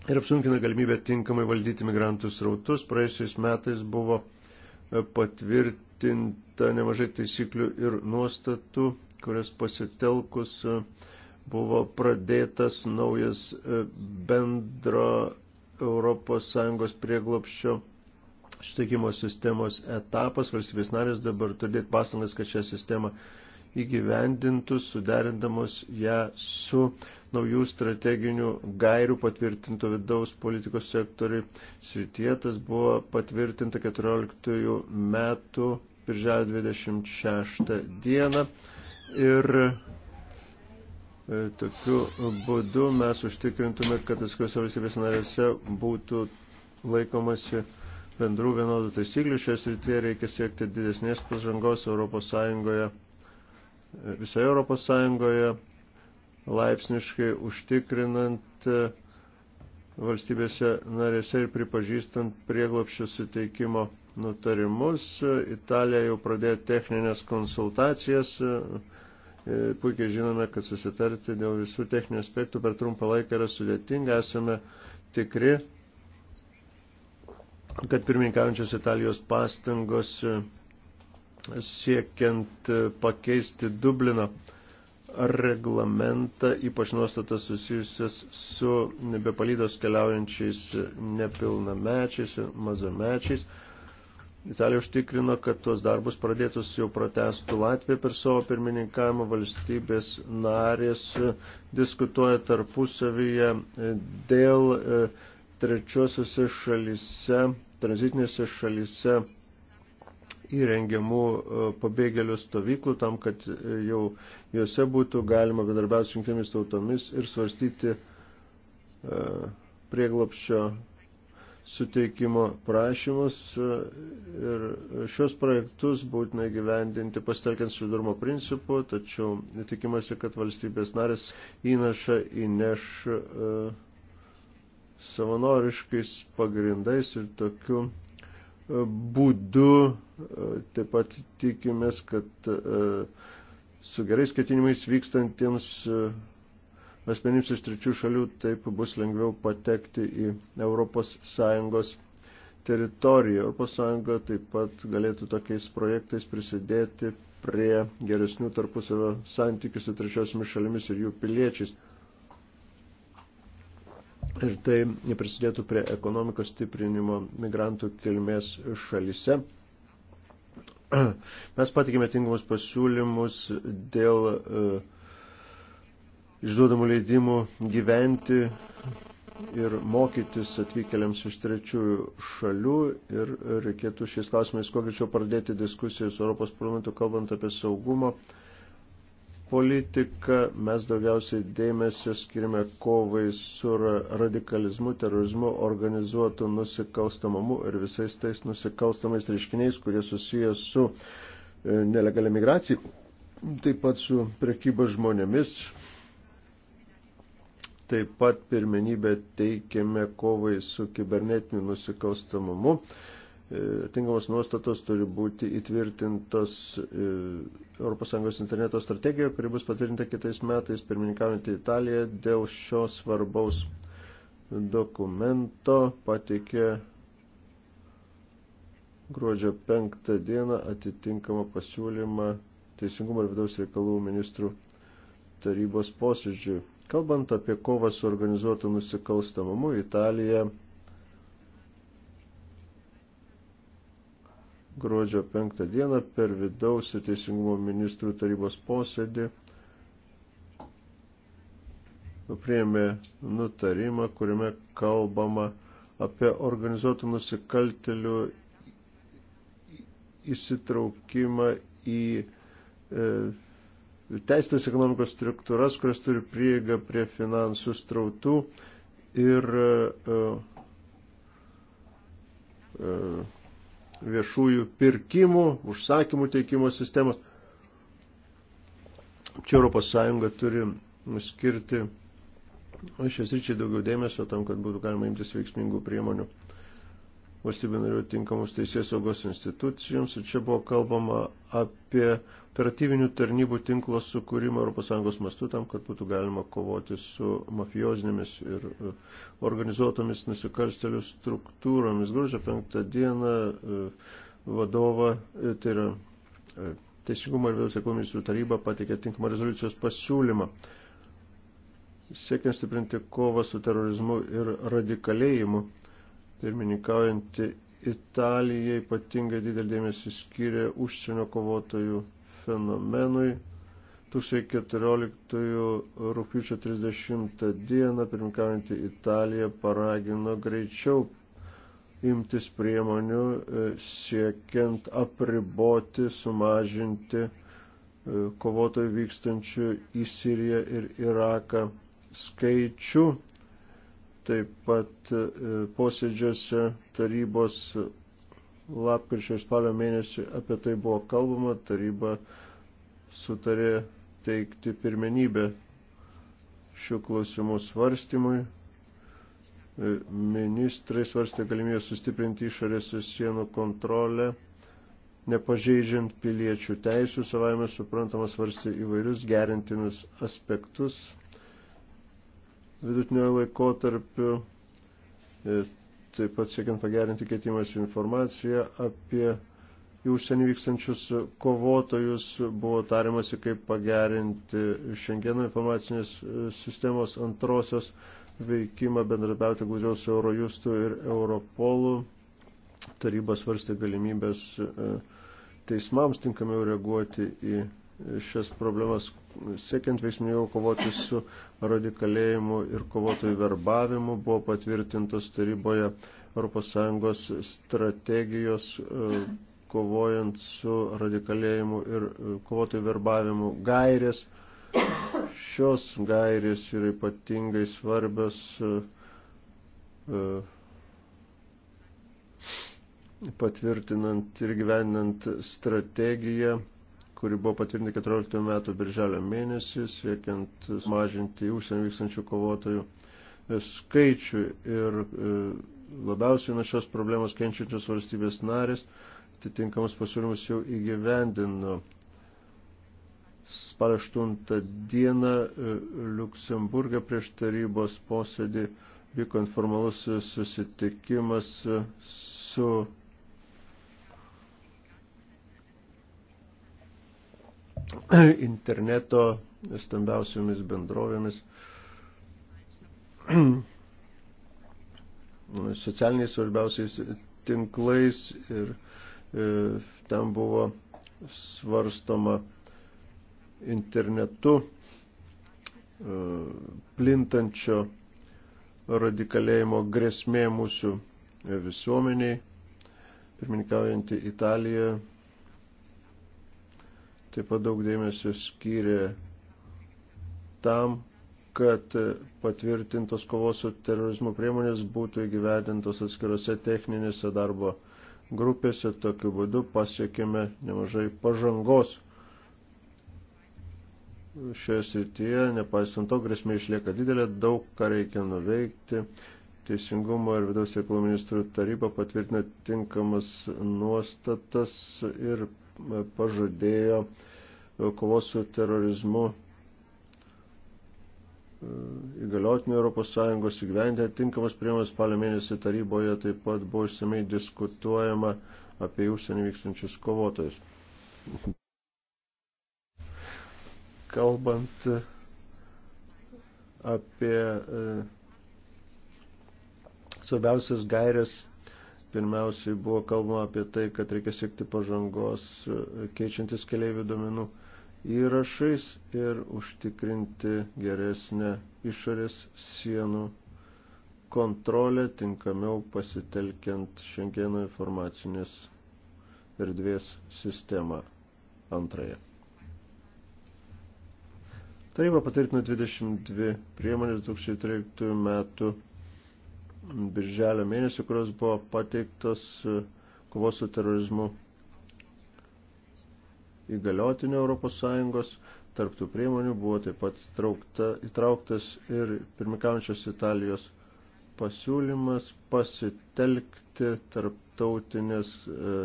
Ir apsunkina galimybę tinkamai valdyti migrantų srautus. Praėjusiais metais buvo e, patvirtinta nemažai taisyklių ir nuostatų, kurias pasitelkus e, buvo pradėtas naujas e, bendro ES prieglopščio štikimo sistemos etapas. Valstybės narės dabar turi dėti pastangas, kad šią sistemą įgyvendintų, suderindamos ją su naujų strateginių gairių patvirtintų vidaus politikos sektoriui srityje. Tas buvo patvirtinta 14 metų birželio 26 dieną. Ir e, tokiu būdu mes užtikrintume, kad atskiruose valstybės narėse būtų laikomasi bendrų vienodų taisyklių. Šioje srityje reikia siekti didesnės pažangos Europos Sąjungoje visoje Europos Sąjungoje laipsniškai užtikrinant e, valstybėse narėse ir pripažįstant prieglopščio suteikimo nutarimus. Italija jau pradėjo techninės konsultacijas. E, e, puikiai žinome, kad susitarti dėl visų techninių aspektų per trumpą laiką yra sudėtinga. Esame tikri, kad pirmininkaujančios Italijos pastangos siekiant e, pakeisti Dublino reglamentą, ypač nuostatas susijusias su nebepalydos keliaujančiais nepilnamečiais ir mazamečiais. Italija užtikrino, kad tuos darbus pradėtus jau protestų Latvija per savo pirmininkavimą valstybės narės diskutuoja tarpusavyje e, dėl e, trečiosiuose šalise, tranzitinėse šalise įrengiamų e, pabėgėlių stovyklų tam, kad e, jau juose būtų galima bendarbiauti su jungtinėmis tautomis ir svarstyti e, prieglopščio suteikimo prašymus ir šios projektus būtina gyvendinti pasitelkiant solidarumo principų, tačiau tikimasi, kad valstybės narės įnaša įneš savanoriškais pagrindais ir tokiu būdu Taip pat tikimės, kad e, su gerais ketinimais vykstantiems e, asmenims iš trečių šalių taip bus lengviau patekti į ES teritoriją. ES taip pat galėtų tokiais projektais prisidėti prie geresnių tarpusavio santykių su trečiosiomis šalimis ir jų piliečiais. Ir tai prisidėtų prie ekonomikos stiprinimo migrantų kilmės šalise. <clears throat> Mes patikėme tinkamus pasiūlymus dėl e, išduodamų leidimų gyventi ir mokytis atvykėliams iš trečiųjų šalių ir reikėtų šiais klausimais kuo greičiau pradėti diskusijas Europos parlamentu, kalbant apie saugumo politiką. Mes daugiausiai dėmesio skirime kovai su radikalizmu, terorizmu, organizuotu nusikalstamamu ir visais tais nusikalstamais reiškiniais, kurie susijęs su e, nelegalia migracija, taip pat su prekyba žmonėmis. Taip pat pirmenybę teikiame kovai su kibernetiniu nusikalstamamu. E, tinkamos nuostatos turi būti įtvirtintos ES interneto strategijoje, kuri bus patvirtinta kitais metais, pirmininkaujant į Italiją, dėl šio svarbaus dokumento pateikė gruodžio penktą dieną atitinkamą pasiūlymą Teisingumo ir vidaus reikalų ministrų tarybos posėdžiui. Kalbant apie kovą su organizuotu nusikalstamumu, Italija gruodžio 5 dieną per vidaus ir teisingumo ministrų tarybos posėdį priėmė nutarimą, kuriame kalbama apie organizuotų nusikaltelių įsitraukimą į e, teisės ekonomikos struktūras, kurios turi prieigą prie finansų strautų ir e, e, viešųjų pirkimų, užsakymų teikimo sistemos. Čia ES turi skirti šias ryčiai daugiau dėmesio tam, kad būtų galima imtis veiksmingų priemonių valstybių narių tinkamus teisės saugos institucijoms. Ir čia buvo kalbama apie operatyvinių tarnybų tinklo sukūrimą ES mastu tam, kad būtų galima kovoti su mafijozinėmis ir e, organizuotomis nusikalstelių struktūromis. Gruodžio penktą dieną e, vadova, e, tai yra Teisingumo ir Vėliaus reikalų ministrų taryba pateikė tinkamą rezoliucijos pasiūlymą siekiant stiprinti kovą su terorizmu ir radikalėjimu pirmininkaujantį Italiją ypatingai didelį dėmesį skyrė užsienio kovotojų fenomenui. 2014 rūpiučio 30 dieną pirmininkaujantį Italiją paragino greičiau imtis priemonių e, siekiant apriboti, sumažinti e, kovotojų vykstančių į Siriją ir Iraką skaičių taip pat e, posėdžiuose tarybos e, lapkričio ir spalio mėnesį apie tai buvo kalbama, taryba sutarė teikti pirmenybę šių klausimų svarstymui. E, ministrai svarstė galimybę sustiprinti išorės sienų kontrolę, nepažeidžiant piliečių teisų, savaime suprantama svarstė įvairius gerintinus aspektus vidutinio laikotarpiu, e, taip pat siekiant pagerinti keitimas informaciją apie į užsienį vykstančius kovotojus, buvo tariamasi, kaip pagerinti Šengeno informacinės e, sistemos antrosios veikimą, bendradarbiauti glaudžiau su Eurojustu ir Europolu. Taryba svarstė galimybės e, teismams tinkamiau reaguoti į šias problemas, siekiant veiksmingiau kovoti su radikalėjimu ir kovotojų verbavimu, buvo patvirtintos taryboje ES strategijos e, kovojant su radikalėjimu ir e, kovotojų verbavimu gairės. Šios gairės yra ypatingai svarbios e, patvirtinant ir gyvenant strategiją kuri buvo patvirtinta 14 metų birželio mėnesį, siekiant mažinti užsienio vykstančių kovotojų e, skaičių ir e, labiausiai nuo šios problemos kenčiančios valstybės narės atitinkamus pasiūlymus jau įgyvendino. Spalio 8 dieną e, Luksemburgė prieš tarybos posėdį vyko informalus susitikimas su <clears throat> interneto stambiausiomis bendrovėmis, <clears throat> socialiniais svarbiausiais tinklais ir e, ten buvo svarstoma internetu e, plintančio radikalėjimo grėsmė mūsų visuomeniai. Pirmininkaujantį Italiją taip pat daug dėmesio skyrė tam, kad patvirtintos kovos su terorizmu priemonės būtų įgyvendintos atskirose techninėse darbo grupėse. Tokiu būdu pasiekėme nemažai pažangos šioje srityje. Nepaisant to, grėsmė išlieka didelė, daug ką reikia nuveikti. Teisingumo ir vidaus reikalų ministrų taryba patvirtina tinkamas nuostatas ir pažadėjo kovos su terorizmu e, įgaliotinio ES įgyvendinti tinkamas priemonės spalio mėnesį taryboje taip pat buvo išsamei diskutuojama apie užsienį vykstančius kovotojus. Kalbant e, apie e, svarbiausias gairias pirmiausiai buvo kalbama apie tai, kad reikia siekti pažangos keičiantis keliaivių duomenų įrašais ir užtikrinti geresnę išorės sienų kontrolę, tinkamiau pasitelkiant šiandieno informacinės erdvės sistemą antrąją. Taryba patvirtino 22 priemonės 2013 metų birželio mėnesį, kurios buvo pateiktos e, kovos su terorizmu įgaliotinio Europos Sąjungos. Tarptų priemonių buvo taip pat traukta, įtrauktas ir pirmikaujančios Italijos pasiūlymas pasitelkti tarptautinės e,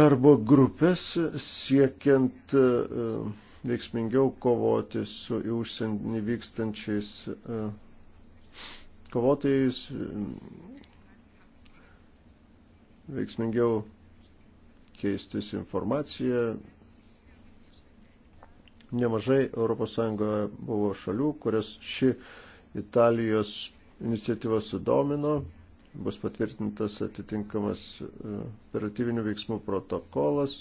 darbo grupės siekiant e, veiksmingiau kovoti su į užsienį vykstančiais e, kovotojais mm, veiksmingiau keistis informaciją. Nemažai ES buvo šalių, kurias ši Italijos iniciatyva sudomino. Bus patvirtintas atitinkamas e, operatyvinių veiksmų protokolas.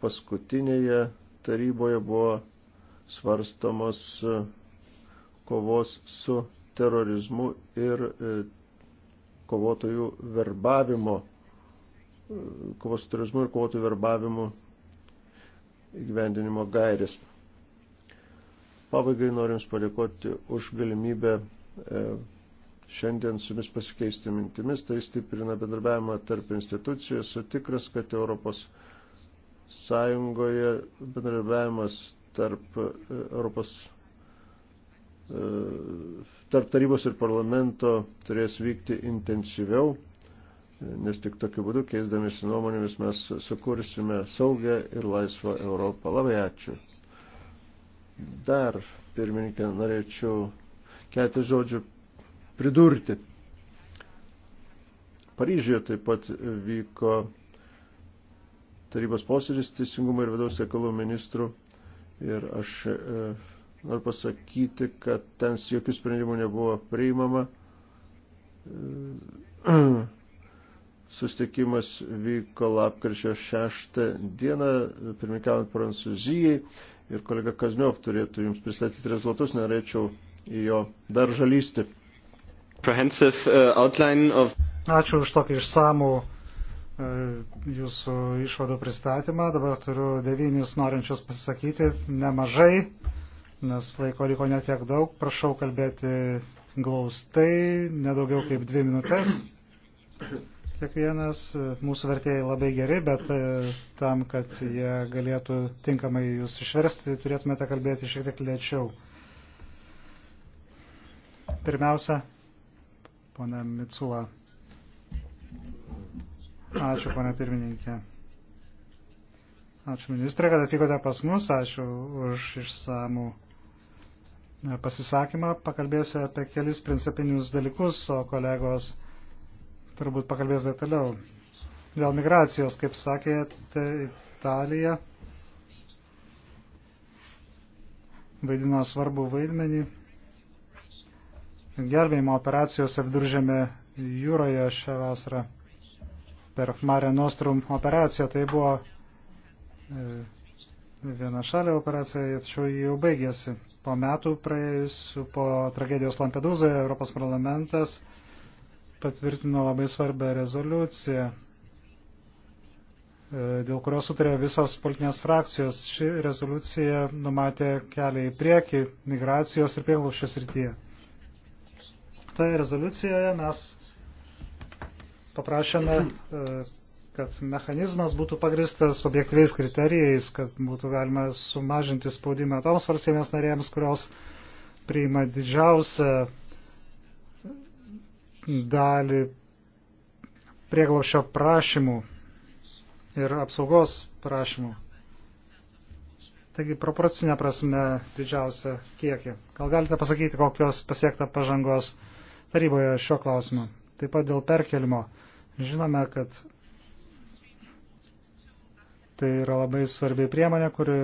Paskutinėje taryboje buvo svarstamos e, kovos su terorizmu ir e, kovotojų verbavimo, e, kovos terorizmu ir kovotojų verbavimo įgyvendinimo gairės. Pabaigai norim padėkoti už galimybę e, šiandien su jumis pasikeisti mintimis, tai stiprina bendarbiavimą tarp institucijų, esu tikras, kad Europos Sąjungoje bendarbiavimas tarp Europos E, tarp tarybos ir parlamento turės vykti intensyviau, nes tik tokiu būdu, keisdamėsi nuomonėmis, mes sukursime saugę ir laisvą Europą. Labai ačiū. Dar, pirmininkė, norėčiau keletą žodžių pridurti. Paryžiuje taip pat vyko tarybos posėdis teisingumo ir vidaus reikalų ministrų ir aš e, Noriu pasakyti, kad ten jokių sprendimų nebuvo priimama. <clears throat> Sustikimas vyko lapkričio 6 dieną, pirmininkaujant Prancūzijai ir kolega Kazniov turėtų jums pristatyti rezultatus, norėčiau į jo dar žalysti. Uh, Ačiū už tokį išsamų uh, jūsų išvadų pristatymą. Dabar turiu devynius norinčius pasisakyti, nemažai nes laiko liko netiek daug. Prašau kalbėti glaustai, nedaugiau kaip dvi minutės. Kiekvienas mūsų vertėjai labai geri, bet e, tam, kad jie galėtų tinkamai jūs išversti, turėtumėte kalbėti šiek tiek lėčiau. Pirmiausia, ponė Mitsula. Ačiū, ponė pirmininkė. Ačiū ministrė, kad atvykote pas mus, ačiū už išsamų pasisakymą. Pakalbėsiu apie kelis principinius dalykus, o kolegos turbūt pakalbės detaliau. Dėl migracijos, kaip sakėte, Italija vaidino svarbų vaidmenį gelbėjimo operacijose viduržėme jūroje šią vasarą per Mare Nostrum operaciją. Tai buvo e, viena šalia operacija, tačiau jau baigėsi. Po metų praėjusiu po tragedijos Lampedūzoje Europos parlamentas patvirtino labai svarbę rezoliuciją, e, dėl kurios sutarė visos politinės frakcijos. Ši rezoliucija numatė kelią į priekį migracijos ir prieglaušio srityje. Toje rezoliucijoje mes paprašėme e, kad mechanizmas būtų pagristas objektyviais kriterijais, kad būtų galima sumažinti spaudimą toms valstybės narėms, kurios priima didžiausią dalį prieglaušio prašymų ir apsaugos prašymų. Taigi proporcinė prasme didžiausia kiekį. Gal galite pasakyti, kokios pasiekta pažangos taryboje šio klausimu? Taip pat dėl perkelimo. Žinome, kad Tai yra labai svarbi priemonė, kuri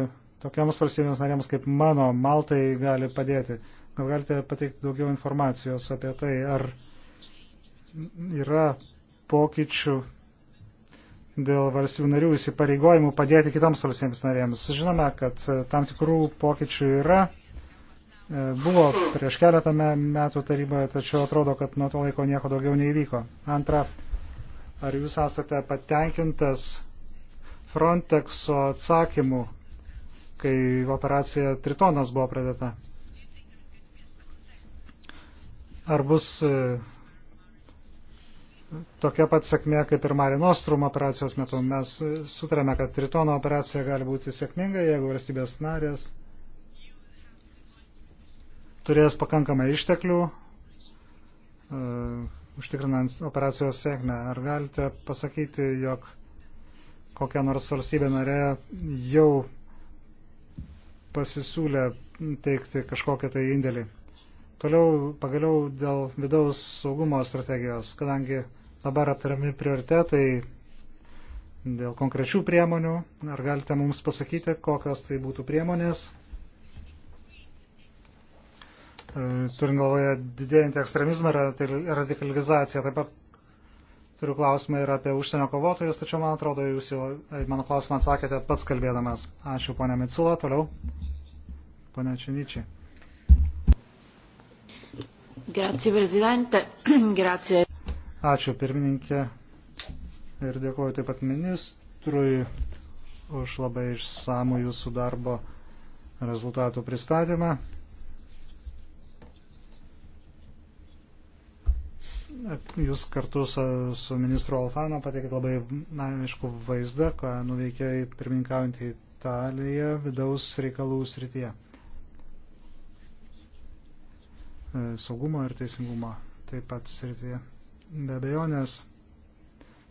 tokiams valstybėms narėms kaip mano Maltai gali padėti. Gal galite pateikti daugiau informacijos apie tai, ar yra pokyčių dėl valstybių narių įsipareigojimų padėti kitoms valstybėms narėms. Žinome, kad tam tikrų pokyčių yra. E, buvo prieš keletą metų taryboje, tačiau atrodo, kad nuo to laiko nieko daugiau neįvyko. Antra, ar jūs esate patenkintas Frontexo atsakymų, kai operacija Tritonas buvo pradėta. Ar bus e, tokia pat sėkmė kaip ir Mari Nostrum operacijos metu? Mes e, sutarėme, kad Tritono operacija gali būti sėkminga, jeigu valstybės narės turės pakankamai išteklių e, užtikrinant operacijos sėkmę. Ar galite pasakyti, jog kokia nors valstybė narė jau pasisiūlė teikti kažkokią tai indėlį. Toliau pagaliau dėl vidaus saugumo strategijos, kadangi dabar aptariami prioritetai dėl konkrečių priemonių, ar galite mums pasakyti, kokios tai būtų priemonės, e, turint galvoje didėjantį ekstremizmą ir radikalizaciją, taip pat Turiu klausimą ir apie užsienio kovotojus, tačiau man atrodo, jūs jau e, mano klausimą atsakėte pats kalbėdamas. Ačiū, ponia Mitsula. Toliau. Pone Činičiai. Grazie, prezidente. <clears throat> Grazie. Ačiū, pirmininkė. Ir dėkuoju taip pat ministrui už labai išsamų jūsų darbo rezultatų pristatymą. Jūs kartu su, su ministru Alfano pateikėt labai na, aišku vaizdą, ką nuveikė pirmininkaujant į Italiją vidaus reikalų srityje. E, saugumo ir teisingumo taip pat srityje. Be abejonės,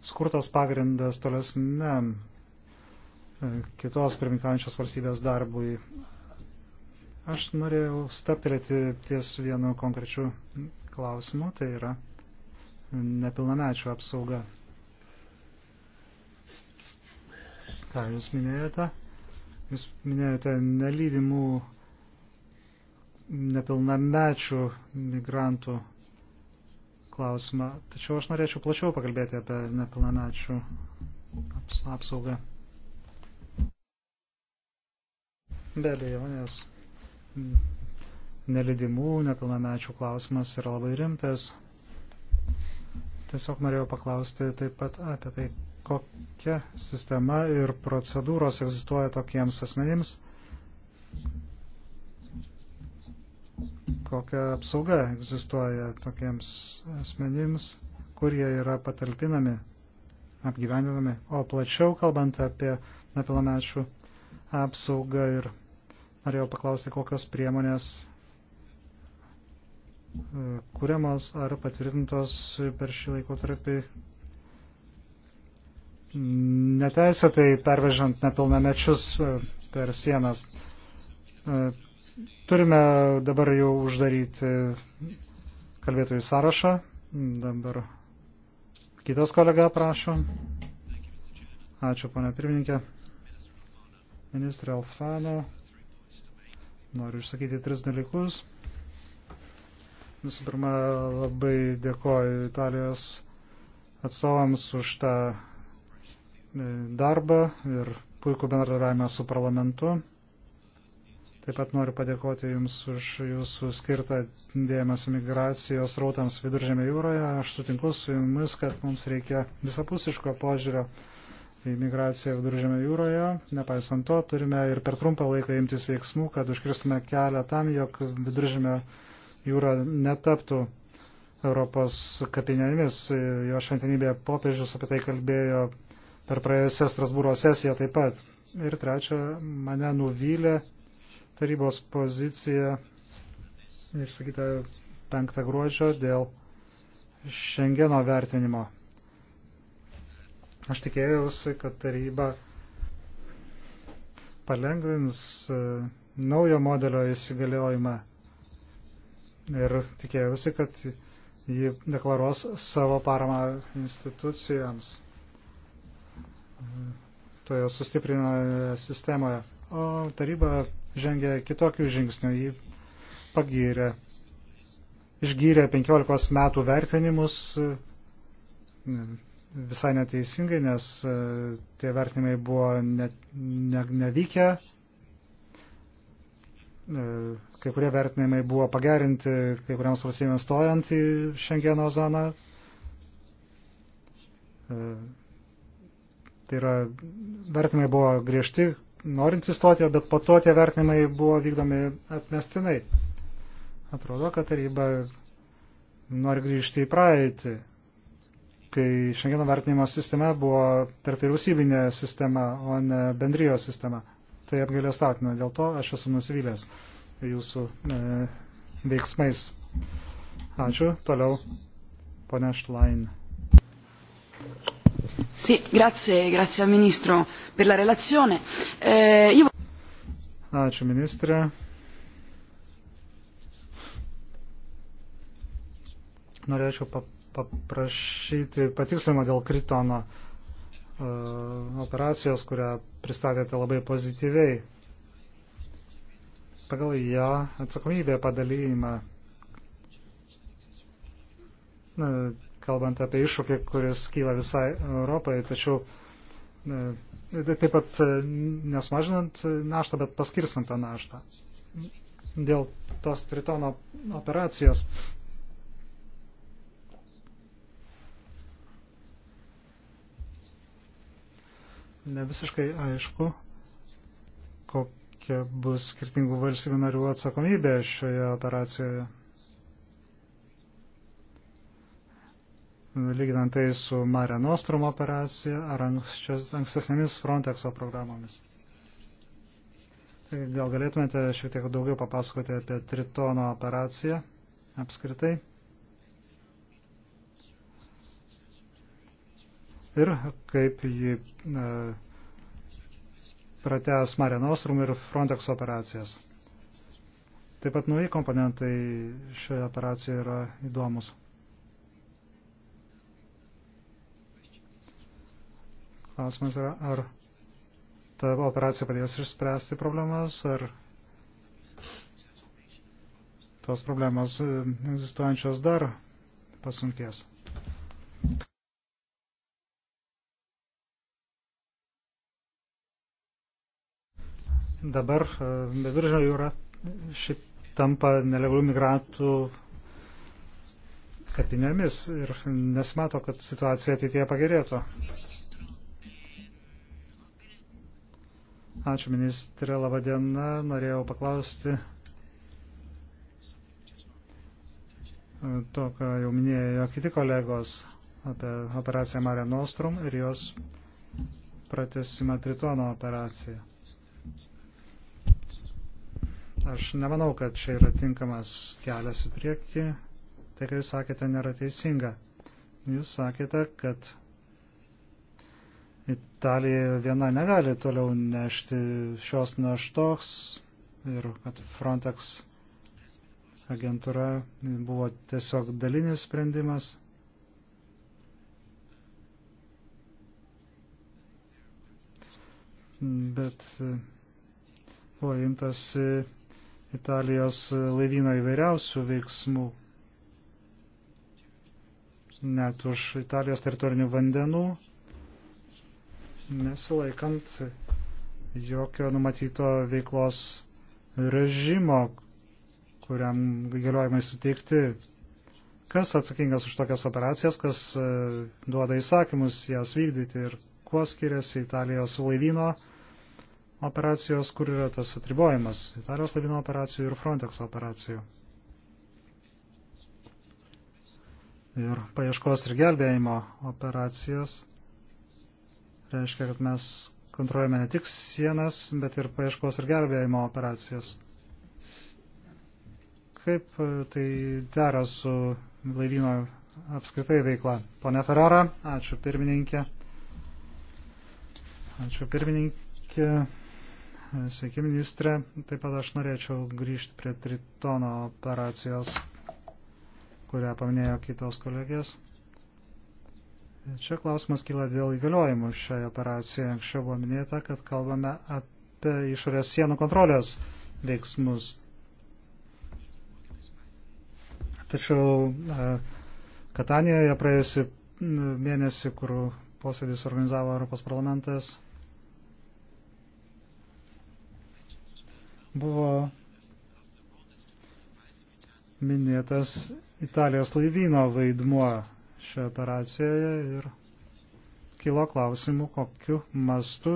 skurtas pagrindas tolesniam e, kitos pirmininkaujančios valstybės darbui. Aš norėjau staptelėti ties vienu konkrečiu klausimu, tai yra nepilnamečių apsauga. Ką Jūs minėjote? Jūs minėjote nelydimų nepilnamečių migrantų klausimą. Tačiau aš norėčiau plačiau pakalbėti apie nepilnamečių aps apsaugą. Be abejo, nes nelydimų nepilnamečių klausimas yra labai rimtas. Tiesiog norėjau paklausti taip pat apie tai, kokia sistema ir procedūros egzistuoja tokiems asmenims, kokia apsauga egzistuoja tokiems asmenims, kurie yra patalpinami, apgyvendinami, o plačiau kalbant apie nepilnamečių apsaugą ir norėjau paklausti, kokios priemonės kuriamos ar patvirtintos per šį laikotarpį neteisėtai pervežant nepilnamečius e, per sienas. E, turime dabar jau uždaryti kalbėtojų sąrašą. Dabar kitas kolega prašo. Ačiū, ponia pirmininkė. Ministrė Alfano. Noriu išsakyti tris dalykus. Visų pirma, labai dėkoju Italijos atstovams už tą e, darbą ir puikų bendradarbiavimą su parlamentu. Taip pat noriu padėkoti Jums už Jūsų skirtą dėmesį migracijos rautams viduržėme jūroje. Aš sutinku su Jumis, kad mums reikia visapusiško požiūrio į migraciją viduržėme jūroje. Nepaisant to, turime ir per trumpą laiką imtis veiksmų, kad užkirstume kelią tam, jog viduržėme jūroje jūra netaptų Europos kapinėmis. Jo šventinybė popiežius apie tai kalbėjo per praėjusią Strasbūro sesiją taip pat. Ir trečia, mane nuvylė tarybos pozicija išsakyta 5 gruodžio dėl Šengeno vertinimo. Aš tikėjausi, kad taryba palengvins e, naujo modelio įsigaliojimą ir tikėjausi, kad ji deklaruos savo paramą institucijams toje sustiprinoje sistemoje. O taryba žengė kitokių žingsnių, jį pagyrė, išgyrė 15 metų vertinimus visai neteisingai, nes tie vertinimai buvo ne, ne, nevykę E, kai kurie vertinimai buvo pagerinti kai kuriams valstybėms stojant į Šengeno zoną. E, tai yra, vertinimai buvo griežti, norint įstoti, bet po to tie vertinimai buvo vykdomi atmestinai. Atrodo, kad taryba nori grįžti į praeitį, kai Šengeno vertinimo sistema buvo tarp vyriausybinė sistema, o ne bendrijos sistema tai apgailėstautina. Dėl to aš esu nusivylęs jūsų e, veiksmais. Ačiū. Toliau, ponia Štlain. Sì, grazie, grazie al Ministro per la relazione. Eh, io... Ačiū, ministrė. Norėčiau paprašyti patikslimą dėl Kritono. Eh, Uh, operacijos, kurią pristatėte labai pozityviai. Pagal ją atsakomybė padalyjimą, kalbant apie iššūkį, kuris kyla visai Europai, tačiau uh, tai taip pat uh, nesmažinant naštą, bet paskirstant tą naštą. Dėl tos tritono operacijos ne visiškai aišku, kokia bus skirtingų valstybių narių atsakomybė šioje operacijoje. Lyginant tai su Mare Nostrum operacija ar ankstesnėmis Frontexo programomis. Tai gal galėtumėte šiek tiek daugiau papasakoti apie Tritono operaciją apskritai? ir kaip ji pratęs Mare Nostrum ir Frontex operacijas. Taip pat nauji komponentai šioje operacijoje yra įdomus. Klausimas yra, ar ta operacija padės išspręsti problemas, ar tos problemos e, egzistuojančios dar pasunkės. dabar e, beviržio jūra šiaip tampa nelegalių migrantų kapinėmis ir nesimato, kad situacija ateityje pagerėtų. Ačiū ministrė, laba diena. Norėjau paklausti e, to, ką jau minėjo kiti kolegos apie operaciją Mare Nostrum ir jos pratesimą Tritono operaciją. Aš nemanau, kad čia yra tinkamas kelias į priekį. Tai, ką jūs sakėte, nėra teisinga. Jūs sakėte, kad Italija viena negali toliau nešti šios naštos ir kad Frontex agentūra buvo tiesiog dalinis sprendimas. Bet buvo imtas Italijos laivyno įvairiausių veiksmų, net už Italijos teritorinių vandenų, nesilaikant jokio numatyto veiklos režimo, kuriam galiojimai suteikti. Kas atsakingas už tokias operacijas, kas e, duoda įsakymus jas vykdyti ir kuo skiriasi Italijos laivyno operacijos, kur yra tas atribojimas - Italijos laivyno operacijų ir Frontex operacijų. Ir paieškos ir gelbėjimo operacijos reiškia, kad mes kontroliuojame ne tik sienas, bet ir paieškos ir gelbėjimo operacijos. Kaip e, tai dera su laivyno apskritai veikla? Pone Ferrara, ačiū pirmininkė. Ačiū pirmininkė Sveiki, ministrė. Taip pat aš norėčiau grįžti prie Tritono operacijos, kurią paminėjo kitos kolegės. Čia klausimas kyla dėl įgaliojimų šiai operacijai. Anksčiau buvo minėta, kad kalbame apie išorės sienų kontrolės veiksmus. Tačiau e, Katanijoje praėjusi mėnesį, kur posėdis organizavo Europos parlamentas, buvo minėtas Italijos laivyno vaidmuo šioje operacijoje ir kilo klausimų, kokiu mastu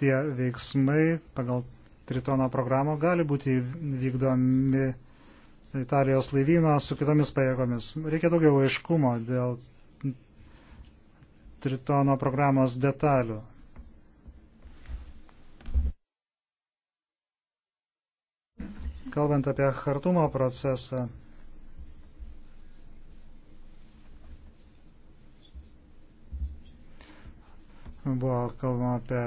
tie veiksmai pagal Tritono programą gali būti vykdomi Italijos laivyno su kitomis pajėgomis. Reikia daugiau aiškumo dėl Tritono programos detalių. Kalbant apie hartumo procesą, buvo kalbama apie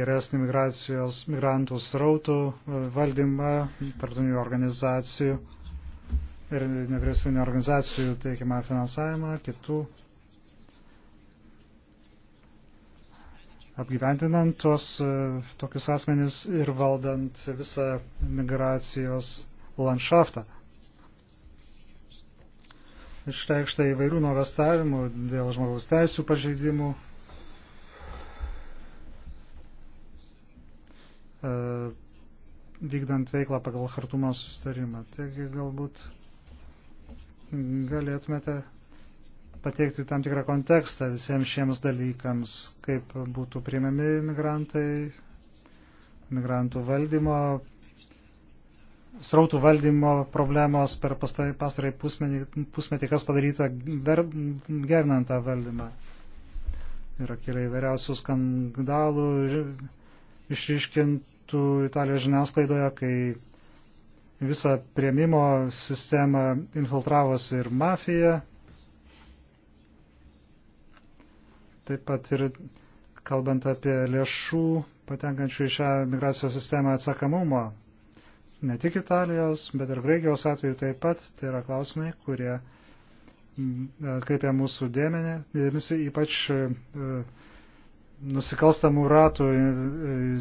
geresnį migracijos migrantų srautų e, valdymą tarptautinių organizacijų ir nevyriausybinio organizacijų teikiamą finansavimą, kitų apgyventinant tuos e, tokius asmenis ir valdant visą migracijos landšaftą. Išreikšta įvairių nuovestavimų dėl žmogaus teisų pažeidimų, e, vykdant veiklą pagal hartumo sustarimą. Taigi galbūt galėtumėte pateikti tam tikrą kontekstą visiems šiems dalykams, kaip būtų priimami migrantai, migrantų valdymo, srautų valdymo problemos per pastarąjį pusmetį, pusmetį, kas padaryta gerinant tą valdymą. Yra keliai įvairiausių skandalų išryškintų Italijos žiniasklaidoje, kai visą prieimimo sistemą infiltravosi ir mafija Taip pat ir kalbant apie lėšų patenkančių į šią migracijos sistemą atsakamumą, ne tik Italijos, bet ir Graikijos atveju taip pat, tai yra klausimai, kurie e, kreipia mūsų dėmenį, dėmesį ypač e, nusikalstamų ratų e,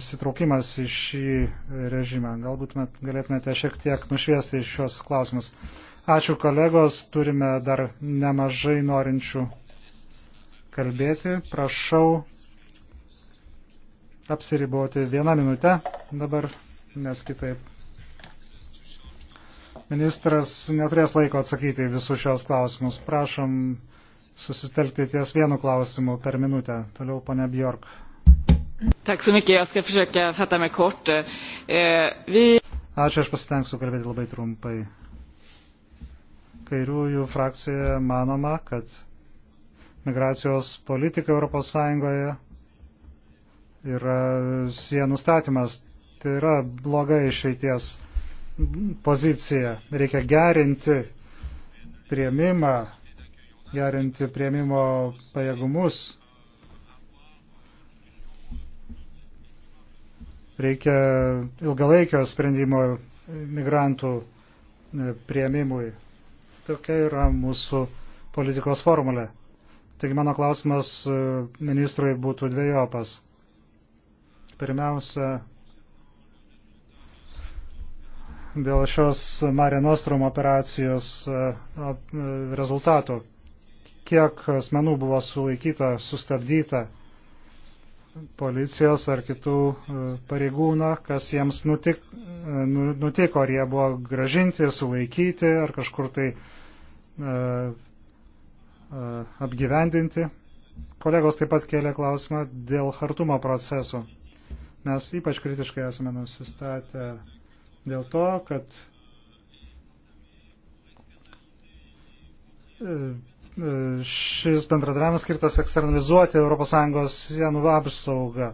įsitraukimas į šį režimą. Galbūt galėtumėte šiek tiek nušviesti šios klausimus. Ačiū kolegos, turime dar nemažai norinčių kalbėti, prašau apsiriboti vieną minutę dabar, nes kitaip ministras neturės laiko atsakyti visus šios klausimus. Prašom susitelkti ties vienu klausimu per minutę. Toliau ponia Bjork. Tack så mycket. Jag ska försöka fatta mig kort. Eh, vi... Ačiū, aš pasitengsiu kalbėti labai trumpai. Kairiųjų frakcijoje manoma, kad migracijos politika ES yra sienų statymas. Tai yra bloga išeities pozicija. Reikia gerinti prieimimą, gerinti prieimimo pajėgumus. Reikia ilgalaikio sprendimo migrantų e, prieimimui. Tokia yra mūsų politikos formulė. Taigi mano klausimas e, ministrui būtų dviejopas. Pirmiausia, dėl šios Mare Nostrum operacijos e, e, rezultatų. Kiek asmenų buvo sulaikyta, sustabdyta policijos ar kitų pareigūnų, kas jiems nutik, nu-, nutiko, ar jie buvo gražinti, sulaikyti, ar kažkur tai E, apgyvendinti. Kolegos taip pat kėlė klausimą dėl hartumo procesų. Mes ypač kritiškai esame nusistatę dėl to, kad e, e, šis bendradarbiavimas skirtas eksternalizuoti ES sienų apsaugą.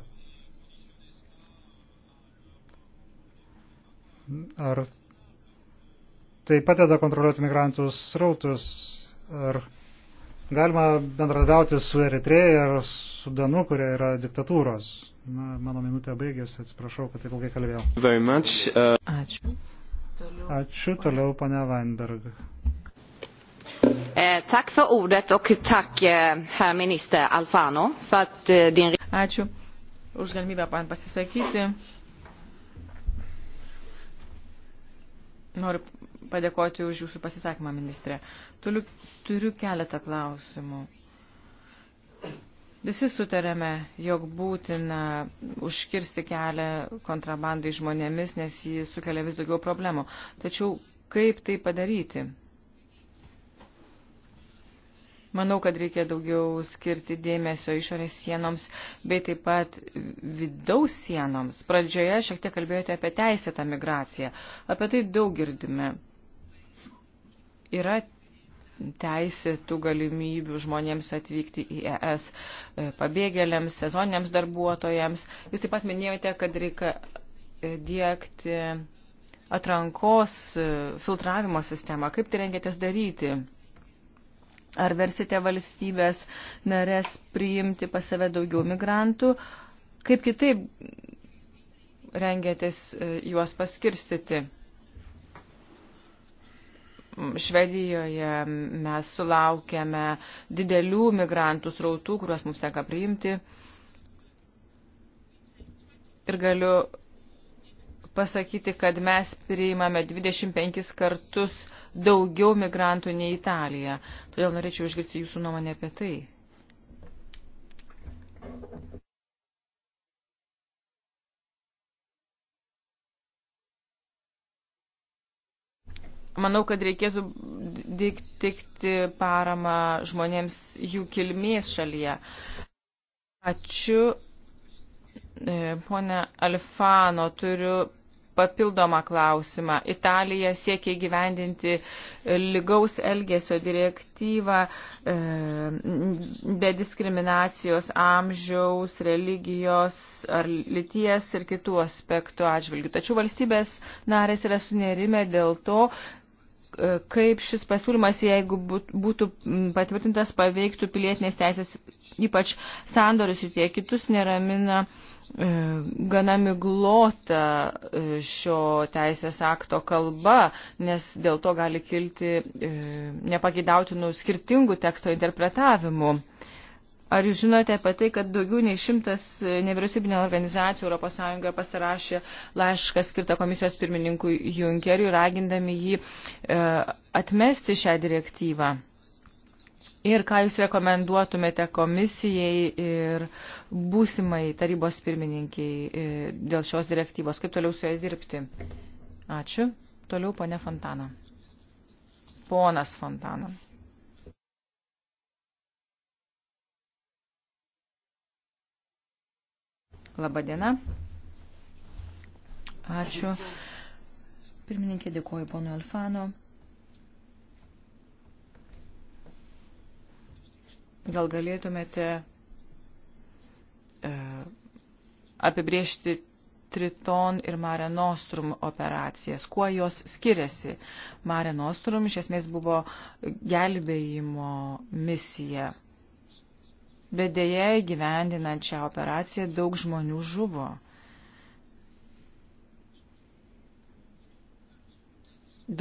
Ar tai padeda kontroliuoti migrantus srautus, ar Galima bendradauti su Eritreja ir Sudanu, kurie yra diktatūros. Na, mano minutė baigėsi, atsiprašau, kad taip ilgai kalbėjau. Much, uh... Ačiū. Toliau. Ačiū, toliau pane Weinberg. Eh, tack för ordet och tack eh, herr minister Alfano för att eh, din... Ačiū už galimybę man pasisakyti. Noriu padėkoti už jūsų pasisakymą, ministrė. Turiu, turiu keletą klausimų. Visi sutarėme, jog būtina užkirsti kelią kontrabandai žmonėmis, nes jį sukelia vis daugiau problemų. Tačiau kaip tai padaryti? Manau, kad reikia daugiau skirti dėmesio išorės sienoms, bei taip pat vidaus sienoms. Pradžioje šiek tiek kalbėjote apie teisėtą migraciją. Apie tai daug girdime. Yra teisėtų galimybių žmonėms atvykti į ES e, pabėgėliams, sezoniniams darbuotojams. Jūs taip pat minėjote, kad reikia e, dėkti atrankos e, filtravimo sistemą. Kaip tai rengėtės daryti? Ar versite valstybės narės priimti pas save daugiau migrantų? Kaip kitaip rengėtės juos paskirstyti? Švedijoje mes sulaukėme didelių migrantų srautų, kuriuos mums teka priimti. Ir galiu pasakyti, kad mes priimame 25 kartus daugiau migrantų nei Italija. Todėl norėčiau išgirsti jūsų nuomonę apie tai. Manau, kad reikėtų teikti paramą žmonėms jų kilmės šalyje. Ačiū. E, pone Alfano, turiu papildomą klausimą. Italija siekia gyvendinti lygaus elgesio direktyvą e, be diskriminacijos amžiaus, religijos ar lyties ir kitų aspektų atžvilgių. Tačiau valstybės narės yra sunerime dėl to, kaip šis pasiūlymas, jeigu būtų patvirtintas, paveiktų pilietinės teisės, ypač sandorius ir tie kitus, neramina e, gana miglota e, šio teisės akto kalba, nes dėl to gali kilti e, nepagidautinų skirtingų teksto interpretavimų. Ar jūs žinote apie tai, kad daugiau nei šimtas e, nevyriausybinio organizacijų ES pasirašė laišką skirtą komisijos pirmininkui Junkeriui, ragindami jį e, atmesti šią direktyvą? Ir ką jūs rekomenduotumėte komisijai ir būsimai tarybos pirmininkiai e, dėl šios direktyvos? Kaip toliau su jais dirbti? Ačiū. Toliau ponė Fontana. Ponas Fontana. Labadiena. Ačiū. Pirmininkė, dėkuoju ponui Alfano. Gal galėtumėte e, apibriežti Triton ir Mare Nostrum operacijas. Kuo jos skiriasi? Mare Nostrum iš esmės buvo gelbėjimo misija bet dėja įgyvendinant šią operaciją daug žmonių žuvo.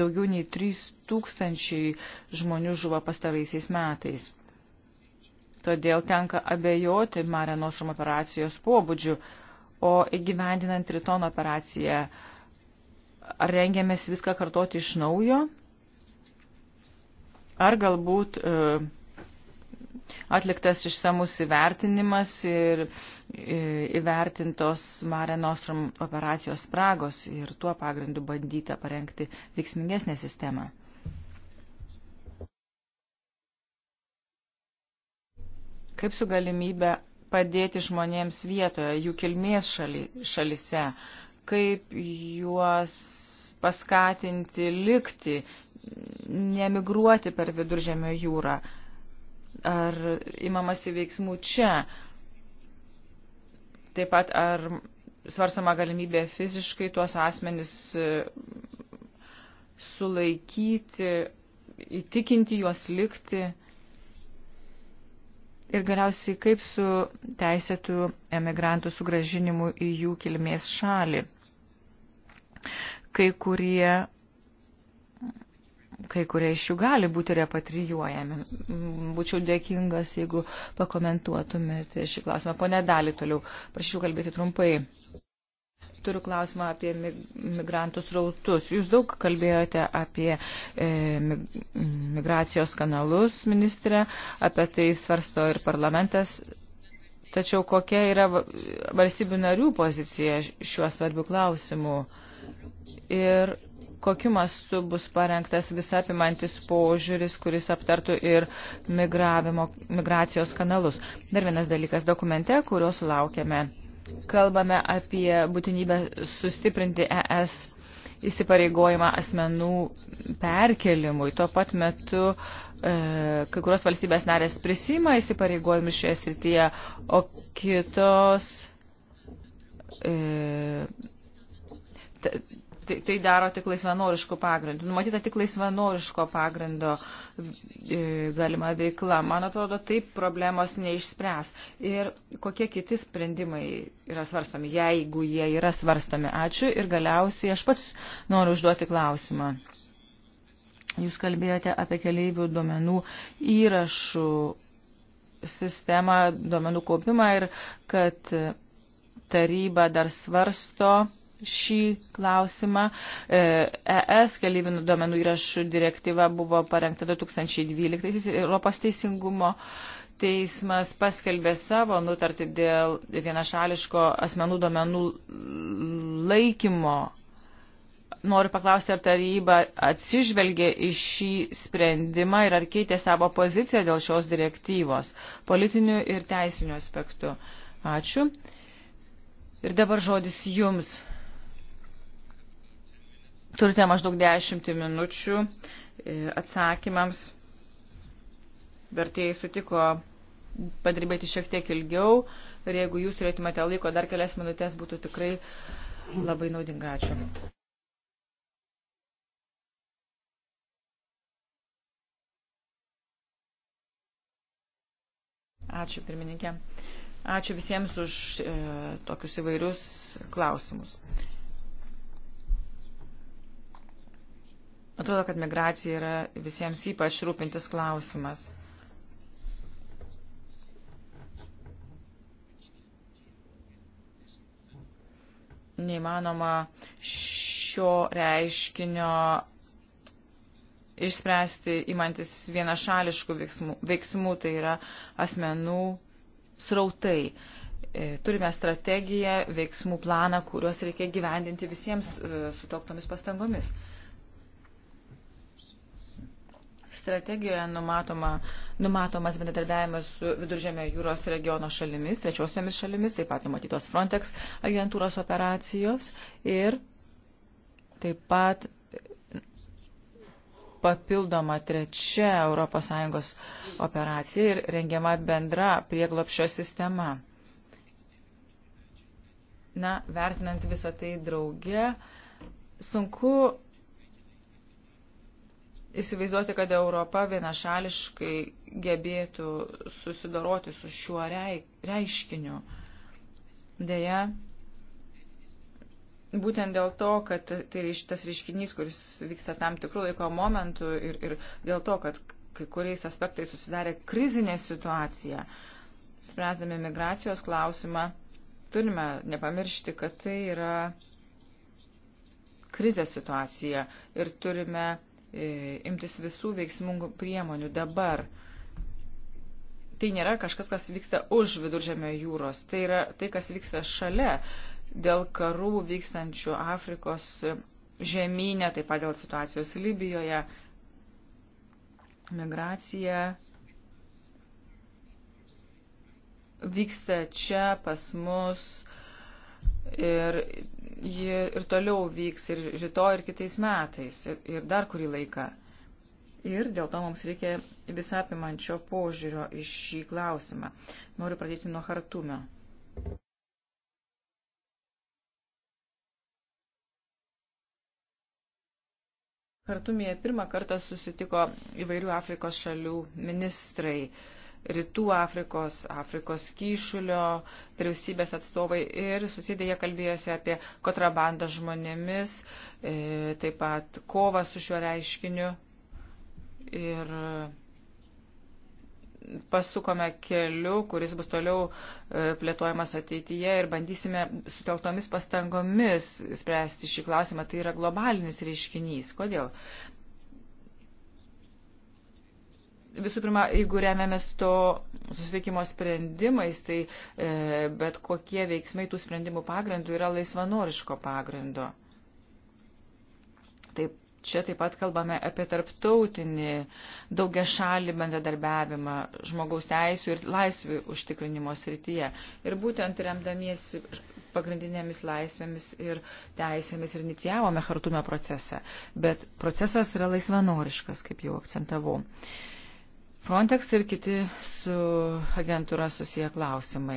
Daugiau nei 3 tūkstančiai žmonių žuvo pastaraisiais metais. Todėl tenka abejoti Mare Nostrum operacijos pobūdžių, o įgyvendinant Triton operaciją rengiamės viską kartoti iš naujo, ar galbūt e, atliktas išsamus įvertinimas ir e, įvertintos Mare Nostrum operacijos spragos ir tuo pagrindu bandyta parengti veiksmingesnę sistemą. Kaip su galimybė padėti žmonėms vietoje, jų kilmės šali, šalise, kaip juos paskatinti likti, nemigruoti per viduržėmio jūrą ar imamasi veiksmų čia. Taip pat ar svarstama galimybė fiziškai tuos asmenis e, sulaikyti, įtikinti juos likti. Ir galiausiai kaip su teisėtų emigrantų sugražinimu į jų kilmės šalį. Kai kurie kai kurie iš jų gali būti repatrijuojami. Būčiau dėkingas, jeigu pakomentuotumėte tai šį klausimą. Pone Dalį toliau, prašyčiau kalbėti trumpai. Turiu klausimą apie migrantus rautus. Jūs daug kalbėjote apie e, migracijos kanalus, ministrė, apie tai svarsto ir parlamentas. Tačiau kokia yra valstybių narių pozicija šiuo svarbiu klausimu? Ir kokiu mastu bus parengtas visapimantis požiūris, kuris aptartų ir migracijos kanalus. Dar vienas dalykas dokumente, kurios laukiame. Kalbame apie būtinybę sustiprinti ES įsipareigojimą asmenų perkelimui. Tuo pat metu e, kai kurios valstybės narės prisima įsipareigojimus šioje srityje, o kitos e, tai, tai daro tik laisvanoriškų pagrindų. Numatyta tik laisvanoriško pagrindo e, galima veikla. Man atrodo, taip problemos neišspręs. Ir kokie kiti sprendimai yra svarstami, jeigu jie yra svarstami. Ačiū ir galiausiai aš pats noriu užduoti klausimą. Jūs kalbėjote apie keleivių duomenų įrašų sistemą, duomenų kaupimą ir kad taryba dar svarsto šį klausimą. ES e keliaivių duomenų įrašų direktyva buvo parengta 2012 Europos teisingumo teismas paskelbė savo nutartį dėl vienašališko asmenų duomenų laikymo. Noriu paklausti, ar taryba atsižvelgė į šį sprendimą ir ar keitė savo poziciją dėl šios direktyvos politinių ir teisinių aspektų. Ačiū. Ir dabar žodis jums. Turite maždaug 10 minučių e, atsakymams. Vertėjai sutiko padirbėti šiek tiek ilgiau ir jeigu jūs turėtumėte laiko dar kelias minutės, būtų tikrai labai naudinga. Ačiū. Ačiū pirmininkė. Ačiū visiems už e, tokius įvairius klausimus. Atrodo, kad migracija yra visiems ypač rūpintis klausimas. Neįmanoma šio reiškinio išspręsti įmantis vienašališkų veiksmų, veiksmų tai yra asmenų srautai. E, turime strategiją, veiksmų planą, kuriuos reikia gyvendinti visiems e, sutelktomis pastangomis. strategijoje numatoma, numatomas bendradarbiavimas su Viduržėmio jūros regiono šalimis, trečiosiomis šalimis, taip pat numatytos Frontex agentūros operacijos ir taip pat papildoma trečia ES operacija ir rengiama bendra prieglopšio sistema. Na, vertinant visą tai drauge, sunku įsivaizduoti, kad Europa vienašališkai gebėtų susidoroti su šiuo reiškiniu. Deja, būtent dėl to, kad tai tas reiškinys, kuris vyksta tam tikrų laiko momentų ir, ir dėl to, kad kai kuriais aspektais susidarė krizinė situacija, spręsdami migracijos klausimą, turime nepamiršti, kad tai yra krizės situacija ir turime E, imtis visų veiksmingų priemonių dabar. Tai nėra kažkas, kas vyksta už viduržėmio jūros, tai yra tai, kas vyksta šalia dėl karų vykstančių Afrikos žemynė, taip pat dėl situacijos Libijoje, migracija vyksta čia pas mus ir ji ir toliau vyks ir rytoj, ir kitais metais, ir, ir dar kurį laiką. Ir dėl to mums reikia visapimančio požiūrio iš šį klausimą. Noriu pradėti nuo Hartumio. Hartumėje pirmą kartą susitiko įvairių Afrikos šalių ministrai. Uh, Rytų Afrikos, Afrikos kyšulio vyriausybės atstovai ir susidėję kalbėjosi apie kontrabandą žmonėmis, e, taip pat kovą su šiuo reiškiniu ir pasukome keliu, kuris bus toliau e, plėtojamas ateityje ir bandysime sutelktomis pastangomis spręsti šį klausimą. Tai yra globalinis reiškinys. Kodėl? visų pirma, jeigu remiamės to susitikimo sprendimais, tai e, bet kokie veiksmai tų sprendimų pagrindų yra laisvanoriško pagrindo. Taip, čia taip pat kalbame apie tarptautinį daugia šalį bendradarbiavimą žmogaus teisų ir laisvių užtikrinimo srityje. Ir būtent remdamiesi pagrindinėmis laisvėmis ir teisėmis ir inicijavome hartume procesą. Bet procesas yra laisvanoriškas, kaip jau akcentavau. E, Frontex ir kiti su agentūra susiję klausimai.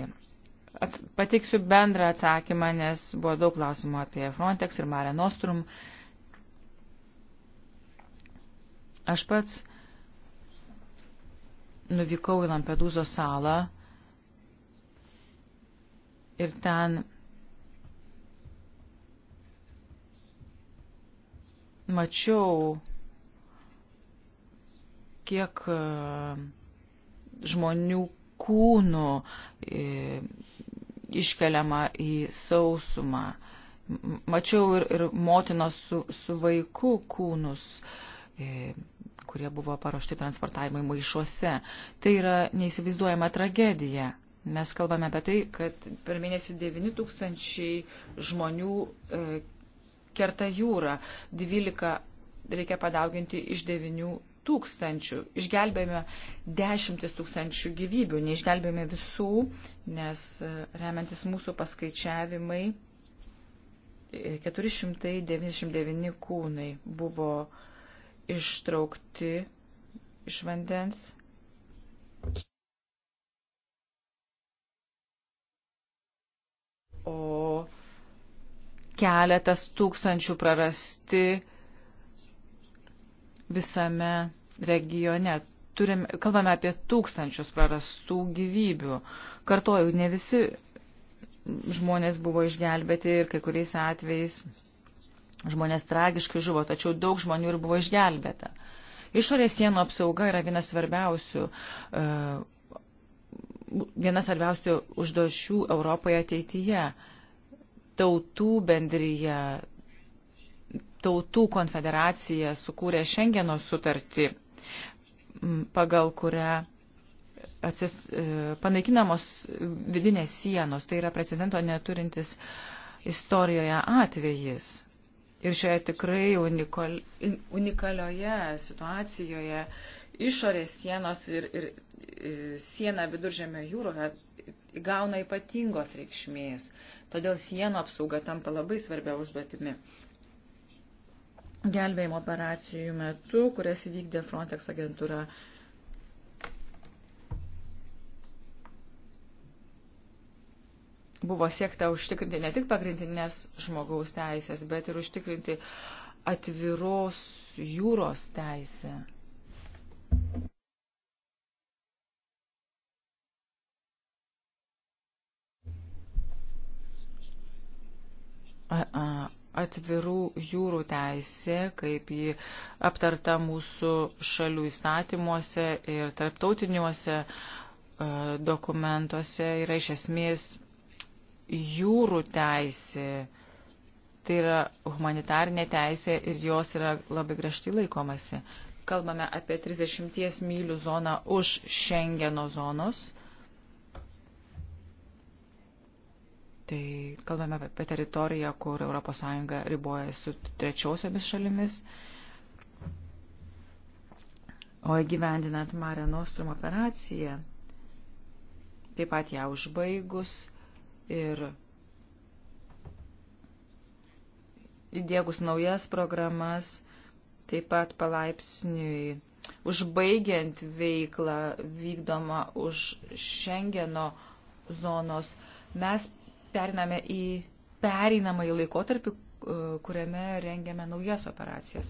Ats pateiksiu bendrą atsakymą, nes buvo daug klausimų apie Frontex ir Mare Nostrum. Aš pats nuvykau į Lampedūzo salą ir ten mačiau kiek e, žmonių kūnų e, iškeliama į sausumą. Mačiau ir, ir motinos su, su vaiku kūnus, e, kurie buvo paruošti transportavimui maišuose. Tai yra neįsivaizduojama tragedija. Mes kalbame apie tai, kad per mėnesį 9 tūkstančiai žmonių e, kerta jūrą, 12 reikia padauginti iš 9 tūkstančių. Išgelbėjome dešimtis tūkstančių gyvybių, neišgelbėjome visų, nes e, remiantis mūsų paskaičiavimai 499 e, kūnai buvo ištraukti iš vandens. O keletas tūkstančių prarasti visame regione. Turim, kalbame apie tūkstančius prarastų gyvybių. Kartoju, ne visi žmonės buvo išgelbėti ir kai kuriais atvejais žmonės tragiškai žuvo, tačiau daug žmonių ir buvo išgelbėta. Išorės sienų apsauga yra vienas svarbiausių, e, vienas svarbiausių užduošių Europoje ateityje. Tautų bendryje, tautų konfederacija sukūrė Šengeno sutartį, pagal kurią atsis, e, panaikinamos vidinės sienos. Tai yra precedento neturintis istorijoje atvejis. Ir šioje tikrai unikol, unikalioje situacijoje išorės sienos ir, ir, ir e, siena viduržėmio jūroje įgauna ypatingos reikšmės. Todėl sienų apsauga tampa labai svarbia užduotimi gelbėjimo operacijų metu, kurias įvykdė Frontex agentūra. Buvo siekta užtikrinti ne tik pagrindinės žmogaus teisės, bet ir užtikrinti atviros jūros teisę. A, a, atvirų jūrų teisė, kaip ji aptarta mūsų šalių įstatymuose ir tarptautiniuose e, dokumentuose, yra iš esmės jūrų teisė. Tai yra humanitarinė teisė ir jos yra labai grašti laikomasi. Kalbame apie 30 mylių zoną už Šengeno zonos Tai kalbame apie teritoriją, kur ES riboja su trečiosiomis šalimis. O įgyvendinant Mare Nostrum operaciją, taip pat ją užbaigus ir įdėgus naujas programas, taip pat palaipsniui užbaigiant veiklą vykdomą už Šengeno zonos, mes periname į pereinamąjį laikotarpį, e, kuriame rengiame naujas operacijas.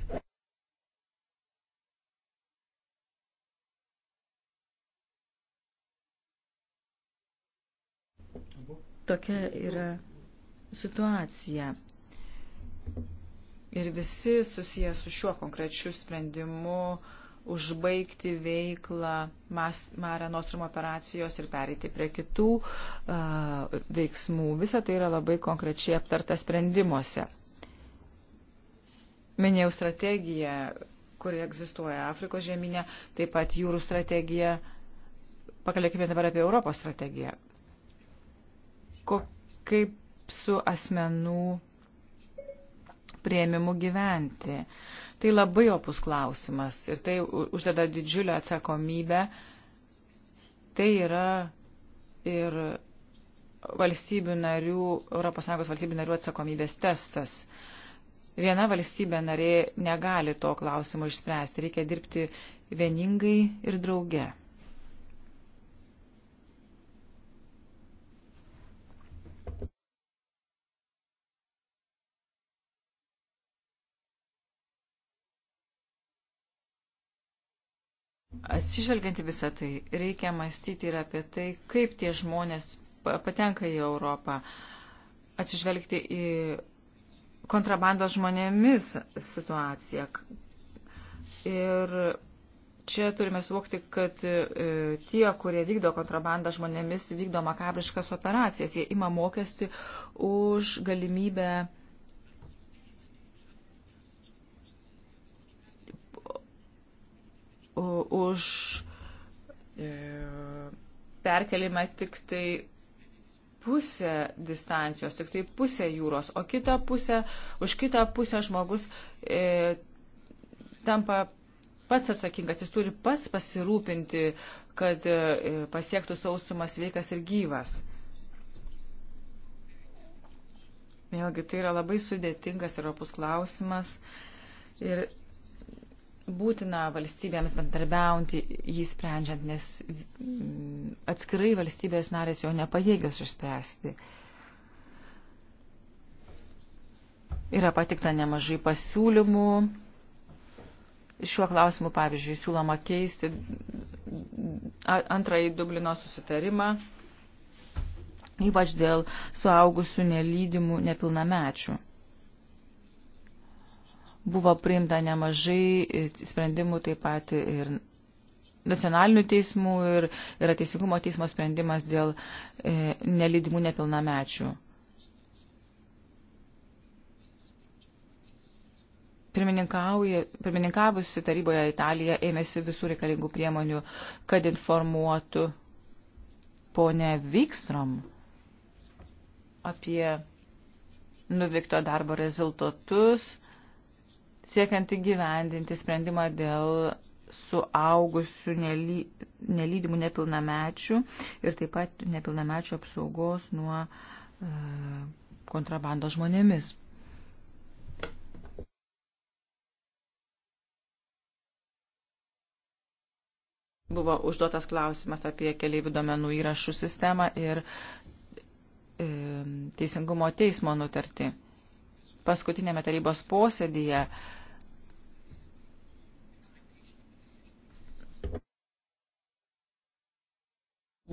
Tokia yra situacija. Ir visi susijęs su šiuo konkrečiu sprendimu uh, užbaigti veiklą mas, Mare Nostrum operacijos ir pereiti prie kitų uh, veiksmų. Visa tai yra labai konkrečiai aptarta sprendimuose. Minėjau strategiją, kuri egzistuoja Afrikos žemynė, taip pat jūrų strategija. Pakalbėkime dabar apie Europos strategiją. Ko, kaip su asmenų prieimimu gyventi? Uh, Tai labai opus klausimas ir tai uždeda didžiulę atsakomybę. Tai yra ir valstybių narių, ES valstybių narių atsakomybės testas. Viena valstybė narė negali to klausimo išspręsti, reikia dirbti vieningai ir drauge. Atsižvelgianti visą tai, reikia mąstyti ir apie tai, kaip tie žmonės patenka į Europą, atsižvelgti į kontrabandos žmonėmis situaciją. Ir čia turime suvokti, kad e, tie, kurie vykdo kontrabandą žmonėmis, vykdo makabriškas operacijas, jie ima mokestį už galimybę už e, perkelimą tik tai pusę distancijos, tik tai pusę jūros, o kitą pusę, už kitą pusę žmogus e, tampa pats atsakingas, jis turi pats pasirūpinti, kad e, pasiektų sausumas sveikas ir gyvas. Vėlgi, tai yra labai sudėtingas Europos klausimas ir būtina valstybėms bendarbiauti jį sprendžiant, nes atskirai valstybės narės jau nepajėgios išspręsti. Yra patikta nemažai pasiūlymų. Šiuo klausimu, pavyzdžiui, siūloma keisti antrąjį Dublino susitarimą, ypač dėl suaugusių nelydimų nepilnamečių. Buvo priimta nemažai e, sprendimų taip pat ir nacionalinių teismų ir yra teisingumo teismo sprendimas dėl e, nelydimų nepilnamečių. Pirmininkavusi taryboje Italija ėmėsi visų reikalingų priemonių, kad informuotų ponę Vikstrom apie nuveikto darbo rezultatus siekiant įgyvendinti sprendimą dėl suaugusių nely, nelydimų nepilnamečių ir taip pat nepilnamečių apsaugos nuo e, kontrabandos žmonėmis. Buvo užduotas klausimas apie keliaivių domenų įrašų sistemą ir e, teisingumo teismo nutartį paskutinėme tarybos posėdyje.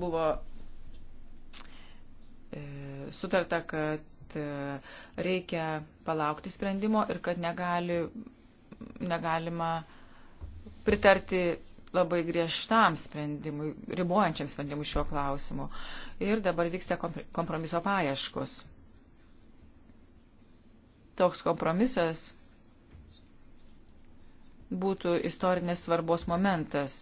Buvo e, sutarta, kad e, reikia palaukti sprendimo ir kad negali, negalima pritarti labai griežtam sprendimui, ribojančiam sprendimui šiuo klausimu. Ir dabar vyksta kompromiso paieškus toks kompromisas būtų istorinės svarbos momentas.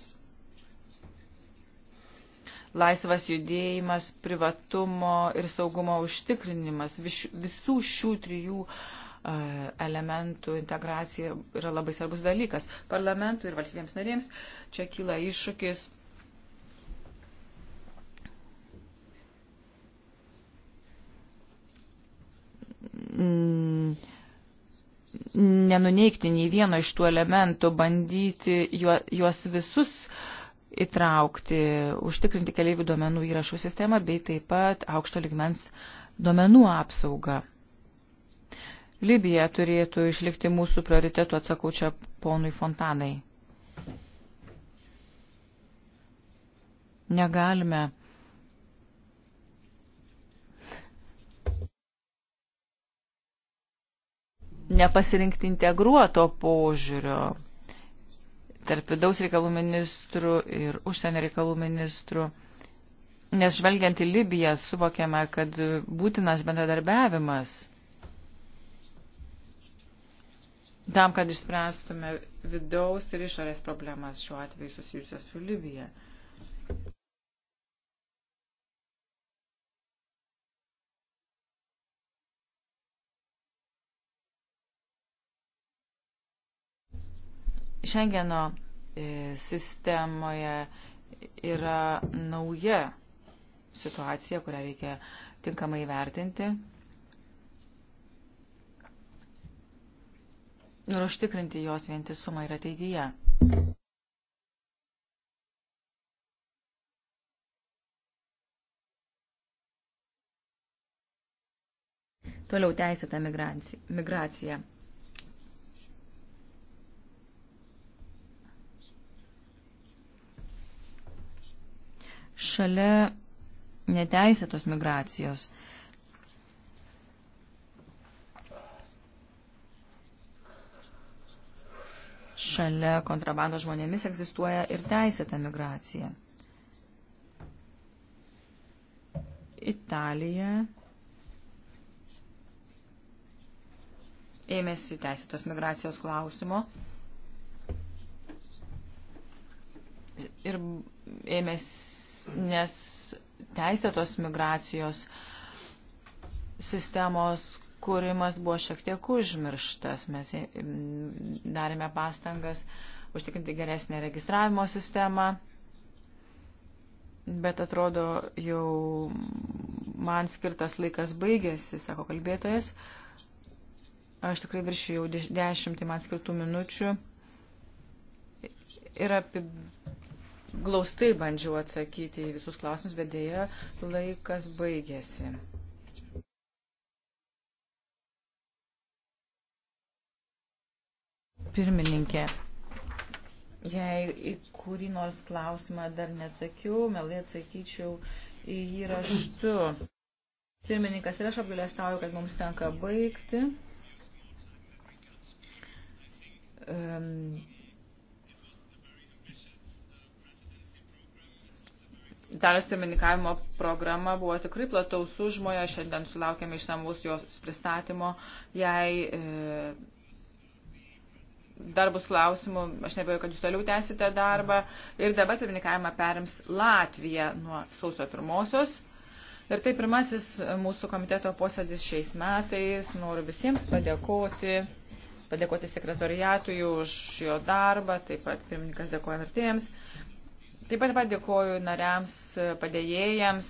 Laisvas judėjimas, privatumo ir saugumo užtikrinimas, vis, visų šių trijų e, elementų integracija yra labai svarbus dalykas. Parlamentui ir valstybėms narėms čia kyla iššūkis Mm, nenuneikti nei vieno iš tų elementų, bandyti juos visus įtraukti, užtikrinti keliaivių duomenų įrašų sistemą bei taip pat aukšto ligmens duomenų apsaugą. Libija turėtų išlikti mūsų prioritetų, atsakau čia ponui Fontanai. Negalime nepasirinkti integruoto požiūrio tarp vidaus reikalų ministrų ir užsienio reikalų ministrų. Nes žvelgiant į Libiją, suvokiame, kad būtinas bendradarbiavimas tam, kad išspręstume vidaus ir išorės problemas šiuo atveju susijusios su Libija. Šengeno e, sistemoje yra nauja situacija, kurią reikia tinkamai vertinti ir užtikrinti jos vientisumą ir ateityje. Toliau teisėta migracija. šalia neteisėtos migracijos. Šalia kontrabandos žmonėmis egzistuoja ir teisėta migracija. Italija ėmėsi teisėtos migracijos klausimo ir ėmėsi nes teisėtos migracijos sistemos kūrimas buvo šiek tiek užmirštas. Mes mm, darėme pastangas užtikrinti geresnę registravimo sistemą, bet atrodo jau man skirtas laikas baigėsi, sako kalbėtojas. Aš tikrai viršijau dešimtį man skirtų minučių ir apie glaustai bandžiau atsakyti į visus klausimus, bet dėja laikas baigėsi. Pirmininkė, jei į kurį nors klausimą dar neatsakiau, melai atsakyčiau į jį raštu. Pirmininkas ir aš apgalėstauju, kad mums tenka baigti. Um, Italijos pirmininkavimo programa buvo tikrai plataus užmojo, šiandien sulaukėme išsamaus jos pristatymo. Jei e, dar bus klausimų, aš nebejoju, kad jūs toliau tęsite darbą. Ir dabar pirmininkavimą perims Latvija nuo sausio pirmosios. Ir tai pirmasis mūsų komiteto posėdis šiais metais. Noriu visiems padėkoti, padėkoti sekretoriatui už jo darbą, taip pat pirmininkas dėkoja vertėjams. Taip pat padėkoju nariams, padėjėjams.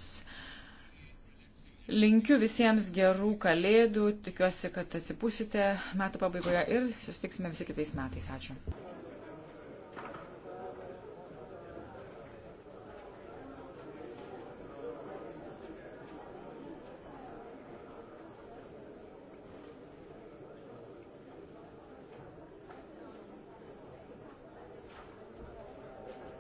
Linkiu visiems gerų kalėdų, tikiuosi, kad atsipūsite metų pabaigoje ir susitiksime visi kitais metais. Ačiū.